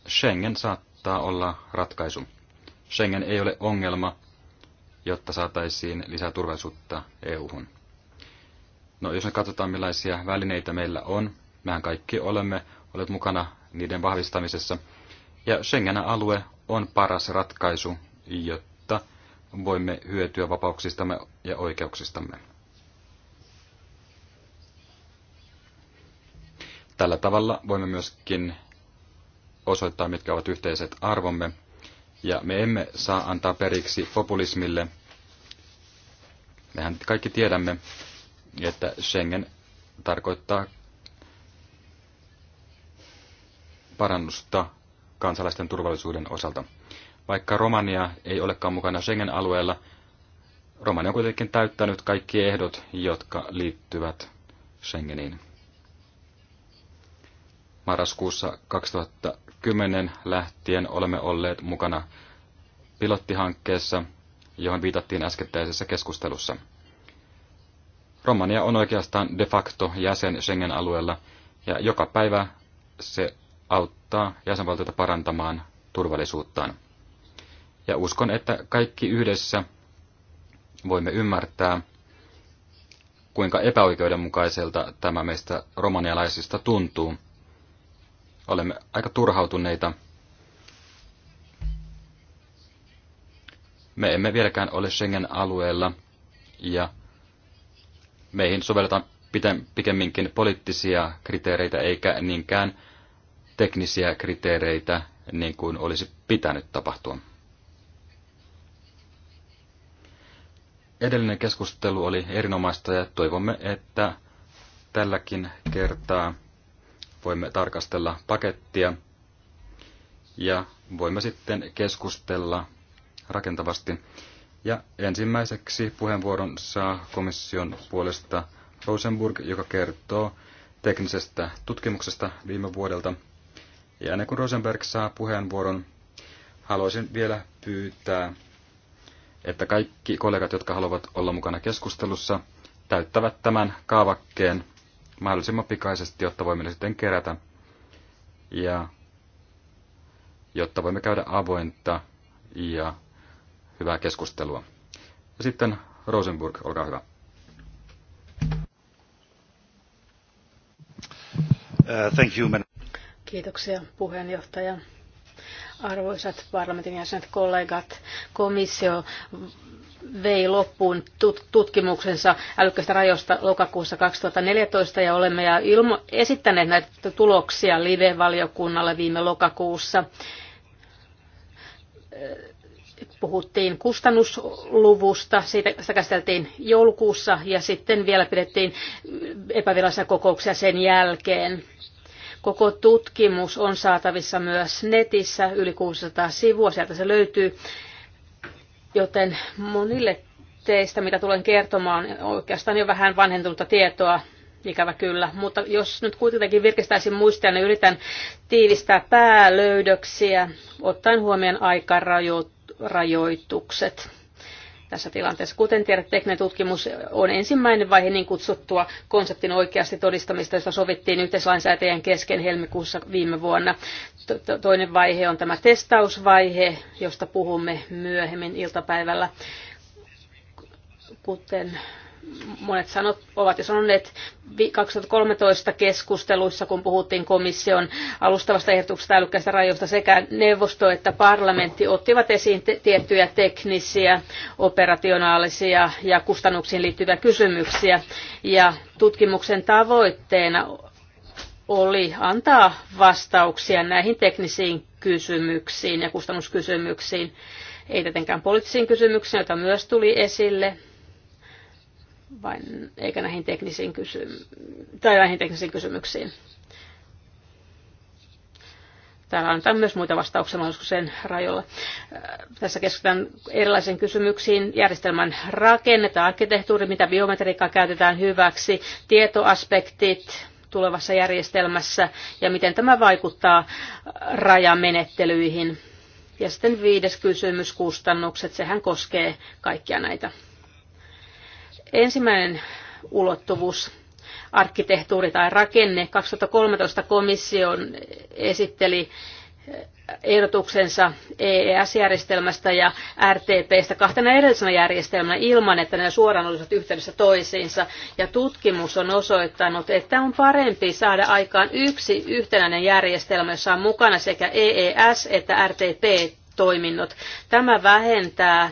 Schengen saattaa olla ratkaisu. Schengen ei ole ongelma, jotta saataisiin lisää turvallisuutta EU-hun. No, jos me katsotaan, millaisia välineitä meillä on, mehän kaikki olemme olleet mukana niiden vahvistamisessa. Ja Schengen-alue on paras ratkaisu, jotta voimme hyötyä vapauksistamme ja oikeuksistamme. Tällä tavalla voimme myöskin osoittaa, mitkä ovat yhteiset arvomme, ja me emme saa antaa periksi populismille. Mehän kaikki tiedämme, että Schengen tarkoittaa parannusta kansalaisten turvallisuuden osalta. Vaikka Romania ei olekaan mukana Schengen-alueella, Romania on kuitenkin täyttänyt kaikki ehdot, jotka liittyvät Schengeniin. Marraskuussa 2010 lähtien olemme olleet mukana pilottihankkeessa, johon viitattiin äskettäisessä keskustelussa. Romania on oikeastaan de facto jäsen Schengen-alueella, ja joka päivä se auttaa jäsenvaltiota parantamaan turvallisuuttaan. Ja uskon, että kaikki yhdessä voimme ymmärtää, kuinka epäoikeudenmukaiselta tämä meistä romanialaisista tuntuu. Olemme aika turhautuneita. Me emme vieläkään ole Schengen-alueella ja meihin sovelletaan pikemminkin poliittisia kriteereitä eikä niinkään teknisiä kriteereitä niin kuin olisi pitänyt tapahtua. Edellinen keskustelu oli erinomaista ja toivomme, että tälläkin kertaa voimme tarkastella pakettia ja voimme sitten keskustella rakentavasti. Ja ensimmäiseksi puheenvuoron saa komission puolesta Rosenburg, joka kertoo teknisestä tutkimuksesta viime vuodelta – ja ennen kuin Rosenberg saa puheenvuoron, haluaisin vielä pyytää, että kaikki kollegat, jotka haluavat olla mukana keskustelussa, täyttävät tämän kaavakkeen mahdollisimman pikaisesti, jotta voimme ne sitten kerätä ja jotta voimme käydä avointa ja hyvää keskustelua. Ja sitten Rosenburg, olkaa hyvä. Uh, thank you, Kiitoksia puheenjohtaja. Arvoisat parlamentin jäsenet, kollegat, komissio vei loppuun tutkimuksensa älykkäistä rajoista lokakuussa 2014 ja olemme ja ilmo- esittäneet näitä tuloksia live-valiokunnalle viime lokakuussa. Puhuttiin kustannusluvusta, siitä sitä käsiteltiin joulukuussa ja sitten vielä pidettiin epävirallisia kokouksia sen jälkeen Koko tutkimus on saatavissa myös netissä, yli 600 sivua, sieltä se löytyy. Joten monille teistä, mitä tulen kertomaan, oikeastaan jo vähän vanhentunutta tietoa, ikävä kyllä. Mutta jos nyt kuitenkin virkistäisin muistia, niin yritän tiivistää päälöydöksiä, ottaen huomioon aikarajoitukset tässä tilanteessa. Kuten tiedät, tekninen tutkimus on ensimmäinen vaihe niin kutsuttua konseptin oikeasti todistamista, josta sovittiin yhteislainsäätäjän kesken helmikuussa viime vuonna. Toinen vaihe on tämä testausvaihe, josta puhumme myöhemmin iltapäivällä. Kuten monet sanot, ovat jo sanoneet 2013 keskusteluissa, kun puhuttiin komission alustavasta ehdotuksesta älykkäistä rajoista, sekä neuvosto että parlamentti ottivat esiin te- tiettyjä teknisiä, operationaalisia ja kustannuksiin liittyviä kysymyksiä. Ja tutkimuksen tavoitteena oli antaa vastauksia näihin teknisiin kysymyksiin ja kustannuskysymyksiin, ei tietenkään poliittisiin kysymyksiin, joita myös tuli esille, vain, eikä näihin teknisiin, kysy- tai näihin teknisiin kysymyksiin. Täällä annetaan myös muita vastauksia mahdollisuuksien rajoilla. Äh, tässä keskitytään erilaisiin kysymyksiin. Järjestelmän rakennetta, arkkitehtuuri, mitä biometriikkaa käytetään hyväksi, tietoaspektit tulevassa järjestelmässä ja miten tämä vaikuttaa rajamenettelyihin. Ja sitten viides kysymys, kustannukset, sehän koskee kaikkia näitä Ensimmäinen ulottuvuus, arkkitehtuuri tai rakenne. 2013 komission esitteli eh, ehdotuksensa EES-järjestelmästä ja RTPstä kahtena edellisenä järjestelmänä ilman, että ne suoraan olisivat yhteydessä toisiinsa. Ja tutkimus on osoittanut, että on parempi saada aikaan yksi yhtenäinen järjestelmä, jossa on mukana sekä EES että RTP toiminnot. Tämä vähentää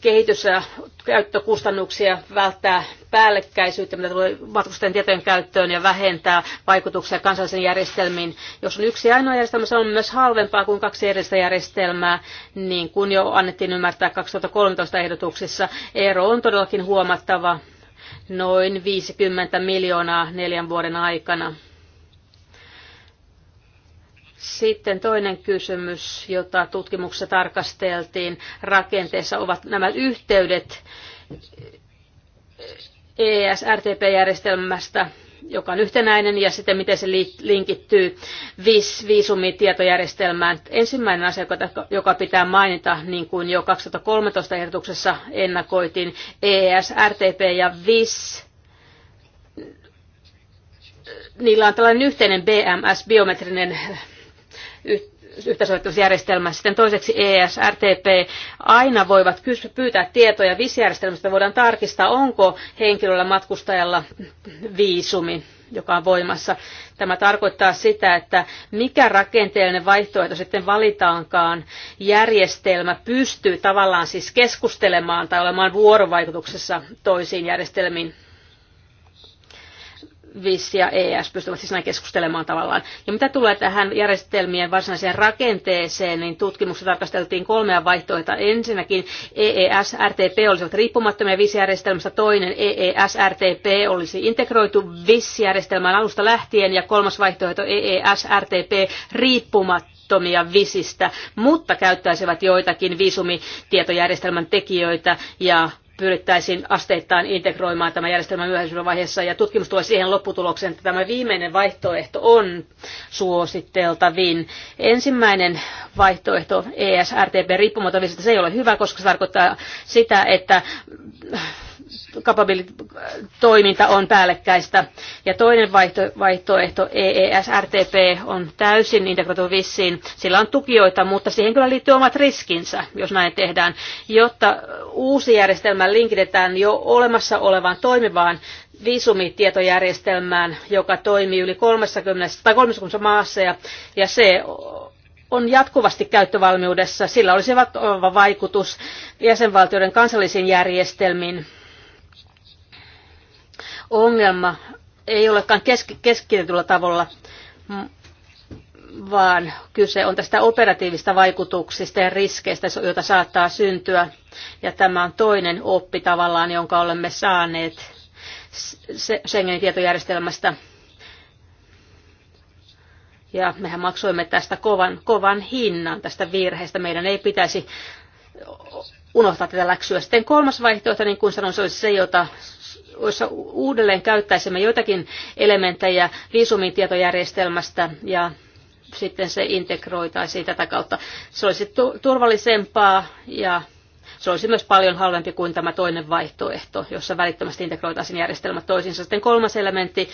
kehitys- ja käyttökustannuksia, välttää päällekkäisyyttä, mitä tulee matkustajien tietojen käyttöön ja vähentää vaikutuksia kansallisiin järjestelmiin. Jos on yksi ainoa järjestelmä, se on myös halvempaa kuin kaksi erillistä järjestelmää, niin kuin jo annettiin ymmärtää 2013 ehdotuksissa. Ero on todellakin huomattava, noin 50 miljoonaa neljän vuoden aikana. Sitten toinen kysymys, jota tutkimuksessa tarkasteltiin rakenteessa, ovat nämä yhteydet ESRTP-järjestelmästä, joka on yhtenäinen, ja sitten miten se linkittyy vis, viisumitietojärjestelmään. Ensimmäinen asia, joka pitää mainita, niin kuin jo 2013 ehdotuksessa ennakoitiin, ESRTP ja VIS niillä on tällainen yhteinen BMS, biometrinen yhteensovittamisjärjestelmä. Sitten toiseksi ES, RTP aina voivat pyytää tietoja visjärjestelmästä. Voidaan tarkistaa, onko henkilöllä matkustajalla viisumi joka on voimassa. Tämä tarkoittaa sitä, että mikä rakenteellinen vaihtoehto sitten valitaankaan, järjestelmä pystyy tavallaan siis keskustelemaan tai olemaan vuorovaikutuksessa toisiin järjestelmiin VIS ja ES pystyvät siis näin keskustelemaan tavallaan. Ja mitä tulee tähän järjestelmien varsinaiseen rakenteeseen, niin tutkimuksessa tarkasteltiin kolmea vaihtoehtoa. Ensinnäkin EES, RTP olisivat riippumattomia VIS-järjestelmästä, toinen EES, RTP olisi integroitu VIS-järjestelmään alusta lähtien ja kolmas vaihtoehto EES, RTP riippumattomia visistä, mutta käyttäisivät joitakin viisumitietojärjestelmän tekijöitä ja pyrittäisiin asteittain integroimaan tämä järjestelmä myöhäisyyden vaiheessa. Ja tutkimus tulee siihen lopputulokseen, että tämä viimeinen vaihtoehto on suositeltavin. Ensimmäinen vaihtoehto ESRTP riippumaton se ei ole hyvä, koska se tarkoittaa sitä, että toiminta on päällekkäistä. Ja toinen vaihto, vaihtoehto, EESRTP, on täysin integroitu vissiin. Sillä on tukijoita, mutta siihen kyllä liittyy omat riskinsä, jos näin tehdään. Jotta uusi järjestelmä linkitetään jo olemassa olevaan toimivaan viisumitietojärjestelmään, joka toimii yli 30, tai 30 maassa, ja, ja se on jatkuvasti käyttövalmiudessa. Sillä olisi vaikutus jäsenvaltioiden kansallisiin järjestelmiin ongelma ei olekaan keskitetyllä tavalla, vaan kyse on tästä operatiivista vaikutuksista ja riskeistä, joita saattaa syntyä. Ja tämä on toinen oppi tavallaan, jonka olemme saaneet Schengenin tietojärjestelmästä. Ja mehän maksoimme tästä kovan, kovan hinnan tästä virheestä. Meidän ei pitäisi unohtaa tätä läksyä. Sitten kolmas vaihtoehto, niin kuin sanoin, se olisi se, jota jossa uudelleen käyttäisimme joitakin elementtejä viisumitietojärjestelmästä ja sitten se integroitaisiin tätä kautta. Se olisi turvallisempaa ja se olisi myös paljon halvempi kuin tämä toinen vaihtoehto, jossa välittömästi integroitaisiin järjestelmät toisiinsa. Sitten kolmas elementti,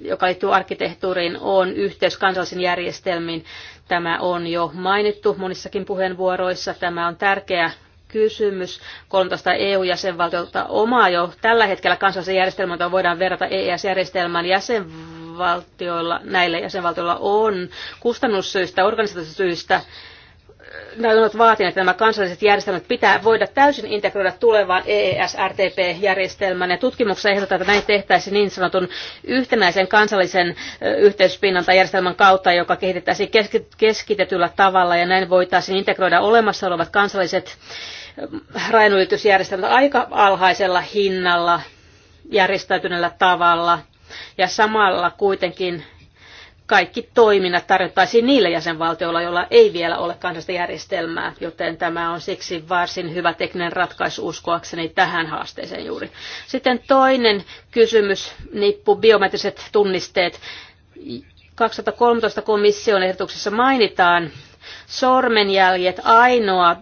joka liittyy arkkitehtuuriin, on yhteys kansallisiin järjestelmiin. Tämä on jo mainittu monissakin puheenvuoroissa. Tämä on tärkeä kysymys, kun EU-jäsenvaltiolta omaa jo tällä hetkellä kansallisen järjestelmän, jota voidaan verrata ees järjestelmään jäsenvaltioilla, näillä jäsenvaltioilla on kustannussyistä, organisatorisista syistä, äh, nämä ovat vaatineet, että nämä kansalliset järjestelmät pitää voida täysin integroida tulevaan EES-RTP-järjestelmään. Ja tutkimuksessa ehdotetaan, että näin tehtäisiin niin sanotun yhtenäisen kansallisen äh, yhteyspinnan tai järjestelmän kautta, joka kehitettäisiin keskitetyllä tavalla. Ja näin voitaisiin integroida olemassa olevat kansalliset rajanylitysjärjestelmät aika alhaisella hinnalla järjestäytyneellä tavalla ja samalla kuitenkin kaikki toiminnat tarjottaisiin niille jäsenvaltioilla, joilla ei vielä ole kansallista järjestelmää, joten tämä on siksi varsin hyvä tekninen ratkaisu uskoakseni tähän haasteeseen juuri. Sitten toinen kysymys, nippu biometriset tunnisteet. 2013 komission ehdotuksessa mainitaan sormenjäljet ainoa,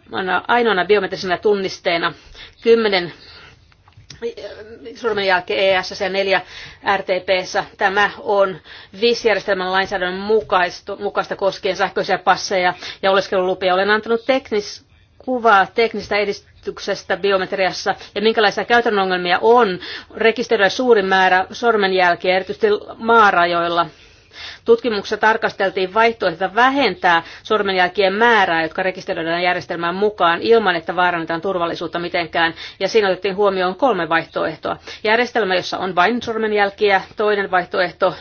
ainoana biometrisenä tunnisteena. Kymmenen sormenjälkeen ES ja 4 RTPssä. Tämä on VIS-järjestelmän lainsäädännön mukaista, mukaista koskien sähköisiä passeja ja oleskelulupia. Olen antanut teknis, kuvaa teknistä edistyksestä biometriassa ja minkälaisia käytännön ongelmia on rekisteröidä suuri määrä sormenjälkiä erityisesti maarajoilla – Tutkimuksessa tarkasteltiin vaihtoehtoja vähentää sormenjälkien määrää, jotka rekisteröidään järjestelmään mukaan ilman, että vaarannetaan turvallisuutta mitenkään. Ja siinä otettiin huomioon kolme vaihtoehtoa. Järjestelmä, jossa on vain sormenjälkiä, toinen vaihtoehto,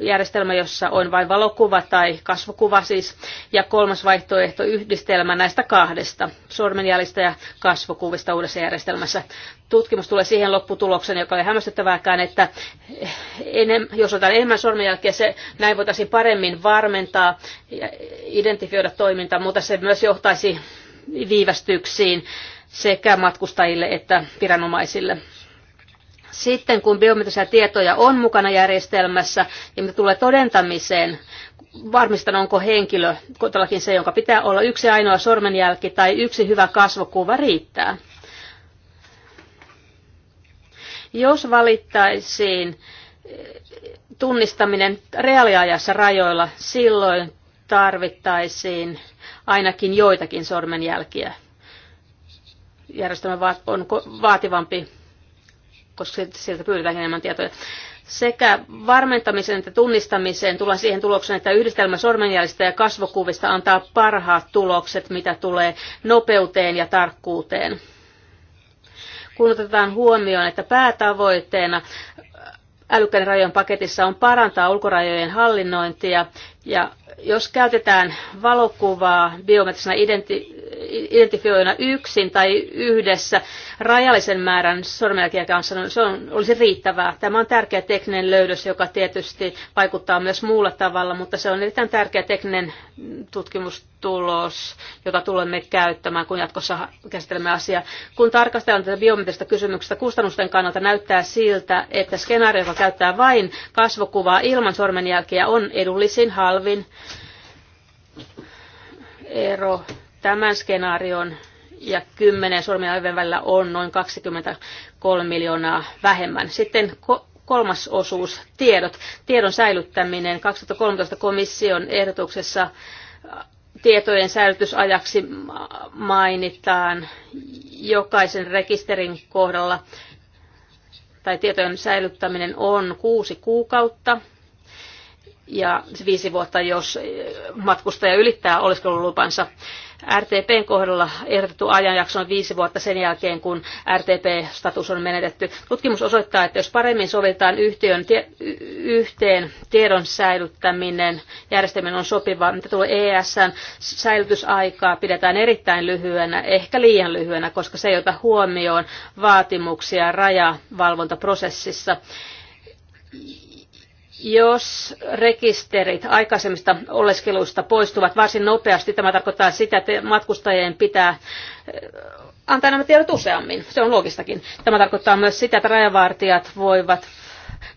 järjestelmä, jossa on vain valokuva tai kasvokuva siis, ja kolmas vaihtoehto yhdistelmä näistä kahdesta, sormenjäljistä ja kasvokuvista uudessa järjestelmässä. Tutkimus tulee siihen lopputulokseen, joka oli hämmästyttävääkään, että enem, jos otetaan enemmän sormenjälkiä, se, näin voitaisiin paremmin varmentaa ja identifioida toimintaa, mutta se myös johtaisi viivästyksiin sekä matkustajille että viranomaisille. Sitten kun biometrisiä tietoja on mukana järjestelmässä ja niin mitä tulee todentamiseen, varmistan, onko henkilö todellakin se, jonka pitää olla yksi ainoa sormenjälki tai yksi hyvä kasvokuva riittää. Jos valittaisiin eh, tunnistaminen reaaliajassa rajoilla, silloin tarvittaisiin ainakin joitakin sormenjälkiä. Järjestelmä on vaativampi koska sieltä pyydetään enemmän tietoja. Sekä varmentamiseen että tunnistamiseen tulee siihen tulokseen, että yhdistelmä sormenjäljistä ja kasvokuvista antaa parhaat tulokset, mitä tulee nopeuteen ja tarkkuuteen. Kun otetaan huomioon, että päätavoitteena älykkäiden rajojen paketissa on parantaa ulkorajojen hallinnointia ja jos käytetään valokuvaa biometrisenä identi- identifioina yksin tai yhdessä rajallisen määrän sormenjälkiä kanssa, niin se on, olisi riittävää. Tämä on tärkeä tekninen löydös, joka tietysti vaikuttaa myös muulla tavalla, mutta se on erittäin tärkeä tekninen tutkimustulos, jota tulemme käyttämään, kun jatkossa käsittelemme asiaa. Kun tarkastellaan tätä biometristä kysymyksestä kustannusten kannalta, näyttää siltä, että skenaario, joka käyttää vain kasvokuvaa ilman sormenjälkiä, on edullisin, halvin ero tämän skenaarion ja kymmenen sormiaiven välillä on noin 23 miljoonaa vähemmän. Sitten kolmas osuus, tiedot. Tiedon säilyttäminen 2013 komission ehdotuksessa tietojen säilytysajaksi mainitaan jokaisen rekisterin kohdalla tai tietojen säilyttäminen on kuusi kuukautta ja viisi vuotta, jos matkustaja ylittää oleskelulupansa. RTPn kohdalla ehdotettu ajanjakso on viisi vuotta sen jälkeen, kun RTP-status on menetetty. Tutkimus osoittaa, että jos paremmin sovitaan yhtiön, yhteen tiedon säilyttäminen, järjestelmän on sopiva, mitä tulee ESN, säilytysaikaa pidetään erittäin lyhyenä, ehkä liian lyhyenä, koska se ei ota huomioon vaatimuksia rajavalvontaprosessissa jos rekisterit aikaisemmista oleskeluista poistuvat varsin nopeasti, tämä tarkoittaa sitä, että matkustajien pitää eh, antaa nämä tiedot useammin. Se on loogistakin. Tämä tarkoittaa myös sitä, että rajavartijat voivat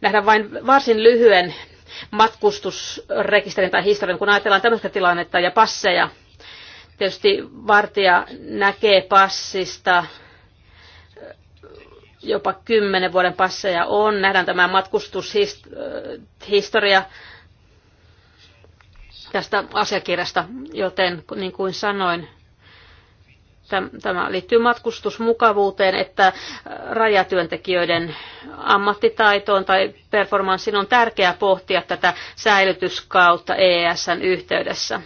nähdä vain varsin lyhyen matkustusrekisterin tai historian, kun ajatellaan tämmöistä tilannetta ja passeja. Tietysti vartija näkee passista jopa kymmenen vuoden passeja on. Nähdään tämä matkustushistoria tästä asiakirjasta, joten niin kuin sanoin, tämä liittyy matkustusmukavuuteen, että äh, rajatyöntekijöiden ammattitaitoon tai performanssiin on tärkeää pohtia tätä säilytyskautta EESn yhteydessä.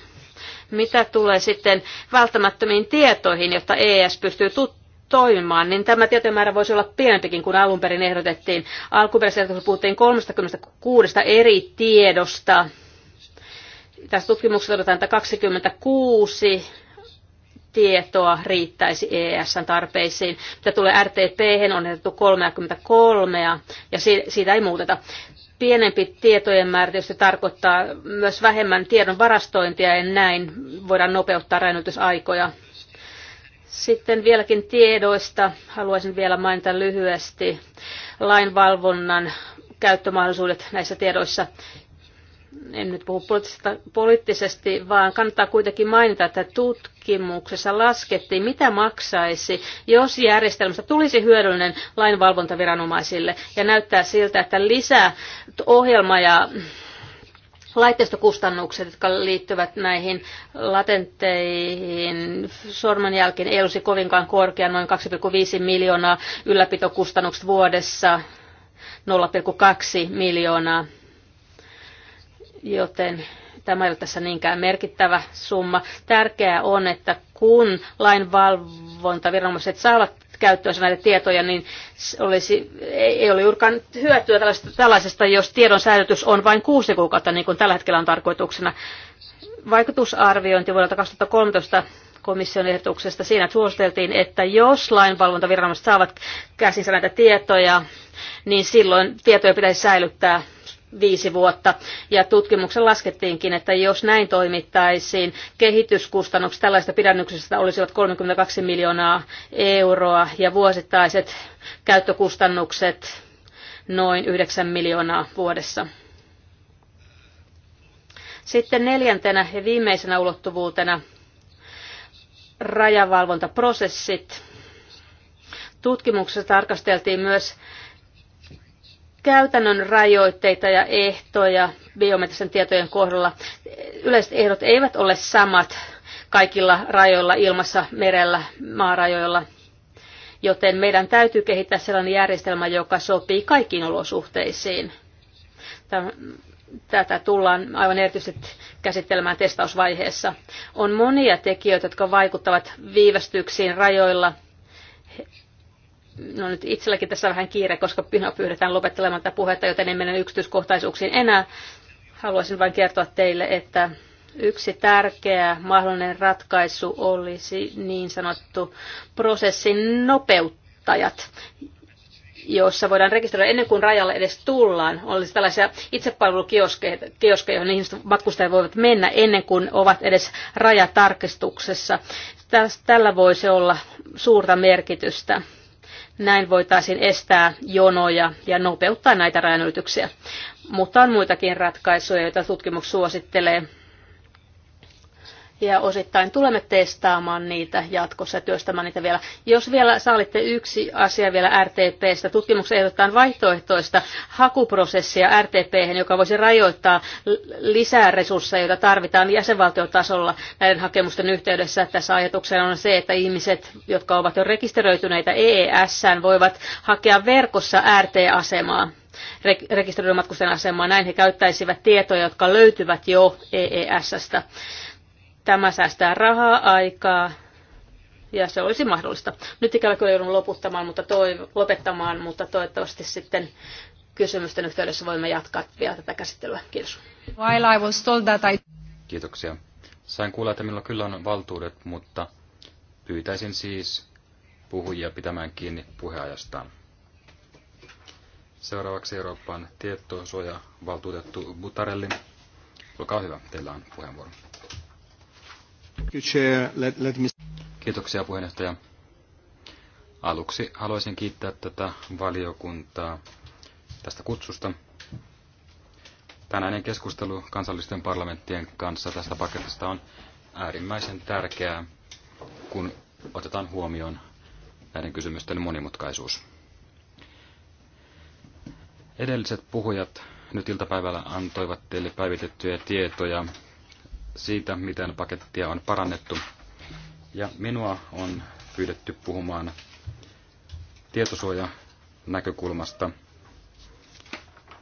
Mitä tulee sitten välttämättömiin tietoihin, jotta EES pystyy tut- toimimaan, niin tämä tietomäärä voisi olla pienempikin kuin alun perin ehdotettiin. Alkuperäisessä ehdotuksessa puhuttiin 36 eri tiedosta. Tässä tutkimuksessa todetaan, että 26 tietoa riittäisi ESn tarpeisiin. Mitä tulee RTP, on ehdotettu 33 ja siitä ei muuteta. Pienempi tietojen määrä tietysti tarkoittaa myös vähemmän tiedon varastointia ja näin voidaan nopeuttaa rajoitusaikoja. Sitten vieläkin tiedoista haluaisin vielä mainita lyhyesti lainvalvonnan käyttömahdollisuudet näissä tiedoissa. En nyt puhu poliittisesti, vaan kannattaa kuitenkin mainita, että tutkimuksessa laskettiin, mitä maksaisi, jos järjestelmästä tulisi hyödyllinen lainvalvontaviranomaisille. Ja näyttää siltä, että lisää ohjelma ja laitteistokustannukset, jotka liittyvät näihin latenteihin. Sormenjälkeen ei olisi kovinkaan korkea, noin 2,5 miljoonaa ylläpitokustannukset vuodessa, 0,2 miljoonaa, joten tämä ei ole tässä niinkään merkittävä summa. Tärkeää on, että kun lainvalvontaviranomaiset saavat käyttöönsä näitä tietoja, niin olisi, ei ole juurikaan hyötyä tällaisesta, jos tiedon säilytys on vain kuusi kuukautta, niin kuin tällä hetkellä on tarkoituksena. Vaikutusarviointi vuodelta 2013 komission ehdotuksesta. Siinä suositeltiin, että jos lainvalvontaviranomaiset saavat käsinsä näitä tietoja, niin silloin tietoja pitäisi säilyttää viisi vuotta. Ja tutkimuksen laskettiinkin, että jos näin toimittaisiin, kehityskustannukset tällaista pidännyksistä olisivat 32 miljoonaa euroa ja vuosittaiset käyttökustannukset noin 9 miljoonaa vuodessa. Sitten neljäntenä ja viimeisenä ulottuvuutena rajavalvontaprosessit. Tutkimuksessa tarkasteltiin myös käytännön rajoitteita ja ehtoja biometrisen tietojen kohdalla. Yleiset ehdot eivät ole samat kaikilla rajoilla, ilmassa, merellä, maarajoilla, joten meidän täytyy kehittää sellainen järjestelmä, joka sopii kaikkiin olosuhteisiin. Tätä tullaan aivan erityisesti käsittelemään testausvaiheessa. On monia tekijöitä, jotka vaikuttavat viivästyksiin rajoilla No nyt itselläkin tässä vähän kiire, koska pyydetään lopettelemaan tätä puhetta, joten en mene yksityiskohtaisuuksiin enää. Haluaisin vain kertoa teille, että yksi tärkeä mahdollinen ratkaisu olisi niin sanottu prosessin nopeuttajat, joissa voidaan rekisteröidä ennen kuin rajalle edes tullaan. Olisi tällaisia itsepalvelukioskeja, joihin ihmiset matkustajat voivat mennä ennen kuin ovat edes rajatarkistuksessa. Tällä voisi olla suurta merkitystä näin voitaisiin estää jonoja ja nopeuttaa näitä rajanylityksiä. Mutta on muitakin ratkaisuja, joita tutkimus suosittelee ja osittain tulemme testaamaan niitä jatkossa ja työstämään niitä vielä. Jos vielä sallitte yksi asia vielä RTPstä, tutkimuksen ehdotetaan vaihtoehtoista hakuprosessia rtp joka voisi rajoittaa lisää resursseja, joita tarvitaan jäsenvaltiotasolla näiden hakemusten yhteydessä. Tässä ajatuksena on se, että ihmiset, jotka ovat jo rekisteröityneitä EES, voivat hakea verkossa RT-asemaa rekisteröidyn asemaa. Näin he käyttäisivät tietoja, jotka löytyvät jo EES-stä Tämä säästää rahaa, aikaa ja se olisi mahdollista. Nyt ikävä kyllä joudun loputtamaan, mutta toiv- lopettamaan, mutta toivottavasti sitten kysymysten yhteydessä voimme jatkaa vielä tätä käsittelyä. Kiitos. While I was told that I... Kiitoksia. Sain kuulla, että minulla kyllä on valtuudet, mutta pyytäisin siis puhujia pitämään kiinni puheajastaan. Seuraavaksi Euroopan valtuutettu Butarelli. Olkaa hyvä, teillä on puheenvuoro. Kiitoksia puheenjohtaja. Aluksi haluaisin kiittää tätä valiokuntaa tästä kutsusta. Tänäinen keskustelu kansallisten parlamenttien kanssa tästä paketista on äärimmäisen tärkeää, kun otetaan huomioon näiden kysymysten monimutkaisuus. Edelliset puhujat nyt iltapäivällä antoivat teille päivitettyjä tietoja siitä, miten pakettia on parannettu. Ja minua on pyydetty puhumaan tietosuojanäkökulmasta,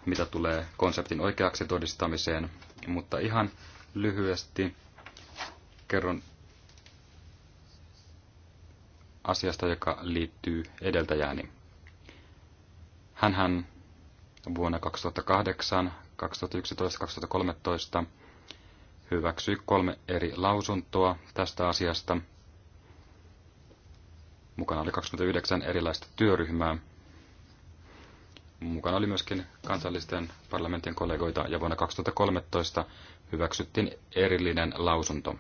mitä tulee konseptin oikeaksi todistamiseen, mutta ihan lyhyesti kerron asiasta, joka liittyy edeltäjääni. Hänhän vuonna 2008, 2011, 2013 hyväksyi kolme eri lausuntoa tästä asiasta. Mukana oli 29 erilaista työryhmää. Mukana oli myöskin kansallisten parlamentin kollegoita ja vuonna 2013 hyväksyttiin erillinen lausunto.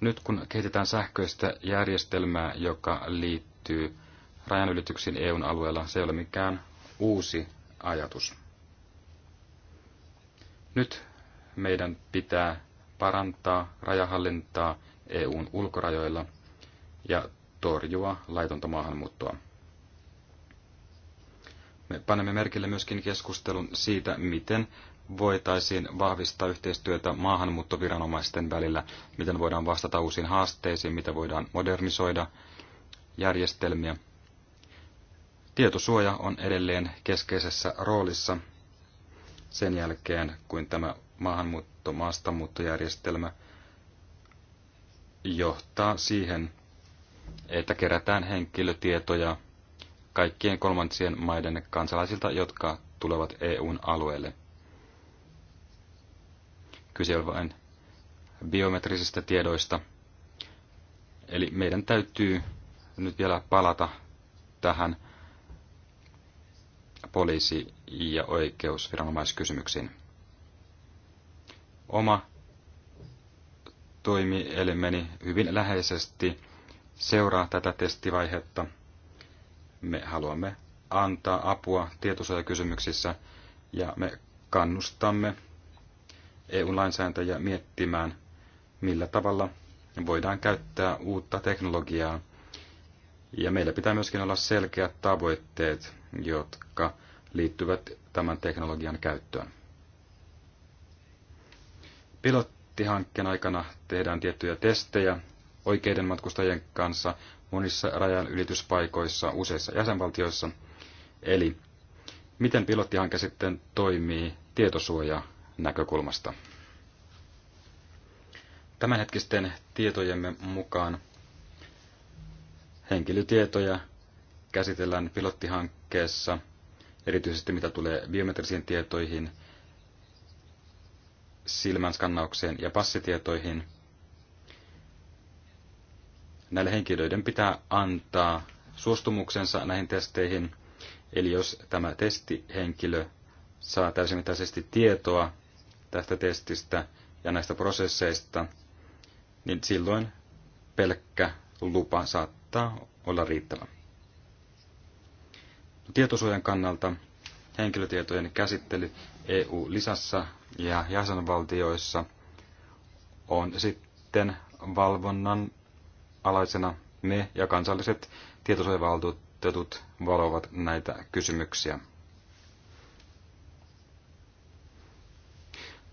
Nyt kun kehitetään sähköistä järjestelmää, joka liittyy rajanylityksiin EUn alueella, se ei ole mikään uusi ajatus. Nyt meidän pitää parantaa rajahallintaa EUn ulkorajoilla ja torjua laitonta maahanmuuttoa. Me panemme merkille myöskin keskustelun siitä, miten voitaisiin vahvistaa yhteistyötä maahanmuuttoviranomaisten välillä, miten voidaan vastata uusiin haasteisiin, mitä voidaan modernisoida järjestelmiä – Tietosuoja on edelleen keskeisessä roolissa sen jälkeen, kuin tämä maahanmuutto, maastamuuttojärjestelmä johtaa siihen, että kerätään henkilötietoja kaikkien kolmansien maiden kansalaisilta, jotka tulevat EUn alueelle. Kyse on vain biometrisistä tiedoista. Eli meidän täytyy nyt vielä palata tähän poliisi- ja oikeusviranomaiskysymyksiin. Oma toimielimeni hyvin läheisesti seuraa tätä testivaihetta. Me haluamme antaa apua tietosuojakysymyksissä ja me kannustamme EU-lainsääntäjä miettimään, millä tavalla voidaan käyttää uutta teknologiaa. Ja meillä pitää myöskin olla selkeät tavoitteet jotka liittyvät tämän teknologian käyttöön. Pilottihankkeen aikana tehdään tiettyjä testejä oikeiden matkustajien kanssa monissa rajan ylityspaikoissa useissa jäsenvaltioissa. Eli miten pilottihanke sitten toimii tietosuoja näkökulmasta. Tämänhetkisten tietojemme mukaan henkilötietoja käsitellään pilottihankkeen hankkeessa, erityisesti mitä tulee biometrisiin tietoihin, silmänskannaukseen ja passitietoihin. Näille henkilöiden pitää antaa suostumuksensa näihin testeihin, eli jos tämä testihenkilö saa täysimittaisesti tietoa tästä testistä ja näistä prosesseista, niin silloin pelkkä lupa saattaa olla riittävä tietosuojan kannalta henkilötietojen käsittely EU-lisässä ja jäsenvaltioissa on sitten valvonnan alaisena me ja kansalliset tietosuojavaltuutetut valovat näitä kysymyksiä.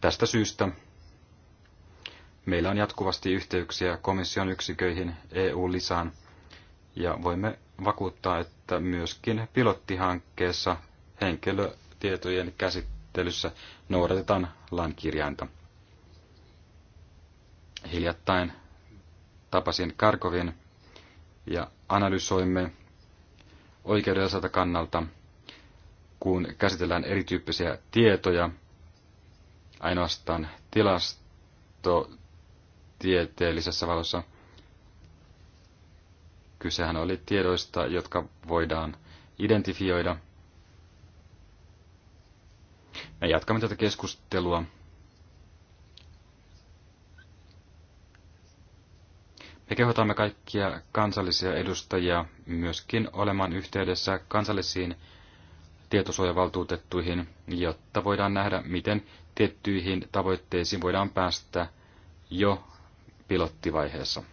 Tästä syystä meillä on jatkuvasti yhteyksiä komission yksiköihin EU-lisään ja voimme vakuuttaa, että myöskin pilottihankkeessa henkilötietojen käsittelyssä noudatetaan lain kirjainta. Hiljattain tapasin Karkovin ja analysoimme oikeudelliselta kannalta, kun käsitellään erityyppisiä tietoja, ainoastaan tilastotieteellisessä valossa – Kysehän oli tiedoista, jotka voidaan identifioida. Me jatkamme tätä keskustelua. Me kehotamme kaikkia kansallisia edustajia myöskin olemaan yhteydessä kansallisiin tietosuojavaltuutettuihin, jotta voidaan nähdä, miten tiettyihin tavoitteisiin voidaan päästä jo pilottivaiheessa.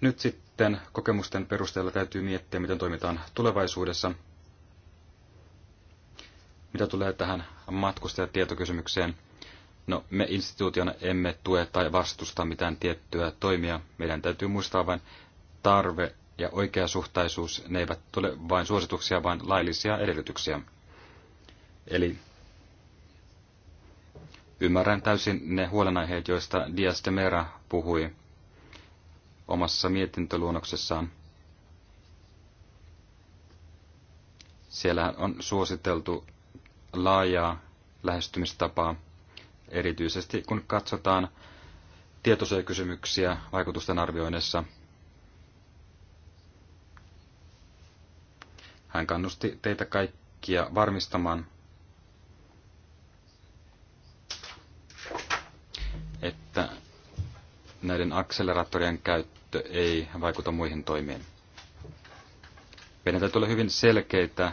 Nyt sitten kokemusten perusteella täytyy miettiä, miten toimitaan tulevaisuudessa. Mitä tulee tähän matkustajatietokysymykseen? No, me instituutiona emme tue tai vastusta mitään tiettyä toimia. Meidän täytyy muistaa vain tarve ja oikeasuhtaisuus. Ne eivät ole vain suosituksia, vaan laillisia edellytyksiä. Eli ymmärrän täysin ne huolenaiheet, joista Dias de Mera puhui omassa mietintöluonnoksessaan. Siellä on suositeltu laajaa lähestymistapaa, erityisesti kun katsotaan tietoisia kysymyksiä vaikutusten arvioinnissa. Hän kannusti teitä kaikkia varmistamaan, että näiden akseleraattorien käyttö käyttö ei vaikuta muihin toimiin. Meidän täytyy olla hyvin selkeitä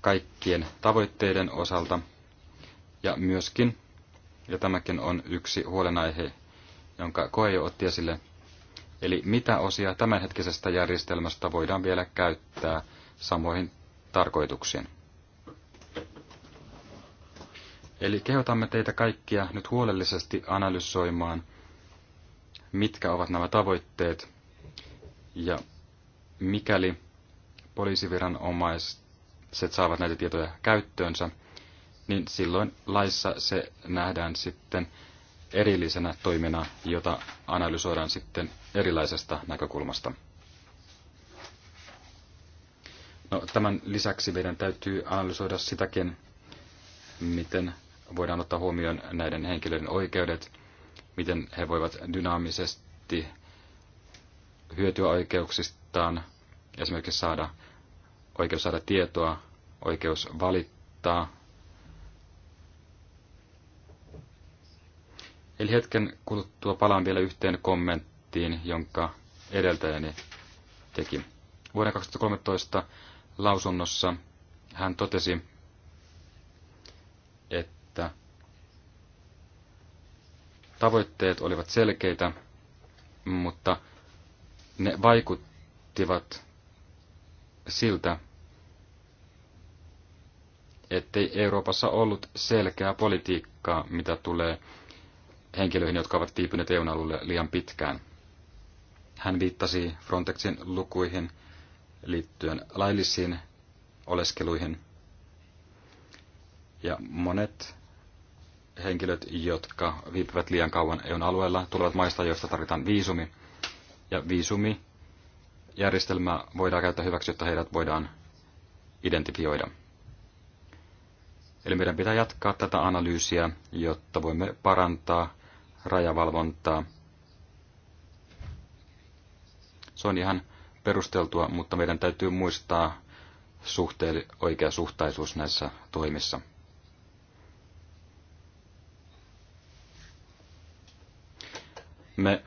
kaikkien tavoitteiden osalta ja myöskin, ja tämäkin on yksi huolenaihe, jonka koe jo otti esille, eli mitä osia tämänhetkisestä järjestelmästä voidaan vielä käyttää samoihin tarkoituksiin. Eli kehotamme teitä kaikkia nyt huolellisesti analysoimaan mitkä ovat nämä tavoitteet. Ja mikäli poliisiviranomaiset saavat näitä tietoja käyttöönsä, niin silloin laissa se nähdään sitten erillisenä toimena, jota analysoidaan sitten erilaisesta näkökulmasta. No, tämän lisäksi meidän täytyy analysoida sitäkin, miten voidaan ottaa huomioon näiden henkilöiden oikeudet – miten he voivat dynaamisesti hyötyä oikeuksistaan, esimerkiksi saada oikeus saada tietoa, oikeus valittaa. Eli hetken kuluttua palaan vielä yhteen kommenttiin, jonka edeltäjäni teki. Vuoden 2013 lausunnossa hän totesi, Tavoitteet olivat selkeitä, mutta ne vaikuttivat siltä, ettei Euroopassa ollut selkeää politiikkaa, mitä tulee henkilöihin, jotka ovat viipyneet eu alueelle liian pitkään. Hän viittasi Frontexin lukuihin liittyen laillisiin oleskeluihin. Ja monet henkilöt, jotka viipyvät liian kauan EUn alueella, tulevat maista, joista tarvitaan viisumi. Ja viisumi järjestelmä voidaan käyttää hyväksi, jotta heidät voidaan identifioida. Eli meidän pitää jatkaa tätä analyysiä, jotta voimme parantaa rajavalvontaa. Se on ihan perusteltua, mutta meidän täytyy muistaa suhteelli, oikea suhtaisuus näissä toimissa. Me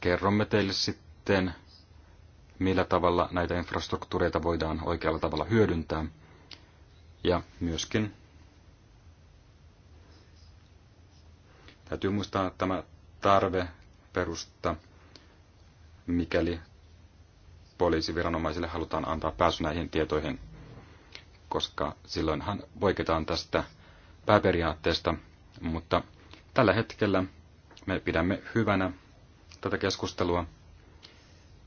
kerromme teille sitten, millä tavalla näitä infrastruktuureita voidaan oikealla tavalla hyödyntää. Ja myöskin täytyy muistaa tämä tarve perusta, mikäli poliisiviranomaisille halutaan antaa pääsy näihin tietoihin, koska silloinhan poiketaan tästä pääperiaatteesta, mutta tällä hetkellä me pidämme hyvänä tätä keskustelua.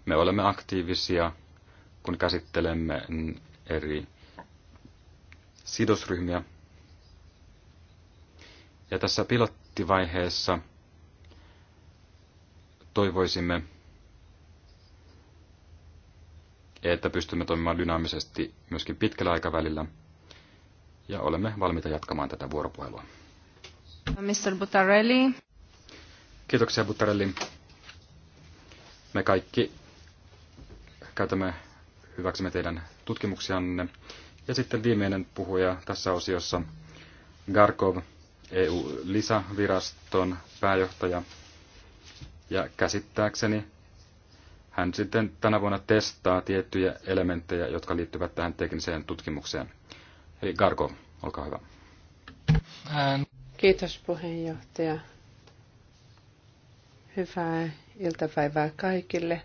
Me olemme aktiivisia, kun käsittelemme eri sidosryhmiä. Ja tässä pilottivaiheessa toivoisimme, että pystymme toimimaan dynaamisesti myöskin pitkällä aikavälillä, ja olemme valmiita jatkamaan tätä vuoropuhelua. Mr. Butarelli. Kiitoksia Buttarelli. Me kaikki käytämme hyväksemme teidän tutkimuksianne. Ja sitten viimeinen puhuja tässä osiossa, Garkov, EU-lisäviraston pääjohtaja. Ja käsittääkseni hän sitten tänä vuonna testaa tiettyjä elementtejä, jotka liittyvät tähän tekniseen tutkimukseen. Eli Garkov, olkaa hyvä. Kiitos puheenjohtaja. Hyvää iltapäivää kaikille.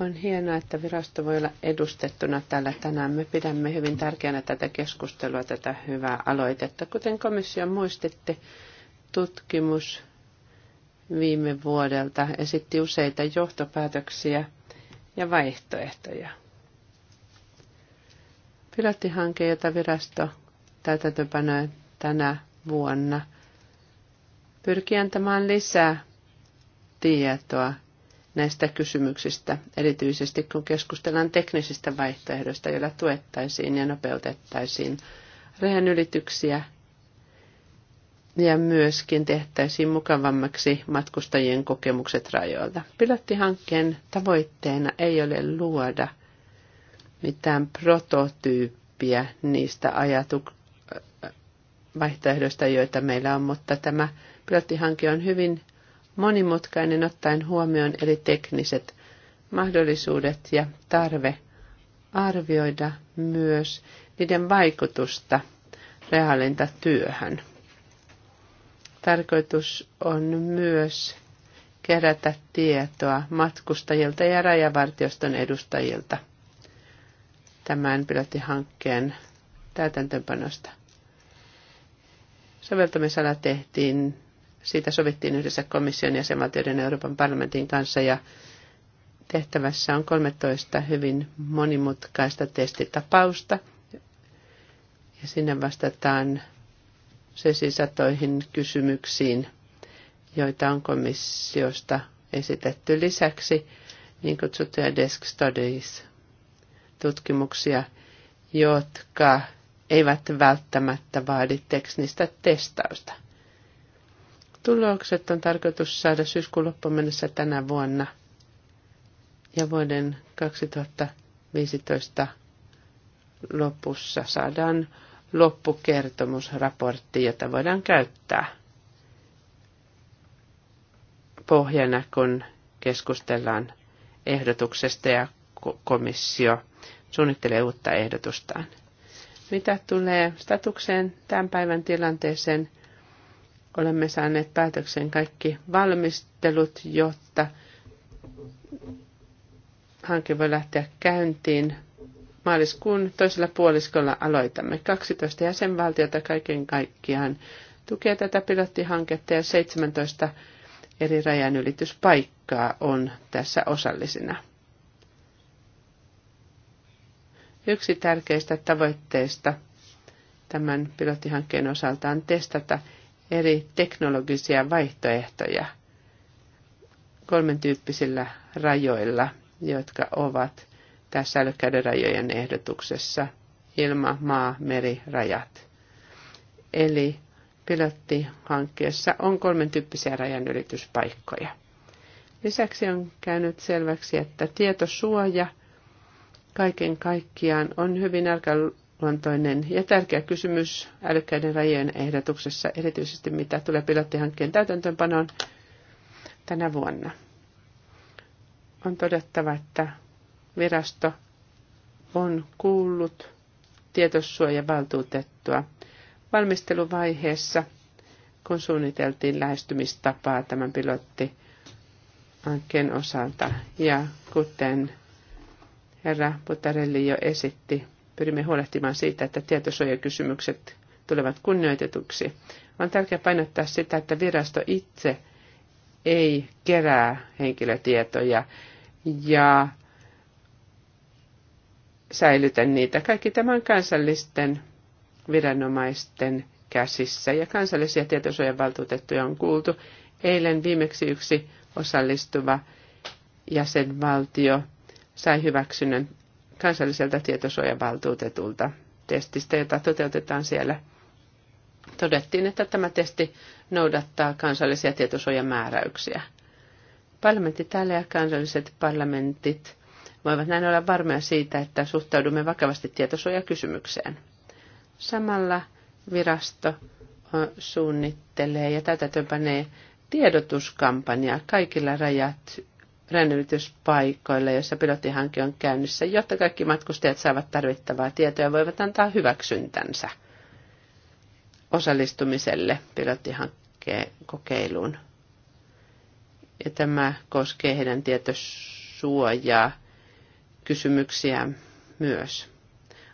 On hienoa, että virasto voi olla edustettuna täällä tänään. Me pidämme hyvin tärkeänä tätä keskustelua, tätä hyvää aloitetta. Kuten komissio muistitte, tutkimus viime vuodelta esitti useita johtopäätöksiä ja vaihtoehtoja. Pilottihanke, jota virasto täytäntöpanoi tänä vuonna, pyrkii antamaan lisää tietoa näistä kysymyksistä, erityisesti kun keskustellaan teknisistä vaihtoehdoista, joilla tuettaisiin ja nopeutettaisiin rajanylityksiä ja myöskin tehtäisiin mukavammaksi matkustajien kokemukset rajoilta. Pilottihankkeen tavoitteena ei ole luoda mitään prototyyppiä niistä ajatuksista vaihtoehdoista, joita meillä on, mutta tämä pilottihanke on hyvin monimutkainen ottaen huomioon eri tekniset mahdollisuudet ja tarve arvioida myös niiden vaikutusta työhön. Tarkoitus on myös kerätä tietoa matkustajilta ja rajavartioston edustajilta tämän pilottihankkeen täytäntöönpanosta. Soveltamisala tehtiin siitä sovittiin yhdessä komission jäsenvaltioiden ja Euroopan parlamentin kanssa ja tehtävässä on 13 hyvin monimutkaista testitapausta. Ja sinne vastataan se sisätoihin kysymyksiin, joita on komissiosta esitetty lisäksi niin kutsuttuja desk studies tutkimuksia, jotka eivät välttämättä vaadi teknistä testausta. Tulokset on tarkoitus saada syyskuun loppuun mennessä tänä vuonna ja vuoden 2015 lopussa saadaan loppukertomusraportti, jota voidaan käyttää pohjana, kun keskustellaan ehdotuksesta ja komissio suunnittelee uutta ehdotustaan. Mitä tulee statukseen tämän päivän tilanteeseen – olemme saaneet päätöksen kaikki valmistelut, jotta hanke voi lähteä käyntiin. Maaliskuun toisella puoliskolla aloitamme. 12 jäsenvaltiota kaiken kaikkiaan tukea tätä pilottihanketta ja 17 eri rajanylityspaikkaa on tässä osallisina. Yksi tärkeistä tavoitteista tämän pilottihankkeen osalta on testata eri teknologisia vaihtoehtoja kolmen tyyppisillä rajoilla, jotka ovat tässä älykkäiden rajojen ehdotuksessa ilma, maa, meri, rajat. Eli pilottihankkeessa on kolmen tyyppisiä rajanylityspaikkoja. Lisäksi on käynyt selväksi, että tietosuoja kaiken kaikkiaan on hyvin luontoinen ja tärkeä kysymys älykkäiden rajojen ehdotuksessa, erityisesti mitä tulee pilottihankkeen täytäntöönpanoon tänä vuonna. On todettava, että virasto on kuullut tietosuojavaltuutettua valmisteluvaiheessa, kun suunniteltiin lähestymistapaa tämän pilottihankkeen osalta. Ja kuten herra Putarelli jo esitti, pyrimme huolehtimaan siitä, että tietosuojakysymykset tulevat kunnioitetuksi. On tärkeää painottaa sitä, että virasto itse ei kerää henkilötietoja ja säilytä niitä. Kaikki tämän kansallisten viranomaisten käsissä ja kansallisia tietosuojavaltuutettuja on kuultu. Eilen viimeksi yksi osallistuva jäsenvaltio sai hyväksynnän kansalliselta tietosuojavaltuutetulta testistä, jota toteutetaan siellä. Todettiin, että tämä testi noudattaa kansallisia tietosuojamääräyksiä. Parlamentti täällä ja kansalliset parlamentit voivat näin olla varmoja siitä, että suhtaudumme vakavasti tietosuojakysymykseen. Samalla virasto suunnittelee ja täytäntöönpanee tiedotuskampanjaa kaikilla rajat ränylityspaikoille, joissa pilottihanke on käynnissä, jotta kaikki matkustajat saavat tarvittavaa tietoa ja voivat antaa hyväksyntänsä osallistumiselle pilottihankkeen kokeiluun. Ja tämä koskee heidän tietosuojaa kysymyksiä myös.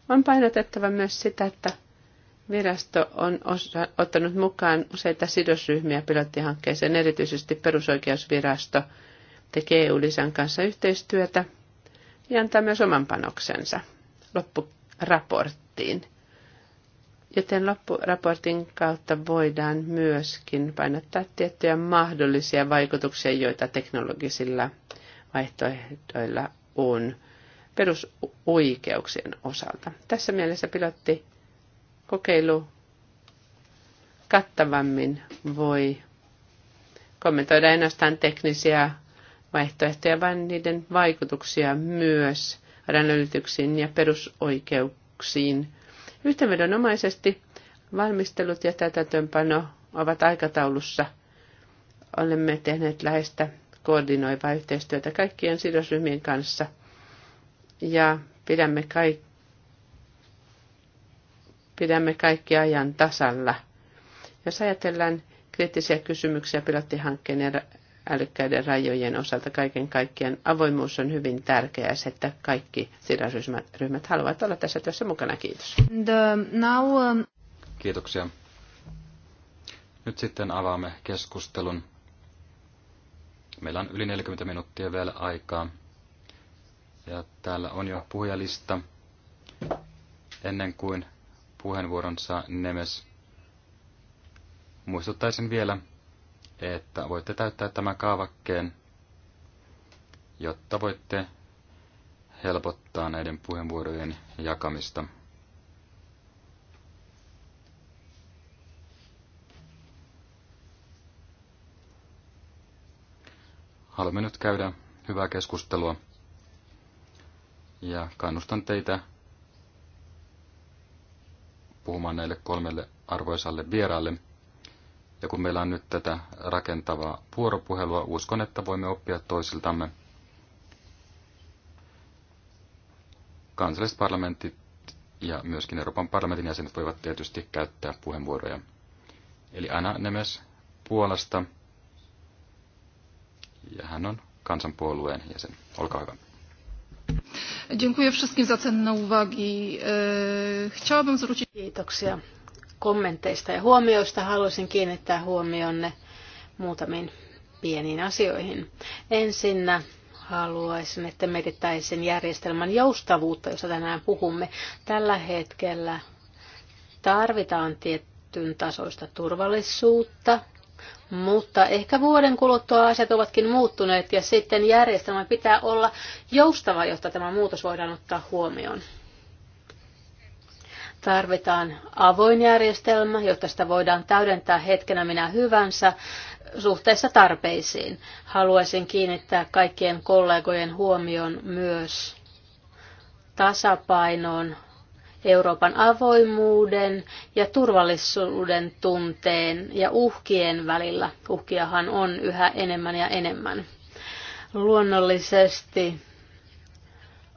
On painotettava myös sitä, että virasto on osa, ottanut mukaan useita sidosryhmiä pilottihankkeeseen, erityisesti perusoikeusvirasto – tekee EU-lisän kanssa yhteistyötä ja antaa myös oman panoksensa loppuraporttiin. Joten loppuraportin kautta voidaan myöskin painottaa tiettyjä mahdollisia vaikutuksia, joita teknologisilla vaihtoehdoilla on perusoikeuksien osalta. Tässä mielessä pilotti kokeilu kattavammin voi kommentoida ainoastaan teknisiä vaihtoehtoja, vaan niiden vaikutuksia myös rajanyltyksiin ja perusoikeuksiin. Yhteenvedonomaisesti valmistelut ja täytäntöönpano ovat aikataulussa. Olemme tehneet läheistä koordinoivaa yhteistyötä kaikkien sidosryhmien kanssa ja pidämme, kaik- pidämme kaikki ajan tasalla. Jos ajatellaan kriittisiä kysymyksiä pilottihankkeen ja älykkäiden rajojen osalta kaiken kaikkiaan avoimuus on hyvin tärkeää, se, että kaikki sidosryhmät ryhmät haluavat olla tässä työssä mukana. Kiitos. Uh, now, um... Kiitoksia. Nyt sitten avaamme keskustelun. Meillä on yli 40 minuuttia vielä aikaa. Ja täällä on jo puhujalista. Ennen kuin puheenvuoronsa Nemes, muistuttaisin vielä, että voitte täyttää tämän kaavakkeen, jotta voitte helpottaa näiden puheenvuorojen jakamista. Haluamme nyt käydä hyvää keskustelua ja kannustan teitä puhumaan näille kolmelle arvoisalle vieraalle – ja kun meillä on nyt tätä rakentavaa vuoropuhelua, uskon, että voimme oppia toisiltamme. Kansalliset parlamentit ja myöskin Euroopan parlamentin jäsenet voivat tietysti käyttää puheenvuoroja. Eli Anna Nemes Puolasta, ja hän on kansanpuolueen jäsen. Olkaa hyvä. Dziękuję wszystkim za cenne uwagi. E, chciałabym zwrócić... Kiitoksia kommenteista ja huomioista. Haluaisin kiinnittää huomionne muutamiin pieniin asioihin. Ensinnä haluaisin, että mietittäisin järjestelmän joustavuutta, josta tänään puhumme. Tällä hetkellä tarvitaan tietyn tasoista turvallisuutta, mutta ehkä vuoden kuluttua asiat ovatkin muuttuneet ja sitten järjestelmän pitää olla joustava, jotta tämä muutos voidaan ottaa huomioon. Tarvitaan avoin järjestelmä, jotta sitä voidaan täydentää hetkenä minä hyvänsä suhteessa tarpeisiin. Haluaisin kiinnittää kaikkien kollegojen huomion myös tasapainoon Euroopan avoimuuden ja turvallisuuden tunteen ja uhkien välillä. Uhkiahan on yhä enemmän ja enemmän. Luonnollisesti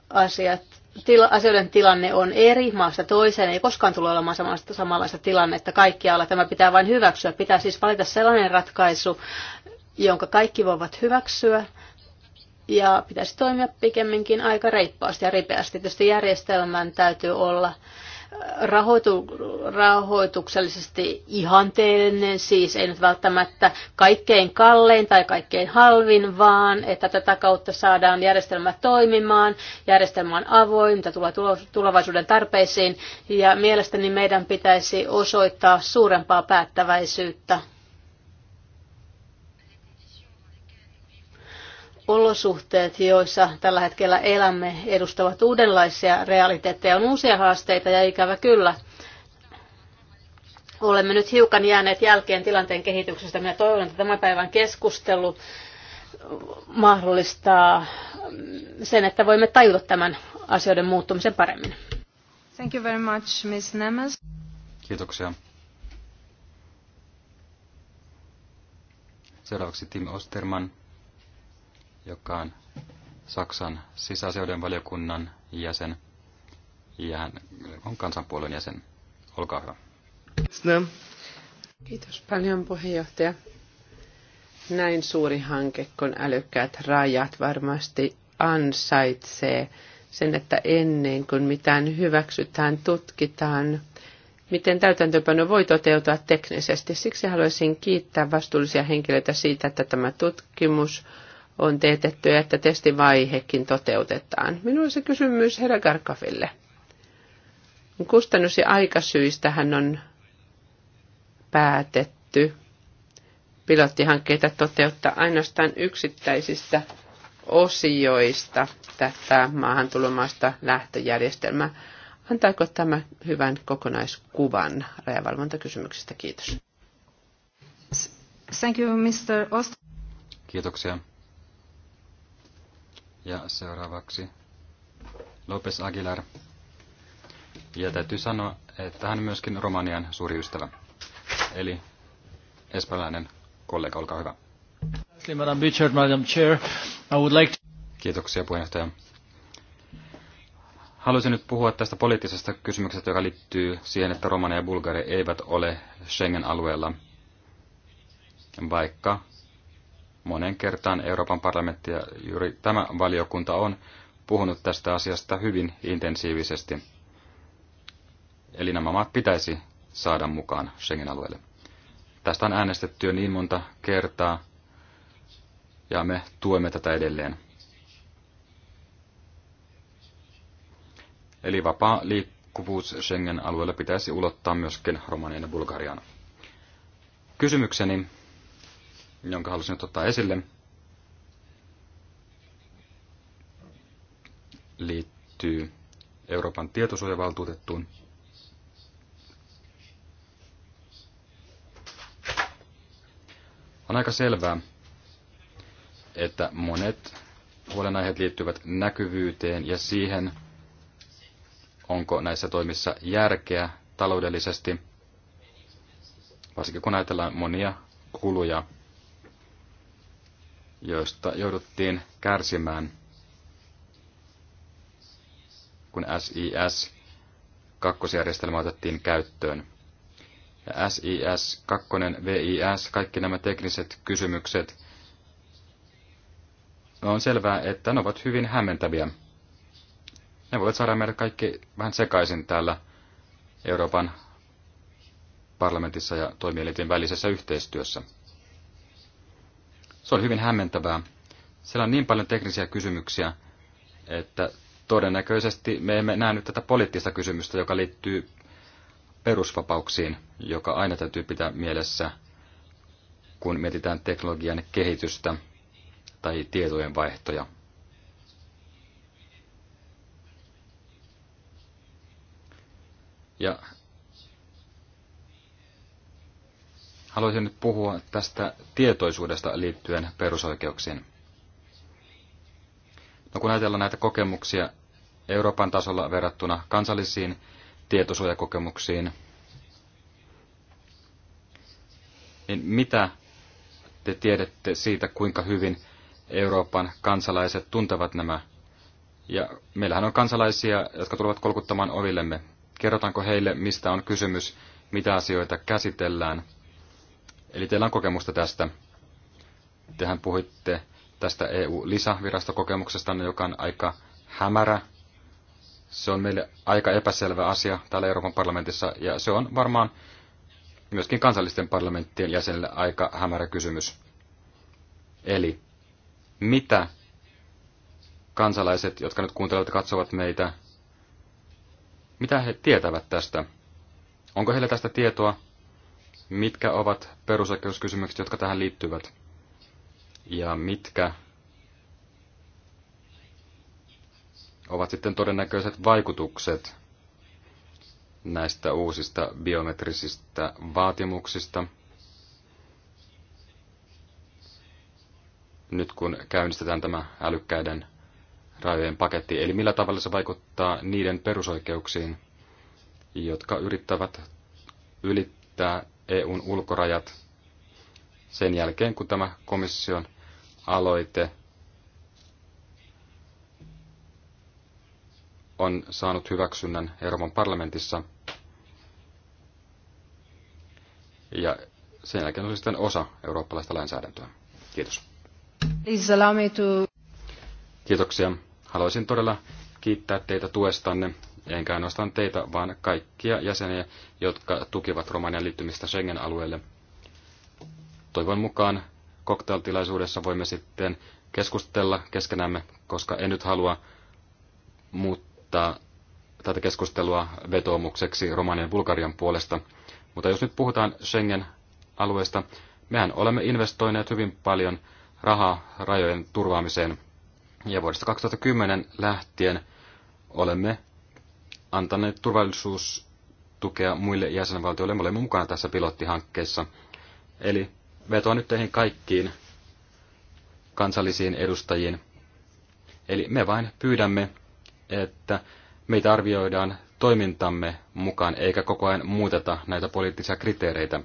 asiat tila, asioiden tilanne on eri maasta toiseen, ei koskaan tule olemaan samanlaista, samanlaista tilannetta kaikkialla. Tämä pitää vain hyväksyä. Pitää siis valita sellainen ratkaisu, jonka kaikki voivat hyväksyä, ja pitäisi toimia pikemminkin aika reippaasti ja ripeästi. Tietysti järjestelmän täytyy olla rahoitu, rahoituksellisesti ihanteellinen, siis ei nyt välttämättä kaikkein kallein tai kaikkein halvin, vaan että tätä kautta saadaan järjestelmä toimimaan, järjestelmä on avoin, mitä tulee tulevaisuuden tarpeisiin, ja mielestäni meidän pitäisi osoittaa suurempaa päättäväisyyttä olosuhteet, joissa tällä hetkellä elämme, edustavat uudenlaisia realiteetteja. On uusia haasteita ja ikävä kyllä. Olemme nyt hiukan jääneet jälkeen tilanteen kehityksestä. Minä toivon, että tämän päivän keskustelu mahdollistaa sen, että voimme tajuta tämän asioiden muuttumisen paremmin. Thank you very much, Ms. Nemes. Kiitoksia. Seuraavaksi Tim Osterman joka on Saksan sisäasioiden valiokunnan jäsen ja hän on kansanpuolueen jäsen. Olkaa hyvä. Kiitos paljon puheenjohtaja. Näin suuri hanke kun älykkäät rajat varmasti ansaitsee sen, että ennen kuin mitään hyväksytään, tutkitaan, miten täytäntöpano voi toteutua teknisesti. Siksi haluaisin kiittää vastuullisia henkilöitä siitä, että tämä tutkimus on teetetty ja että testivaihekin toteutetaan. Minulla se kysymys herra Karkafille. Kustannus- ja hän on päätetty pilottihankkeita toteuttaa ainoastaan yksittäisistä osioista tätä maahantulomasta lähtöjärjestelmää. Antaako tämä hyvän kokonaiskuvan rajavalvontakysymyksestä? Kiitos. Thank you, Mr. Ost- Kiitoksia. Ja seuraavaksi Lopes Aguilar. Ja täytyy sanoa, että hän on myöskin Romanian suuri ystävä. Eli espanjalainen kollega, olkaa hyvä. Kiitoksia puheenjohtaja. Haluaisin nyt puhua tästä poliittisesta kysymyksestä, joka liittyy siihen, että Romania ja Bulgaria eivät ole Schengen-alueella, vaikka Monen kertaan Euroopan parlamentti ja juuri tämä valiokunta on puhunut tästä asiasta hyvin intensiivisesti. Eli nämä maat pitäisi saada mukaan Schengen-alueelle. Tästä on äänestetty jo niin monta kertaa, ja me tuemme tätä edelleen. Eli vapaa liikkuvuus Schengen-alueella pitäisi ulottaa myöskin Romanian ja Bulgarian. Kysymykseni jonka halusin ottaa esille, liittyy Euroopan tietosuojavaltuutettuun. On aika selvää, että monet huolenaiheet liittyvät näkyvyyteen ja siihen, onko näissä toimissa järkeä taloudellisesti, varsinkin kun ajatellaan monia kuluja, joista jouduttiin kärsimään, kun SIS kakkosjärjestelmä otettiin käyttöön. Ja SIS, kakkonen, VIS, kaikki nämä tekniset kysymykset, no on selvää, että ne ovat hyvin hämmentäviä. Ne voivat saada meidät kaikki vähän sekaisin täällä Euroopan parlamentissa ja toimielinten välisessä yhteistyössä. Se oli hyvin hämmentävää. Siellä on niin paljon teknisiä kysymyksiä, että todennäköisesti me emme näe nyt tätä poliittista kysymystä, joka liittyy perusvapauksiin, joka aina täytyy pitää mielessä, kun mietitään teknologian kehitystä tai tietojen vaihtoja. Ja Haluaisin nyt puhua tästä tietoisuudesta liittyen perusoikeuksiin. No kun ajatellaan näitä kokemuksia Euroopan tasolla verrattuna kansallisiin tietosuojakokemuksiin, niin mitä te tiedätte siitä, kuinka hyvin Euroopan kansalaiset tuntevat nämä? Ja meillähän on kansalaisia, jotka tulevat kolkuttamaan ovillemme. Kerrotaanko heille, mistä on kysymys, mitä asioita käsitellään – Eli teillä on kokemusta tästä. Tehän puhuitte tästä EU-lisävirastokokemuksesta, joka on aika hämärä. Se on meille aika epäselvä asia täällä Euroopan parlamentissa, ja se on varmaan myöskin kansallisten parlamenttien jäsenille aika hämärä kysymys. Eli mitä kansalaiset, jotka nyt kuuntelevat ja katsovat meitä, mitä he tietävät tästä? Onko heillä tästä tietoa? mitkä ovat perusoikeuskysymykset, jotka tähän liittyvät, ja mitkä ovat sitten todennäköiset vaikutukset näistä uusista biometrisistä vaatimuksista, nyt kun käynnistetään tämä älykkäiden rajojen paketti, eli millä tavalla se vaikuttaa niiden perusoikeuksiin, jotka yrittävät ylittää EUn ulkorajat sen jälkeen, kun tämä komission aloite on saanut hyväksynnän Euroopan parlamentissa. Ja sen jälkeen olisi sitten osa eurooppalaista lainsäädäntöä. Kiitos. Kiitoksia. Haluaisin todella kiittää teitä tuestanne enkä ainoastaan teitä, vaan kaikkia jäseniä, jotka tukivat Romanian liittymistä Schengen-alueelle. Toivon mukaan koktailtilaisuudessa voimme sitten keskustella keskenämme, koska en nyt halua muuttaa tätä keskustelua vetoomukseksi Romanian ja Bulgarian puolesta. Mutta jos nyt puhutaan Schengen-alueesta, mehän olemme investoineet hyvin paljon rahaa rajojen turvaamiseen. Ja vuodesta 2010 lähtien olemme antaneet turvallisuustukea muille jäsenvaltioille. Me olemme mukana tässä pilottihankkeessa. Eli vetoan nyt teihin kaikkiin kansallisiin edustajiin. Eli me vain pyydämme, että meitä arvioidaan toimintamme mukaan, eikä koko ajan muuteta näitä poliittisia kriteereitä.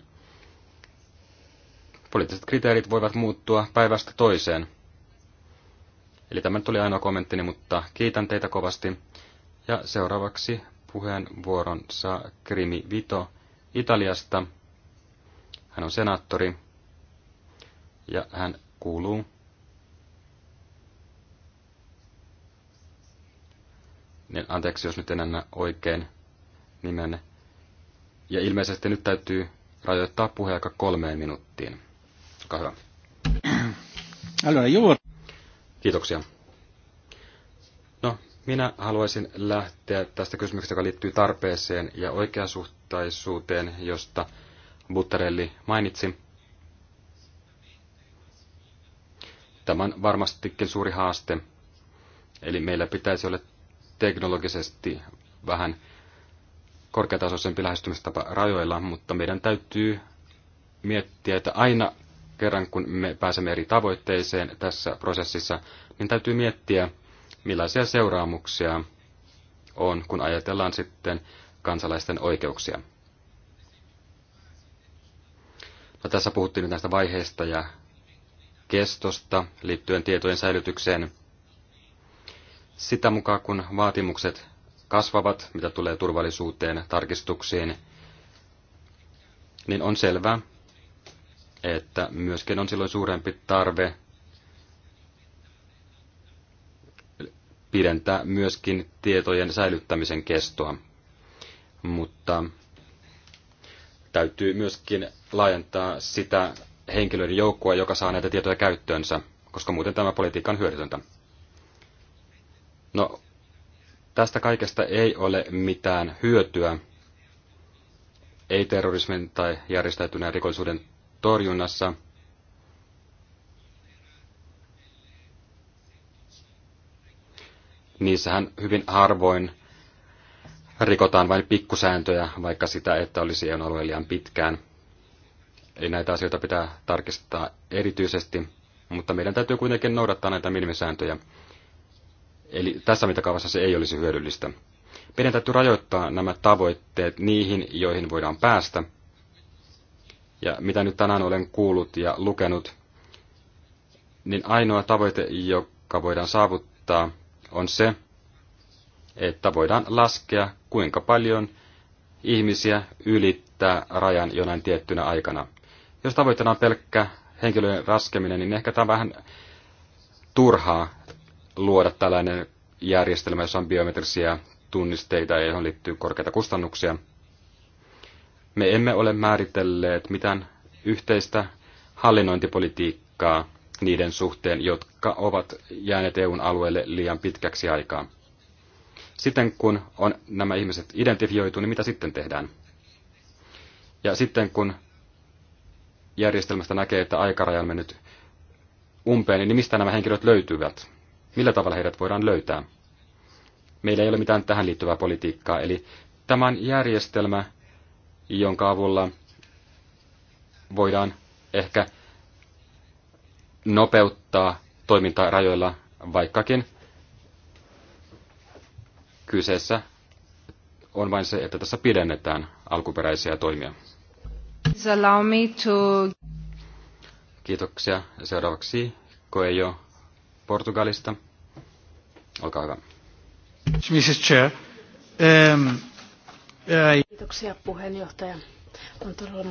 Poliittiset kriteerit voivat muuttua päivästä toiseen. Eli tämä nyt oli ainoa kommenttini, mutta kiitän teitä kovasti. Ja seuraavaksi puheenvuoron saa Krimi Vito Italiasta. Hän on senaattori ja hän kuuluu niin anteeksi, jos nyt en anna oikein nimen. Ja ilmeisesti nyt täytyy rajoittaa puheaika kolmeen minuuttiin. Olkaa hyvä. Kiitoksia. Minä haluaisin lähteä tästä kysymyksestä, joka liittyy tarpeeseen ja oikeasuhtaisuuteen, josta Buttarelli mainitsi. Tämä on varmastikin suuri haaste. Eli meillä pitäisi olla teknologisesti vähän korkeatasoisempi lähestymistapa rajoilla, mutta meidän täytyy miettiä, että aina kerran kun me pääsemme eri tavoitteeseen tässä prosessissa, niin täytyy miettiä, millaisia seuraamuksia on, kun ajatellaan sitten kansalaisten oikeuksia. No, tässä puhuttiin nyt näistä vaiheista ja kestosta liittyen tietojen säilytykseen. Sitä mukaan, kun vaatimukset kasvavat, mitä tulee turvallisuuteen, tarkistuksiin, niin on selvää, että myöskin on silloin suurempi tarve pidentää myöskin tietojen säilyttämisen kestoa. Mutta täytyy myöskin laajentaa sitä henkilöiden joukkoa, joka saa näitä tietoja käyttöönsä, koska muuten tämä politiikka on hyödytöntä. No, tästä kaikesta ei ole mitään hyötyä, ei terrorismin tai järjestäytyneen rikollisuuden torjunnassa – niissähän hyvin harvoin rikotaan vain pikkusääntöjä, vaikka sitä, että olisi EUn alue liian pitkään. Eli näitä asioita pitää tarkistaa erityisesti, mutta meidän täytyy kuitenkin noudattaa näitä minimisääntöjä. Eli tässä mitakaavassa se ei olisi hyödyllistä. Meidän täytyy rajoittaa nämä tavoitteet niihin, joihin voidaan päästä. Ja mitä nyt tänään olen kuullut ja lukenut, niin ainoa tavoite, joka voidaan saavuttaa, on se, että voidaan laskea, kuinka paljon ihmisiä ylittää rajan jonain tiettynä aikana. Jos tavoitteena on pelkkä henkilöiden raskeminen, niin ehkä tämä on vähän turhaa luoda tällainen järjestelmä, jossa on biometrisiä tunnisteita ja johon liittyy korkeita kustannuksia. Me emme ole määritelleet mitään yhteistä hallinnointipolitiikkaa niiden suhteen, jotka ovat jääneet EUn alueelle liian pitkäksi aikaa. Sitten kun on nämä ihmiset identifioitu, niin mitä sitten tehdään? Ja sitten kun järjestelmästä näkee, että aikaraja on mennyt umpeen, niin mistä nämä henkilöt löytyvät? Millä tavalla heidät voidaan löytää? Meillä ei ole mitään tähän liittyvää politiikkaa, eli tämän järjestelmä, jonka avulla voidaan ehkä nopeuttaa toimintaa rajoilla, vaikkakin kyseessä on vain se, että tässä pidennetään alkuperäisiä toimia. Kiitoksia. Seuraavaksi koejo Portugalista. Olkaa hyvä. Mrs. Chair. Um, Kiitoksia puheenjohtaja. On todella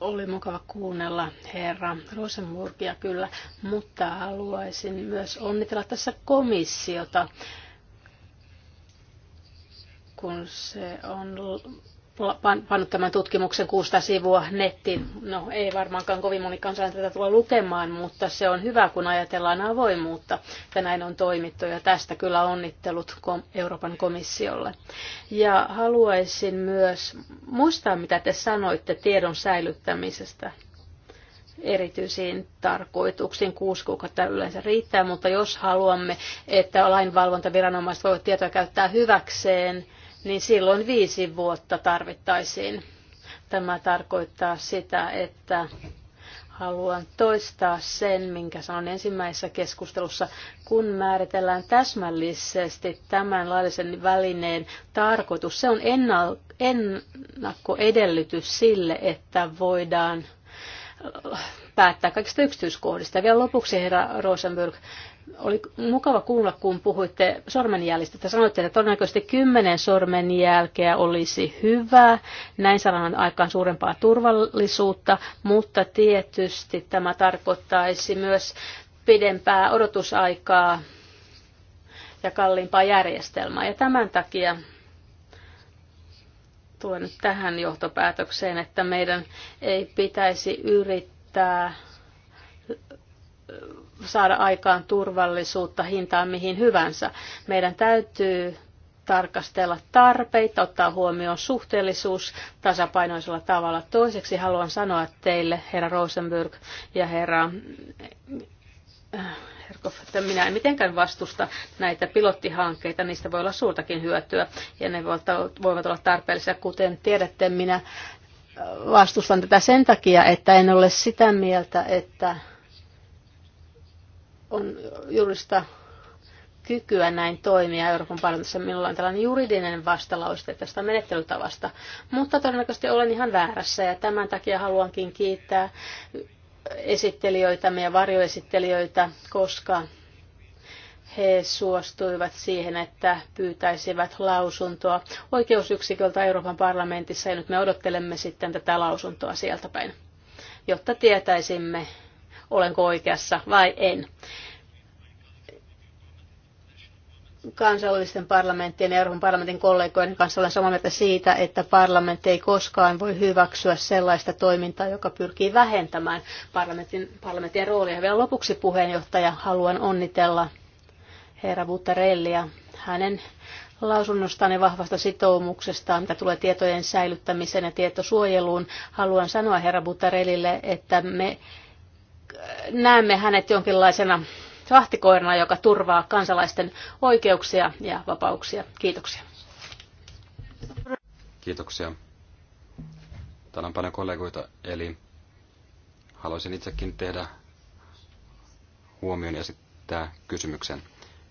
oli mukava kuunnella herra Rosenburgia kyllä, mutta haluaisin myös onnitella tässä komissiota, kun se on pannut tämän tutkimuksen 600 sivua nettiin. No ei varmaankaan kovin moni kansalainen tätä tule lukemaan, mutta se on hyvä, kun ajatellaan avoimuutta, että näin on toimittu ja tästä kyllä onnittelut Euroopan komissiolle. Ja haluaisin myös muistaa, mitä te sanoitte tiedon säilyttämisestä erityisiin tarkoituksiin. Kuusi kuukautta yleensä riittää, mutta jos haluamme, että lainvalvontaviranomaiset voivat tietoa käyttää hyväkseen, niin silloin viisi vuotta tarvittaisiin. Tämä tarkoittaa sitä, että haluan toistaa sen, minkä sanon ensimmäisessä keskustelussa, kun määritellään täsmällisesti tämän laillisen välineen tarkoitus. Se on ennakkoedellytys sille, että voidaan päättää kaikista yksityiskohdista. Ja vielä lopuksi, herra Rosenberg, oli mukava kuulla, kun puhuitte sormenjäljistä. Te sanoitte, että todennäköisesti kymmenen sormenjälkeä olisi hyvä. Näin saadaan aikaan suurempaa turvallisuutta, mutta tietysti tämä tarkoittaisi myös pidempää odotusaikaa ja kalliimpaa järjestelmää. Ja tämän takia tulen nyt tähän johtopäätökseen, että meidän ei pitäisi yrittää pitää saada aikaan turvallisuutta hintaan mihin hyvänsä. Meidän täytyy tarkastella tarpeita, ottaa huomioon suhteellisuus tasapainoisella tavalla. Toiseksi haluan sanoa teille, herra Rosenberg ja herra äh, Herkoff, että minä en mitenkään vastusta näitä pilottihankkeita, niistä voi olla suurtakin hyötyä ja ne voivat olla tarpeellisia. Kuten tiedätte, minä vastustan tätä sen takia, että en ole sitä mieltä, että on juurista kykyä näin toimia Euroopan parlamentissa. Minulla on tällainen juridinen vastalauste tästä menettelytavasta, mutta todennäköisesti olen ihan väärässä ja tämän takia haluankin kiittää esittelijöitä, ja varjoesittelijöitä, koska he suostuivat siihen, että pyytäisivät lausuntoa oikeusyksiköltä Euroopan parlamentissa, ja nyt me odottelemme sitten tätä lausuntoa sieltä päin, jotta tietäisimme, olenko oikeassa vai en. Kansallisten parlamenttien ja Euroopan parlamentin kollegoiden kanssa olen samaa mieltä siitä, että parlamentti ei koskaan voi hyväksyä sellaista toimintaa, joka pyrkii vähentämään parlamentin, parlamentin roolia. Vielä lopuksi puheenjohtaja haluan onnitella herra ja hänen lausunnostaan ja vahvasta sitoumuksestaan, mitä tulee tietojen säilyttämiseen ja tietosuojeluun. Haluan sanoa herra Buttarellille, että me näemme hänet jonkinlaisena rahtikoirana, joka turvaa kansalaisten oikeuksia ja vapauksia. Kiitoksia. Kiitoksia. Täällä on paljon kollegoita, eli haluaisin itsekin tehdä huomion ja esittää kysymyksen.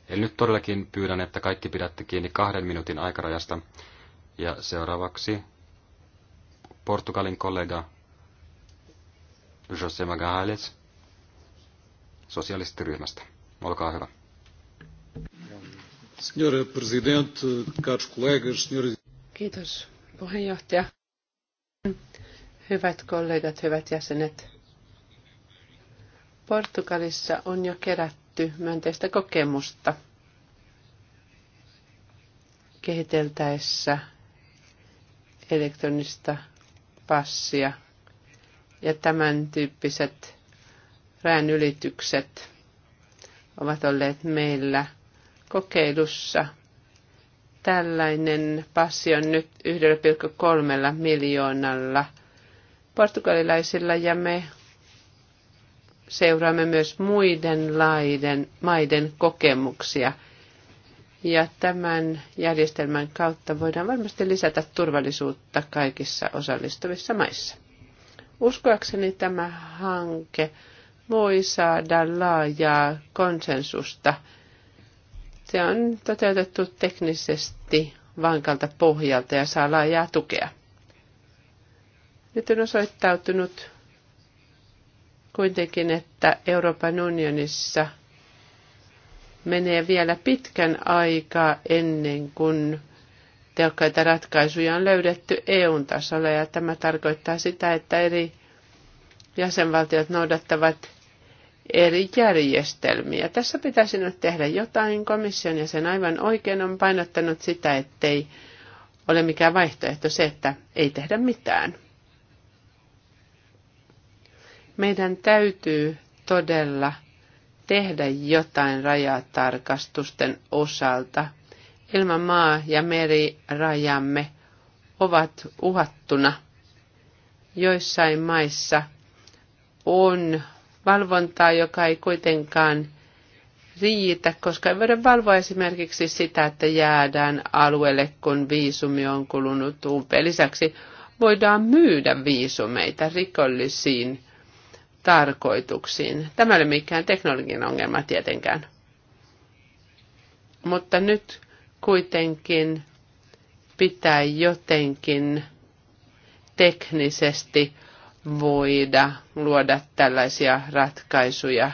Eli nyt todellakin pyydän, että kaikki pidätte kiinni kahden minuutin aikarajasta. Ja seuraavaksi Portugalin kollega José Magalhães sosialistiryhmästä. Olkaa hyvä. Senhora Presidente, caros colegas, senhoras... E- Kiitos puheenjohtaja. Hyvät kollegat, hyvät jäsenet. Portugalissa on jo kerätty kehitetty myönteistä kokemusta kehiteltäessä elektronista passia ja tämän tyyppiset rajan ylitykset ovat olleet meillä kokeilussa. Tällainen passi on nyt 1,3 miljoonalla portugalilaisilla ja me seuraamme myös muiden laiden, maiden kokemuksia. Ja tämän järjestelmän kautta voidaan varmasti lisätä turvallisuutta kaikissa osallistuvissa maissa. Uskoakseni tämä hanke voi saada laajaa konsensusta. Se on toteutettu teknisesti vankalta pohjalta ja saa laajaa tukea. Nyt on osoittautunut kuitenkin, että Euroopan unionissa menee vielä pitkän aikaa ennen kuin tehokkaita ratkaisuja on löydetty EUn tasolla ja tämä tarkoittaa sitä, että eri jäsenvaltiot noudattavat eri järjestelmiä. Tässä pitäisi nyt tehdä jotain. Komission ja sen aivan oikein on painottanut sitä, ettei ole mikään vaihtoehto se, että ei tehdä mitään. Meidän täytyy todella tehdä jotain rajatarkastusten osalta. Ilman maa- ja rajamme ovat uhattuna. Joissain maissa on valvontaa, joka ei kuitenkaan riitä, koska ei voida valvoa esimerkiksi sitä, että jäädään alueelle, kun viisumi on kulunut umpeen. Lisäksi voidaan myydä viisumeita rikollisiin tarkoituksiin. Tämä ei ole mikään teknologian ongelma tietenkään. Mutta nyt kuitenkin pitää jotenkin teknisesti voida luoda tällaisia ratkaisuja.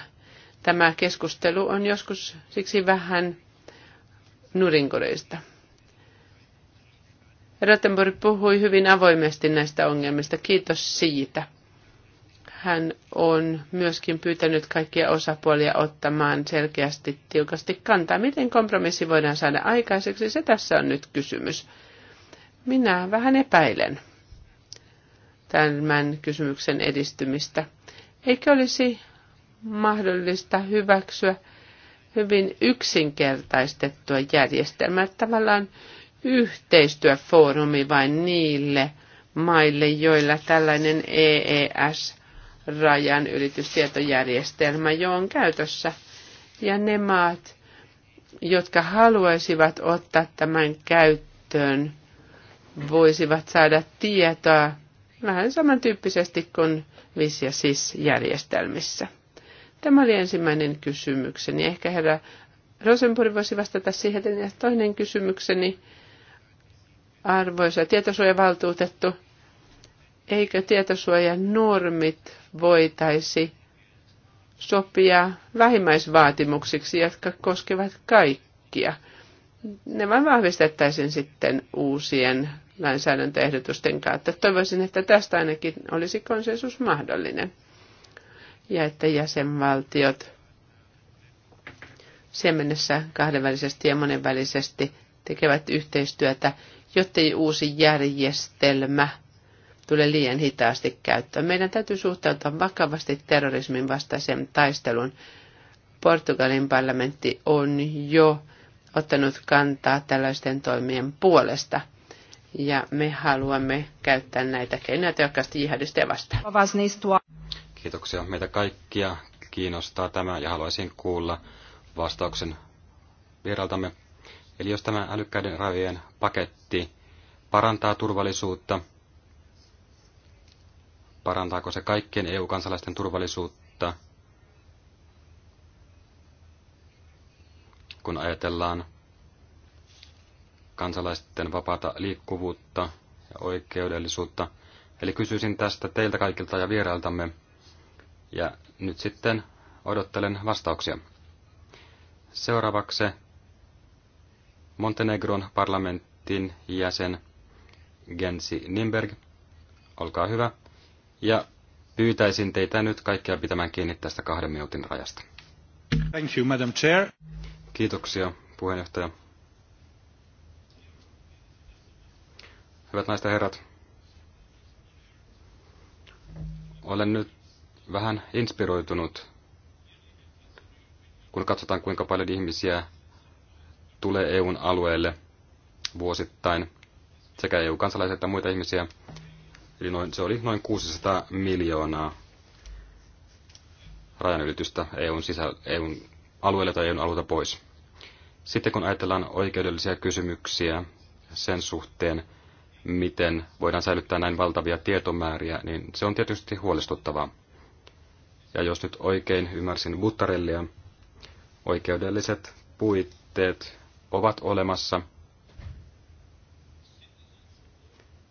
Tämä keskustelu on joskus siksi vähän nurinkureista. Rottenborg puhui hyvin avoimesti näistä ongelmista. Kiitos siitä hän on myöskin pyytänyt kaikkia osapuolia ottamaan selkeästi tiukasti kantaa. Miten kompromissi voidaan saada aikaiseksi, se tässä on nyt kysymys. Minä vähän epäilen tämän kysymyksen edistymistä. Eikö olisi mahdollista hyväksyä hyvin yksinkertaistettua järjestelmää, tavallaan yhteistyöfoorumi vain niille maille, joilla tällainen EES – rajan ylitystietojärjestelmä jo on käytössä. Ja ne maat, jotka haluaisivat ottaa tämän käyttöön, voisivat saada tietoa vähän samantyyppisesti kuin VIS- ja SIS-järjestelmissä. Tämä oli ensimmäinen kysymykseni. Ehkä herra Rosenburg voisi vastata siihen. Ja toinen kysymykseni, arvoisa tietosuojavaltuutettu, eikö tietosuojan normit voitaisi sopia vähimmäisvaatimuksiksi, jotka koskevat kaikkia. Ne vain vahvistettaisiin sitten uusien lainsäädäntöehdotusten kautta. Toivoisin, että tästä ainakin olisi konsensus mahdollinen. Ja että jäsenvaltiot siihen mennessä kahdenvälisesti ja monenvälisesti tekevät yhteistyötä, jottei uusi järjestelmä – tule liian hitaasti käyttöön. Meidän täytyy suhtautua vakavasti terrorismin vastaiseen taisteluun. Portugalin parlamentti on jo ottanut kantaa tällaisten toimien puolesta. Ja me haluamme käyttää näitä keinoja tehokkaasti jihadisteja vastaan. Kiitoksia. Meitä kaikkia kiinnostaa tämä ja haluaisin kuulla vastauksen vieraltamme. Eli jos tämä älykkäiden rajojen paketti parantaa turvallisuutta, parantaako se kaikkien EU-kansalaisten turvallisuutta, kun ajatellaan kansalaisten vapaata liikkuvuutta ja oikeudellisuutta. Eli kysyisin tästä teiltä kaikilta ja vierailtamme. Ja nyt sitten odottelen vastauksia. Seuraavaksi Montenegron parlamentin jäsen Gensi Nimberg. Olkaa hyvä. Ja pyytäisin teitä nyt kaikkia pitämään kiinni tästä kahden minuutin rajasta. Thank you, Madam Chair. Kiitoksia, puheenjohtaja. Hyvät naiset ja herrat, olen nyt vähän inspiroitunut, kun katsotaan kuinka paljon ihmisiä tulee EUn alueelle vuosittain, sekä EU-kansalaisia että muita ihmisiä, Eli noin, se oli noin 600 miljoonaa rajanylitystä EUn, sisä, EUn alueelle tai EUn alueelta pois. Sitten kun ajatellaan oikeudellisia kysymyksiä sen suhteen, miten voidaan säilyttää näin valtavia tietomääriä, niin se on tietysti huolestuttavaa. Ja jos nyt oikein ymmärsin Buttarellia, oikeudelliset puitteet ovat olemassa,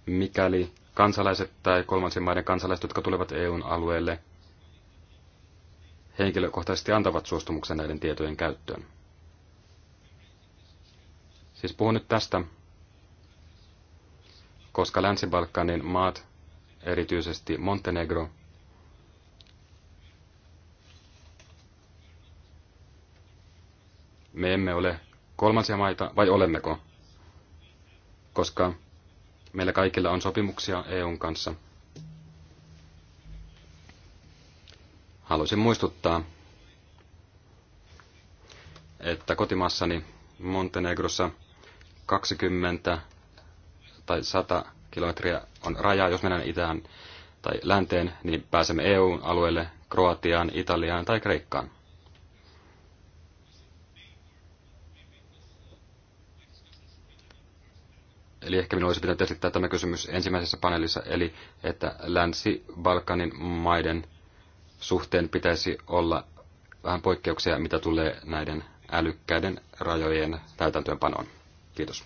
mikäli kansalaiset tai kolmansien maiden kansalaiset, jotka tulevat EUn alueelle, henkilökohtaisesti antavat suostumuksen näiden tietojen käyttöön. Siis puhun nyt tästä, koska Länsi-Balkanin maat, erityisesti Montenegro, me emme ole kolmansia maita, vai olemmeko? Koska Meillä kaikilla on sopimuksia EUn kanssa. Haluaisin muistuttaa, että kotimassani Montenegrossa 20 tai 100 kilometriä on raja. Jos mennään itään tai länteen, niin pääsemme EU-alueelle, Kroatiaan, Italiaan tai Kreikkaan. Eli ehkä minun olisi pitänyt esittää tämä kysymys ensimmäisessä paneelissa, eli että Länsi-Balkanin maiden suhteen pitäisi olla vähän poikkeuksia, mitä tulee näiden älykkäiden rajojen täytäntöönpanoon. Kiitos.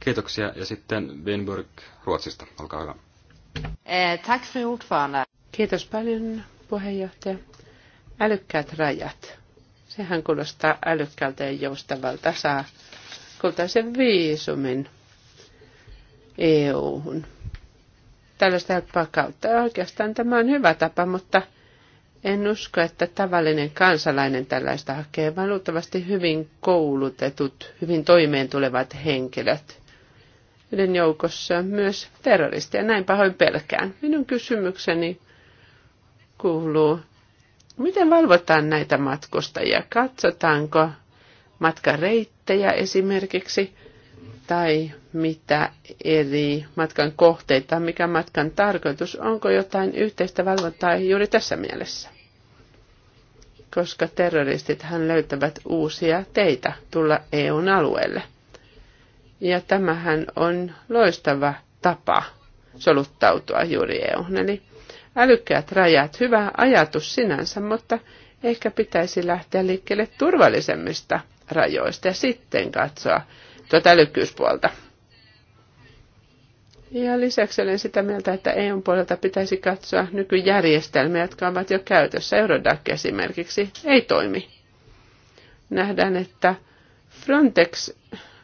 Kiitoksia. Ja sitten Winburg Ruotsista. Olkaa hyvä. Eh, tack fru Kiitos paljon puheenjohtaja. Älykkäät rajat. Sehän kuulostaa älykkäältä ja joustavalta. Saa kultaisen viisumin EU-hun. Tällaista helppoa kautta. Oikeastaan tämä on hyvä tapa, mutta en usko, että tavallinen kansalainen tällaista hakee, vaan luultavasti hyvin koulutetut, hyvin toimeen tulevat henkilöt. Yhden joukossa on myös terroristeja, näin pahoin pelkään. Minun kysymykseni kuuluu, miten valvotaan näitä matkustajia? Katsotaanko matkareittejä esimerkiksi tai mitä eri matkan kohteita, mikä matkan tarkoitus, onko jotain yhteistä valvontaa juuri tässä mielessä. Koska terroristit hän löytävät uusia teitä tulla EUn alueelle. Ja tämähän on loistava tapa soluttautua juuri EUn. Eli älykkäät rajat, hyvä ajatus sinänsä, mutta ehkä pitäisi lähteä liikkeelle turvallisemmista rajoista ja sitten katsoa tuota älykkyyspuolta. Ja lisäksi olen sitä mieltä, että EUn puolelta pitäisi katsoa nykyjärjestelmiä, jotka ovat jo käytössä. Eurodac esimerkiksi ei toimi. Nähdään, että Frontex,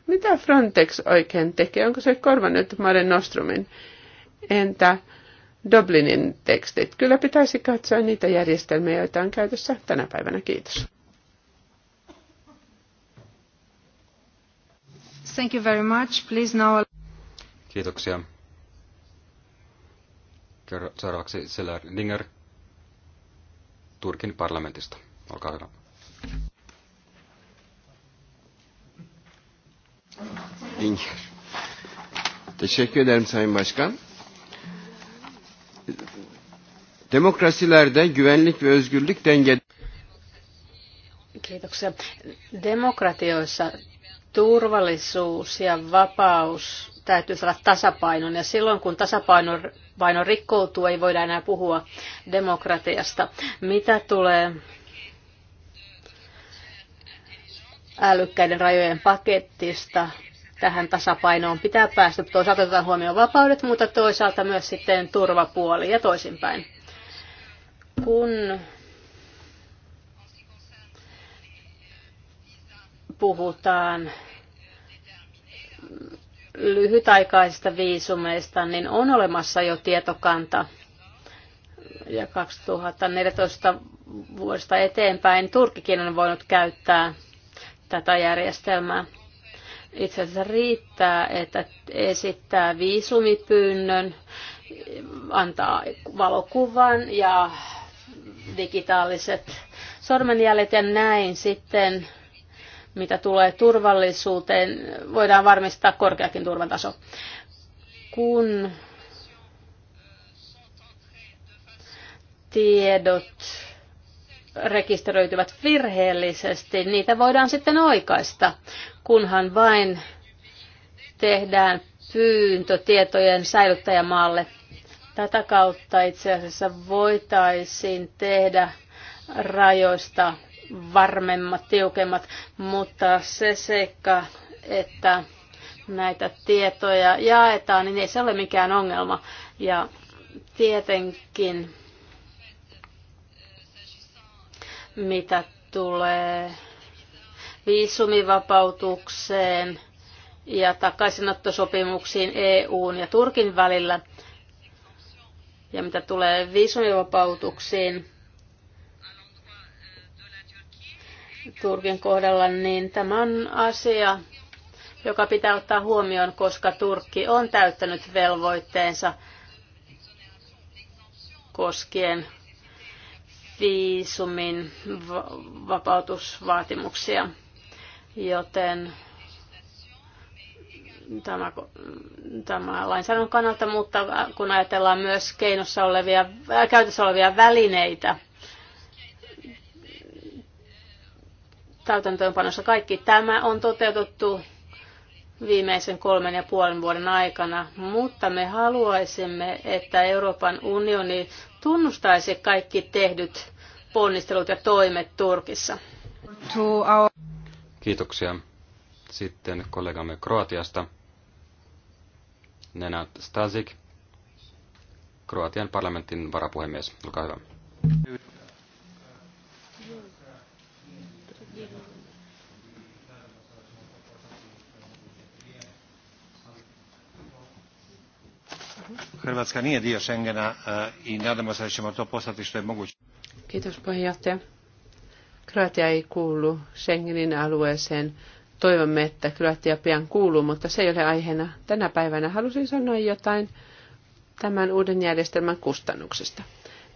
mitä Frontex oikein tekee? Onko se korvanut Mare Nostrumin? Entä Dublinin tekstit? Kyllä pitäisi katsoa niitä järjestelmiä, joita on käytössä tänä päivänä. Kiitos. Thank you very much. Please now... Kiitoksia. Seuraavaksi Selar Dinger Turkin parlamentista. Olkaa hyvä. Dinger. Teşekkür ederim Sayın Başkan. Demokrasilerde güvenlik ve özgürlük denge. Kiitoksia. Demokratioissa turvallisuus ja vapaus täytyy saada tasapainon. Ja silloin kun tasapaino vaino rikkoutuu, ei voida enää puhua demokratiasta. Mitä tulee älykkäiden rajojen pakettista, tähän tasapainoon pitää päästä. Toisaalta otetaan huomioon vapaudet, mutta toisaalta myös sitten turvapuoli ja toisinpäin. Kun puhutaan lyhytaikaisista viisumeista, niin on olemassa jo tietokanta. Ja 2014 vuodesta eteenpäin Turkikin on voinut käyttää tätä järjestelmää. Itse asiassa riittää, että esittää viisumipyynnön, antaa valokuvan ja digitaaliset sormenjäljet ja näin sitten mitä tulee turvallisuuteen, voidaan varmistaa korkeakin turvataso. Kun tiedot rekisteröityvät virheellisesti, niitä voidaan sitten oikaista, kunhan vain tehdään pyyntö tietojen säilyttäjämaalle. Tätä kautta itse asiassa voitaisiin tehdä rajoista varmemmat, tiukemmat, mutta se seikka, että näitä tietoja jaetaan, niin ei se ole mikään ongelma. Ja tietenkin, mitä tulee viisumivapautukseen ja takaisinottosopimuksiin EUn ja Turkin välillä, ja mitä tulee viisumivapautuksiin, Turkin kohdalla, niin tämä on asia, joka pitää ottaa huomioon, koska Turkki on täyttänyt velvoitteensa koskien viisumin vapautusvaatimuksia, joten tämä, tämä lainsäädännön kannalta, mutta kun ajatellaan myös keinossa olevia, äh, käytössä olevia välineitä, täytäntöönpanossa kaikki tämä on toteutettu viimeisen kolmen ja puolen vuoden aikana, mutta me haluaisimme, että Euroopan unioni tunnustaisi kaikki tehdyt ponnistelut ja toimet Turkissa. Kiitoksia. Sitten kollegamme Kroatiasta, Nenad Stasik, Kroatian parlamentin varapuhemies. Olkaa hyvä. Hrvatska nije dio Schengena e, i nadamo se da ćemo to postati što je moguće. Kiitos puheenjohtaja. Kroatia ei kuulu Schengenin alueeseen. Toivomme, että Kroatia pian kuuluu, mutta se ei ole aiheena. Tänä päivänä halusin sanoa jotain tämän uuden järjestelmän kustannuksista.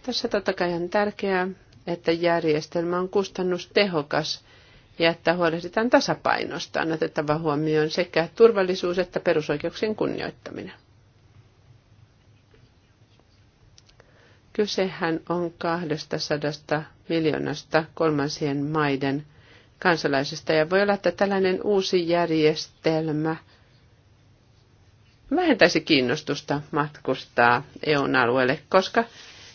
Tässä totta kai on tärkeää, että järjestelmä on kustannustehokas ja että huolehditaan tasapainosta. On otettava huomioon sekä turvallisuus että perusoikeuksien kunnioittaminen. Kysehän on 200 miljoonasta kolmansien maiden kansalaisista ja voi olla, että tällainen uusi järjestelmä vähentäisi kiinnostusta matkustaa EUn alueelle, koska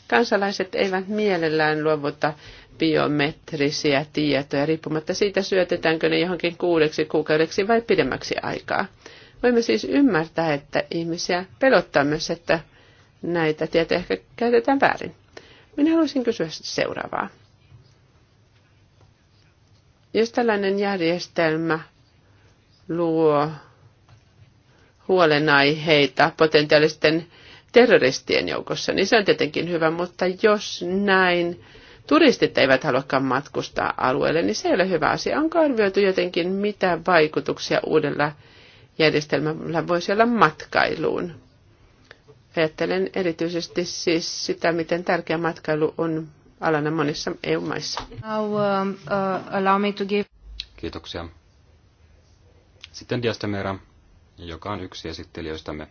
kansalaiset eivät mielellään luovuta biometrisiä tietoja, riippumatta siitä syötetäänkö ne johonkin kuudeksi kuukaudeksi vai pidemmäksi aikaa. Voimme siis ymmärtää, että ihmisiä pelottaa myös, että näitä tietoja ehkä käytetään väärin. Minä haluaisin kysyä seuraavaa. Jos tällainen järjestelmä luo huolenaiheita potentiaalisten terroristien joukossa, niin se on tietenkin hyvä, mutta jos näin turistit eivät haluakaan matkustaa alueelle, niin se ei ole hyvä asia. Onko arvioitu jotenkin, mitä vaikutuksia uudella järjestelmällä voisi olla matkailuun? Ajattelen erityisesti siis sitä, miten tärkeä matkailu on alana monissa EU-maissa. Um, uh, Kiitoksia. Sitten Diastemera, joka on yksi esittelijöistämme.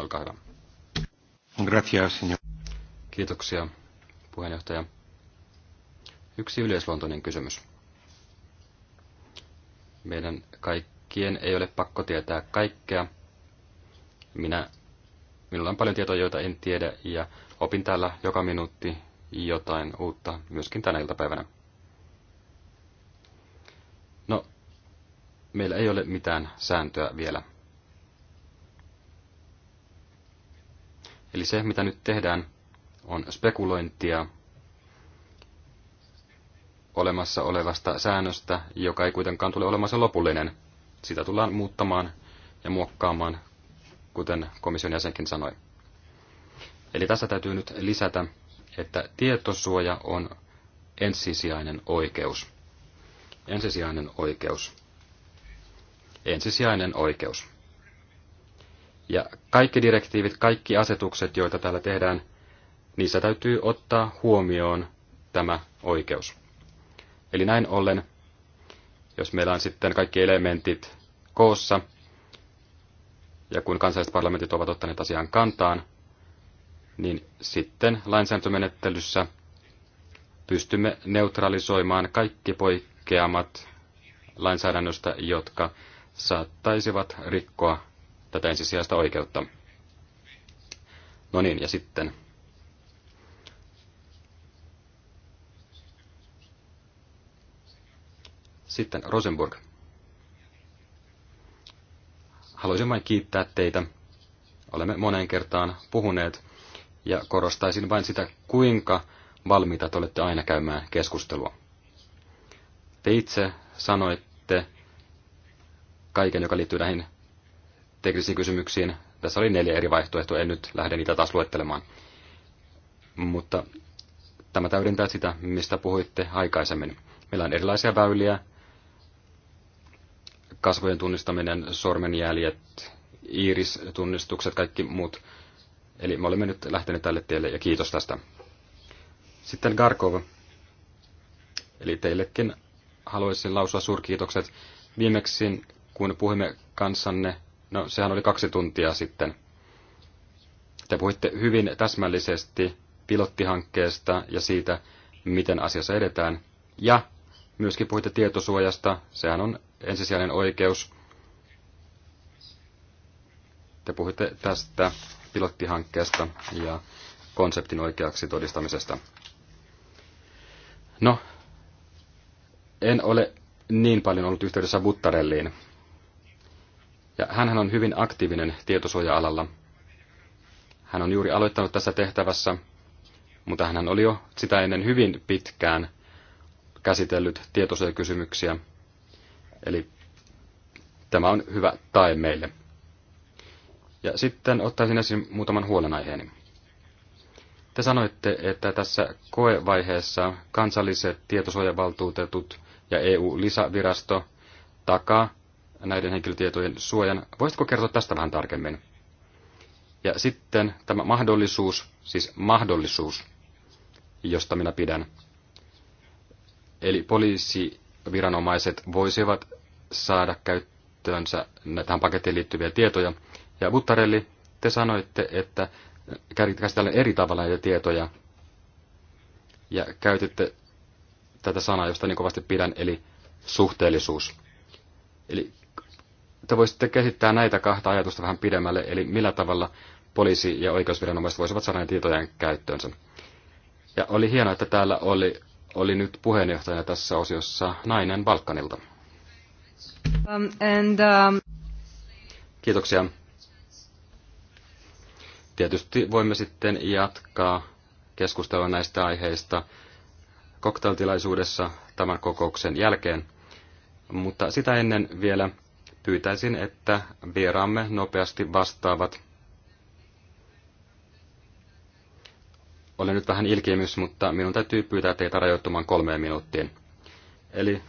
Olkaa hyvä. Gracias, Kiitoksia, puheenjohtaja. Yksi yleisluontoinen kysymys. Meidän kaikkien ei ole pakko tietää kaikkea. Minä Minulla on paljon tietoja, joita en tiedä, ja opin täällä joka minuutti jotain uutta myöskin tänä iltapäivänä. No, meillä ei ole mitään sääntöä vielä. Eli se, mitä nyt tehdään, on spekulointia olemassa olevasta säännöstä, joka ei kuitenkaan tule olemassa lopullinen. Sitä tullaan muuttamaan ja muokkaamaan kuten komission jäsenkin sanoi. Eli tässä täytyy nyt lisätä, että tietosuoja on ensisijainen oikeus. Ensisijainen oikeus. Ensisijainen oikeus. Ja kaikki direktiivit, kaikki asetukset, joita täällä tehdään, niissä täytyy ottaa huomioon tämä oikeus. Eli näin ollen, jos meillä on sitten kaikki elementit koossa, ja kun kansalliset parlamentit ovat ottaneet asiaan kantaan, niin sitten lainsäädäntömenettelyssä pystymme neutralisoimaan kaikki poikkeamat lainsäädännöstä, jotka saattaisivat rikkoa tätä ensisijaista oikeutta. No niin, ja sitten. Sitten Rosenburg. Haluaisin vain kiittää teitä. Olemme moneen kertaan puhuneet ja korostaisin vain sitä, kuinka valmiita te olette aina käymään keskustelua. Te itse sanoitte kaiken, joka liittyy näihin teknisiin kysymyksiin. Tässä oli neljä eri vaihtoehtoa, en nyt lähde niitä taas luettelemaan. Mutta tämä täydentää sitä, mistä puhuitte aikaisemmin. Meillä on erilaisia väyliä, kasvojen tunnistaminen, sormenjäljet, iiristunnistukset, kaikki muut. Eli me olemme nyt lähteneet tälle tielle ja kiitos tästä. Sitten Garkov. Eli teillekin haluaisin lausua suurkiitokset. Viimeksi, kun puhuimme kanssanne, no sehän oli kaksi tuntia sitten. Te puhuitte hyvin täsmällisesti pilottihankkeesta ja siitä, miten asiassa edetään. Ja myöskin puhuitte tietosuojasta, sehän on ensisijainen oikeus. Te puhuitte tästä pilottihankkeesta ja konseptin oikeaksi todistamisesta. No, en ole niin paljon ollut yhteydessä Buttarelliin. Ja hänhän on hyvin aktiivinen tietosuoja-alalla. Hän on juuri aloittanut tässä tehtävässä, mutta hän oli jo sitä ennen hyvin pitkään käsitellyt tietosuojakysymyksiä Eli tämä on hyvä tae meille. Ja sitten ottaisin esiin muutaman huolenaiheeni. Te sanoitte, että tässä koevaiheessa kansalliset tietosuojavaltuutetut ja EU-lisävirasto takaa näiden henkilötietojen suojan. Voisitko kertoa tästä vähän tarkemmin? Ja sitten tämä mahdollisuus, siis mahdollisuus, josta minä pidän. Eli poliisi viranomaiset voisivat saada käyttöönsä tähän pakettiin liittyviä tietoja. Ja Buttarelli, te sanoitte, että käsitellään eri tavalla näitä tietoja. Ja käytitte tätä sanaa, josta niin kovasti pidän, eli suhteellisuus. Eli te voisitte kehittää näitä kahta ajatusta vähän pidemmälle, eli millä tavalla poliisi ja oikeusviranomaiset voisivat saada näitä käyttöönsä. Ja oli hienoa, että täällä oli oli nyt puheenjohtajana tässä osiossa nainen Balkanilta. Um, and, um... Kiitoksia. Tietysti voimme sitten jatkaa keskustelua näistä aiheista koktailtilaisuudessa tämän kokouksen jälkeen. Mutta sitä ennen vielä pyytäisin, että vieraamme nopeasti vastaavat Olen nyt vähän ilkeimys, mutta minun täytyy pyytää teitä rajoittumaan kolmeen minuuttiin. Eli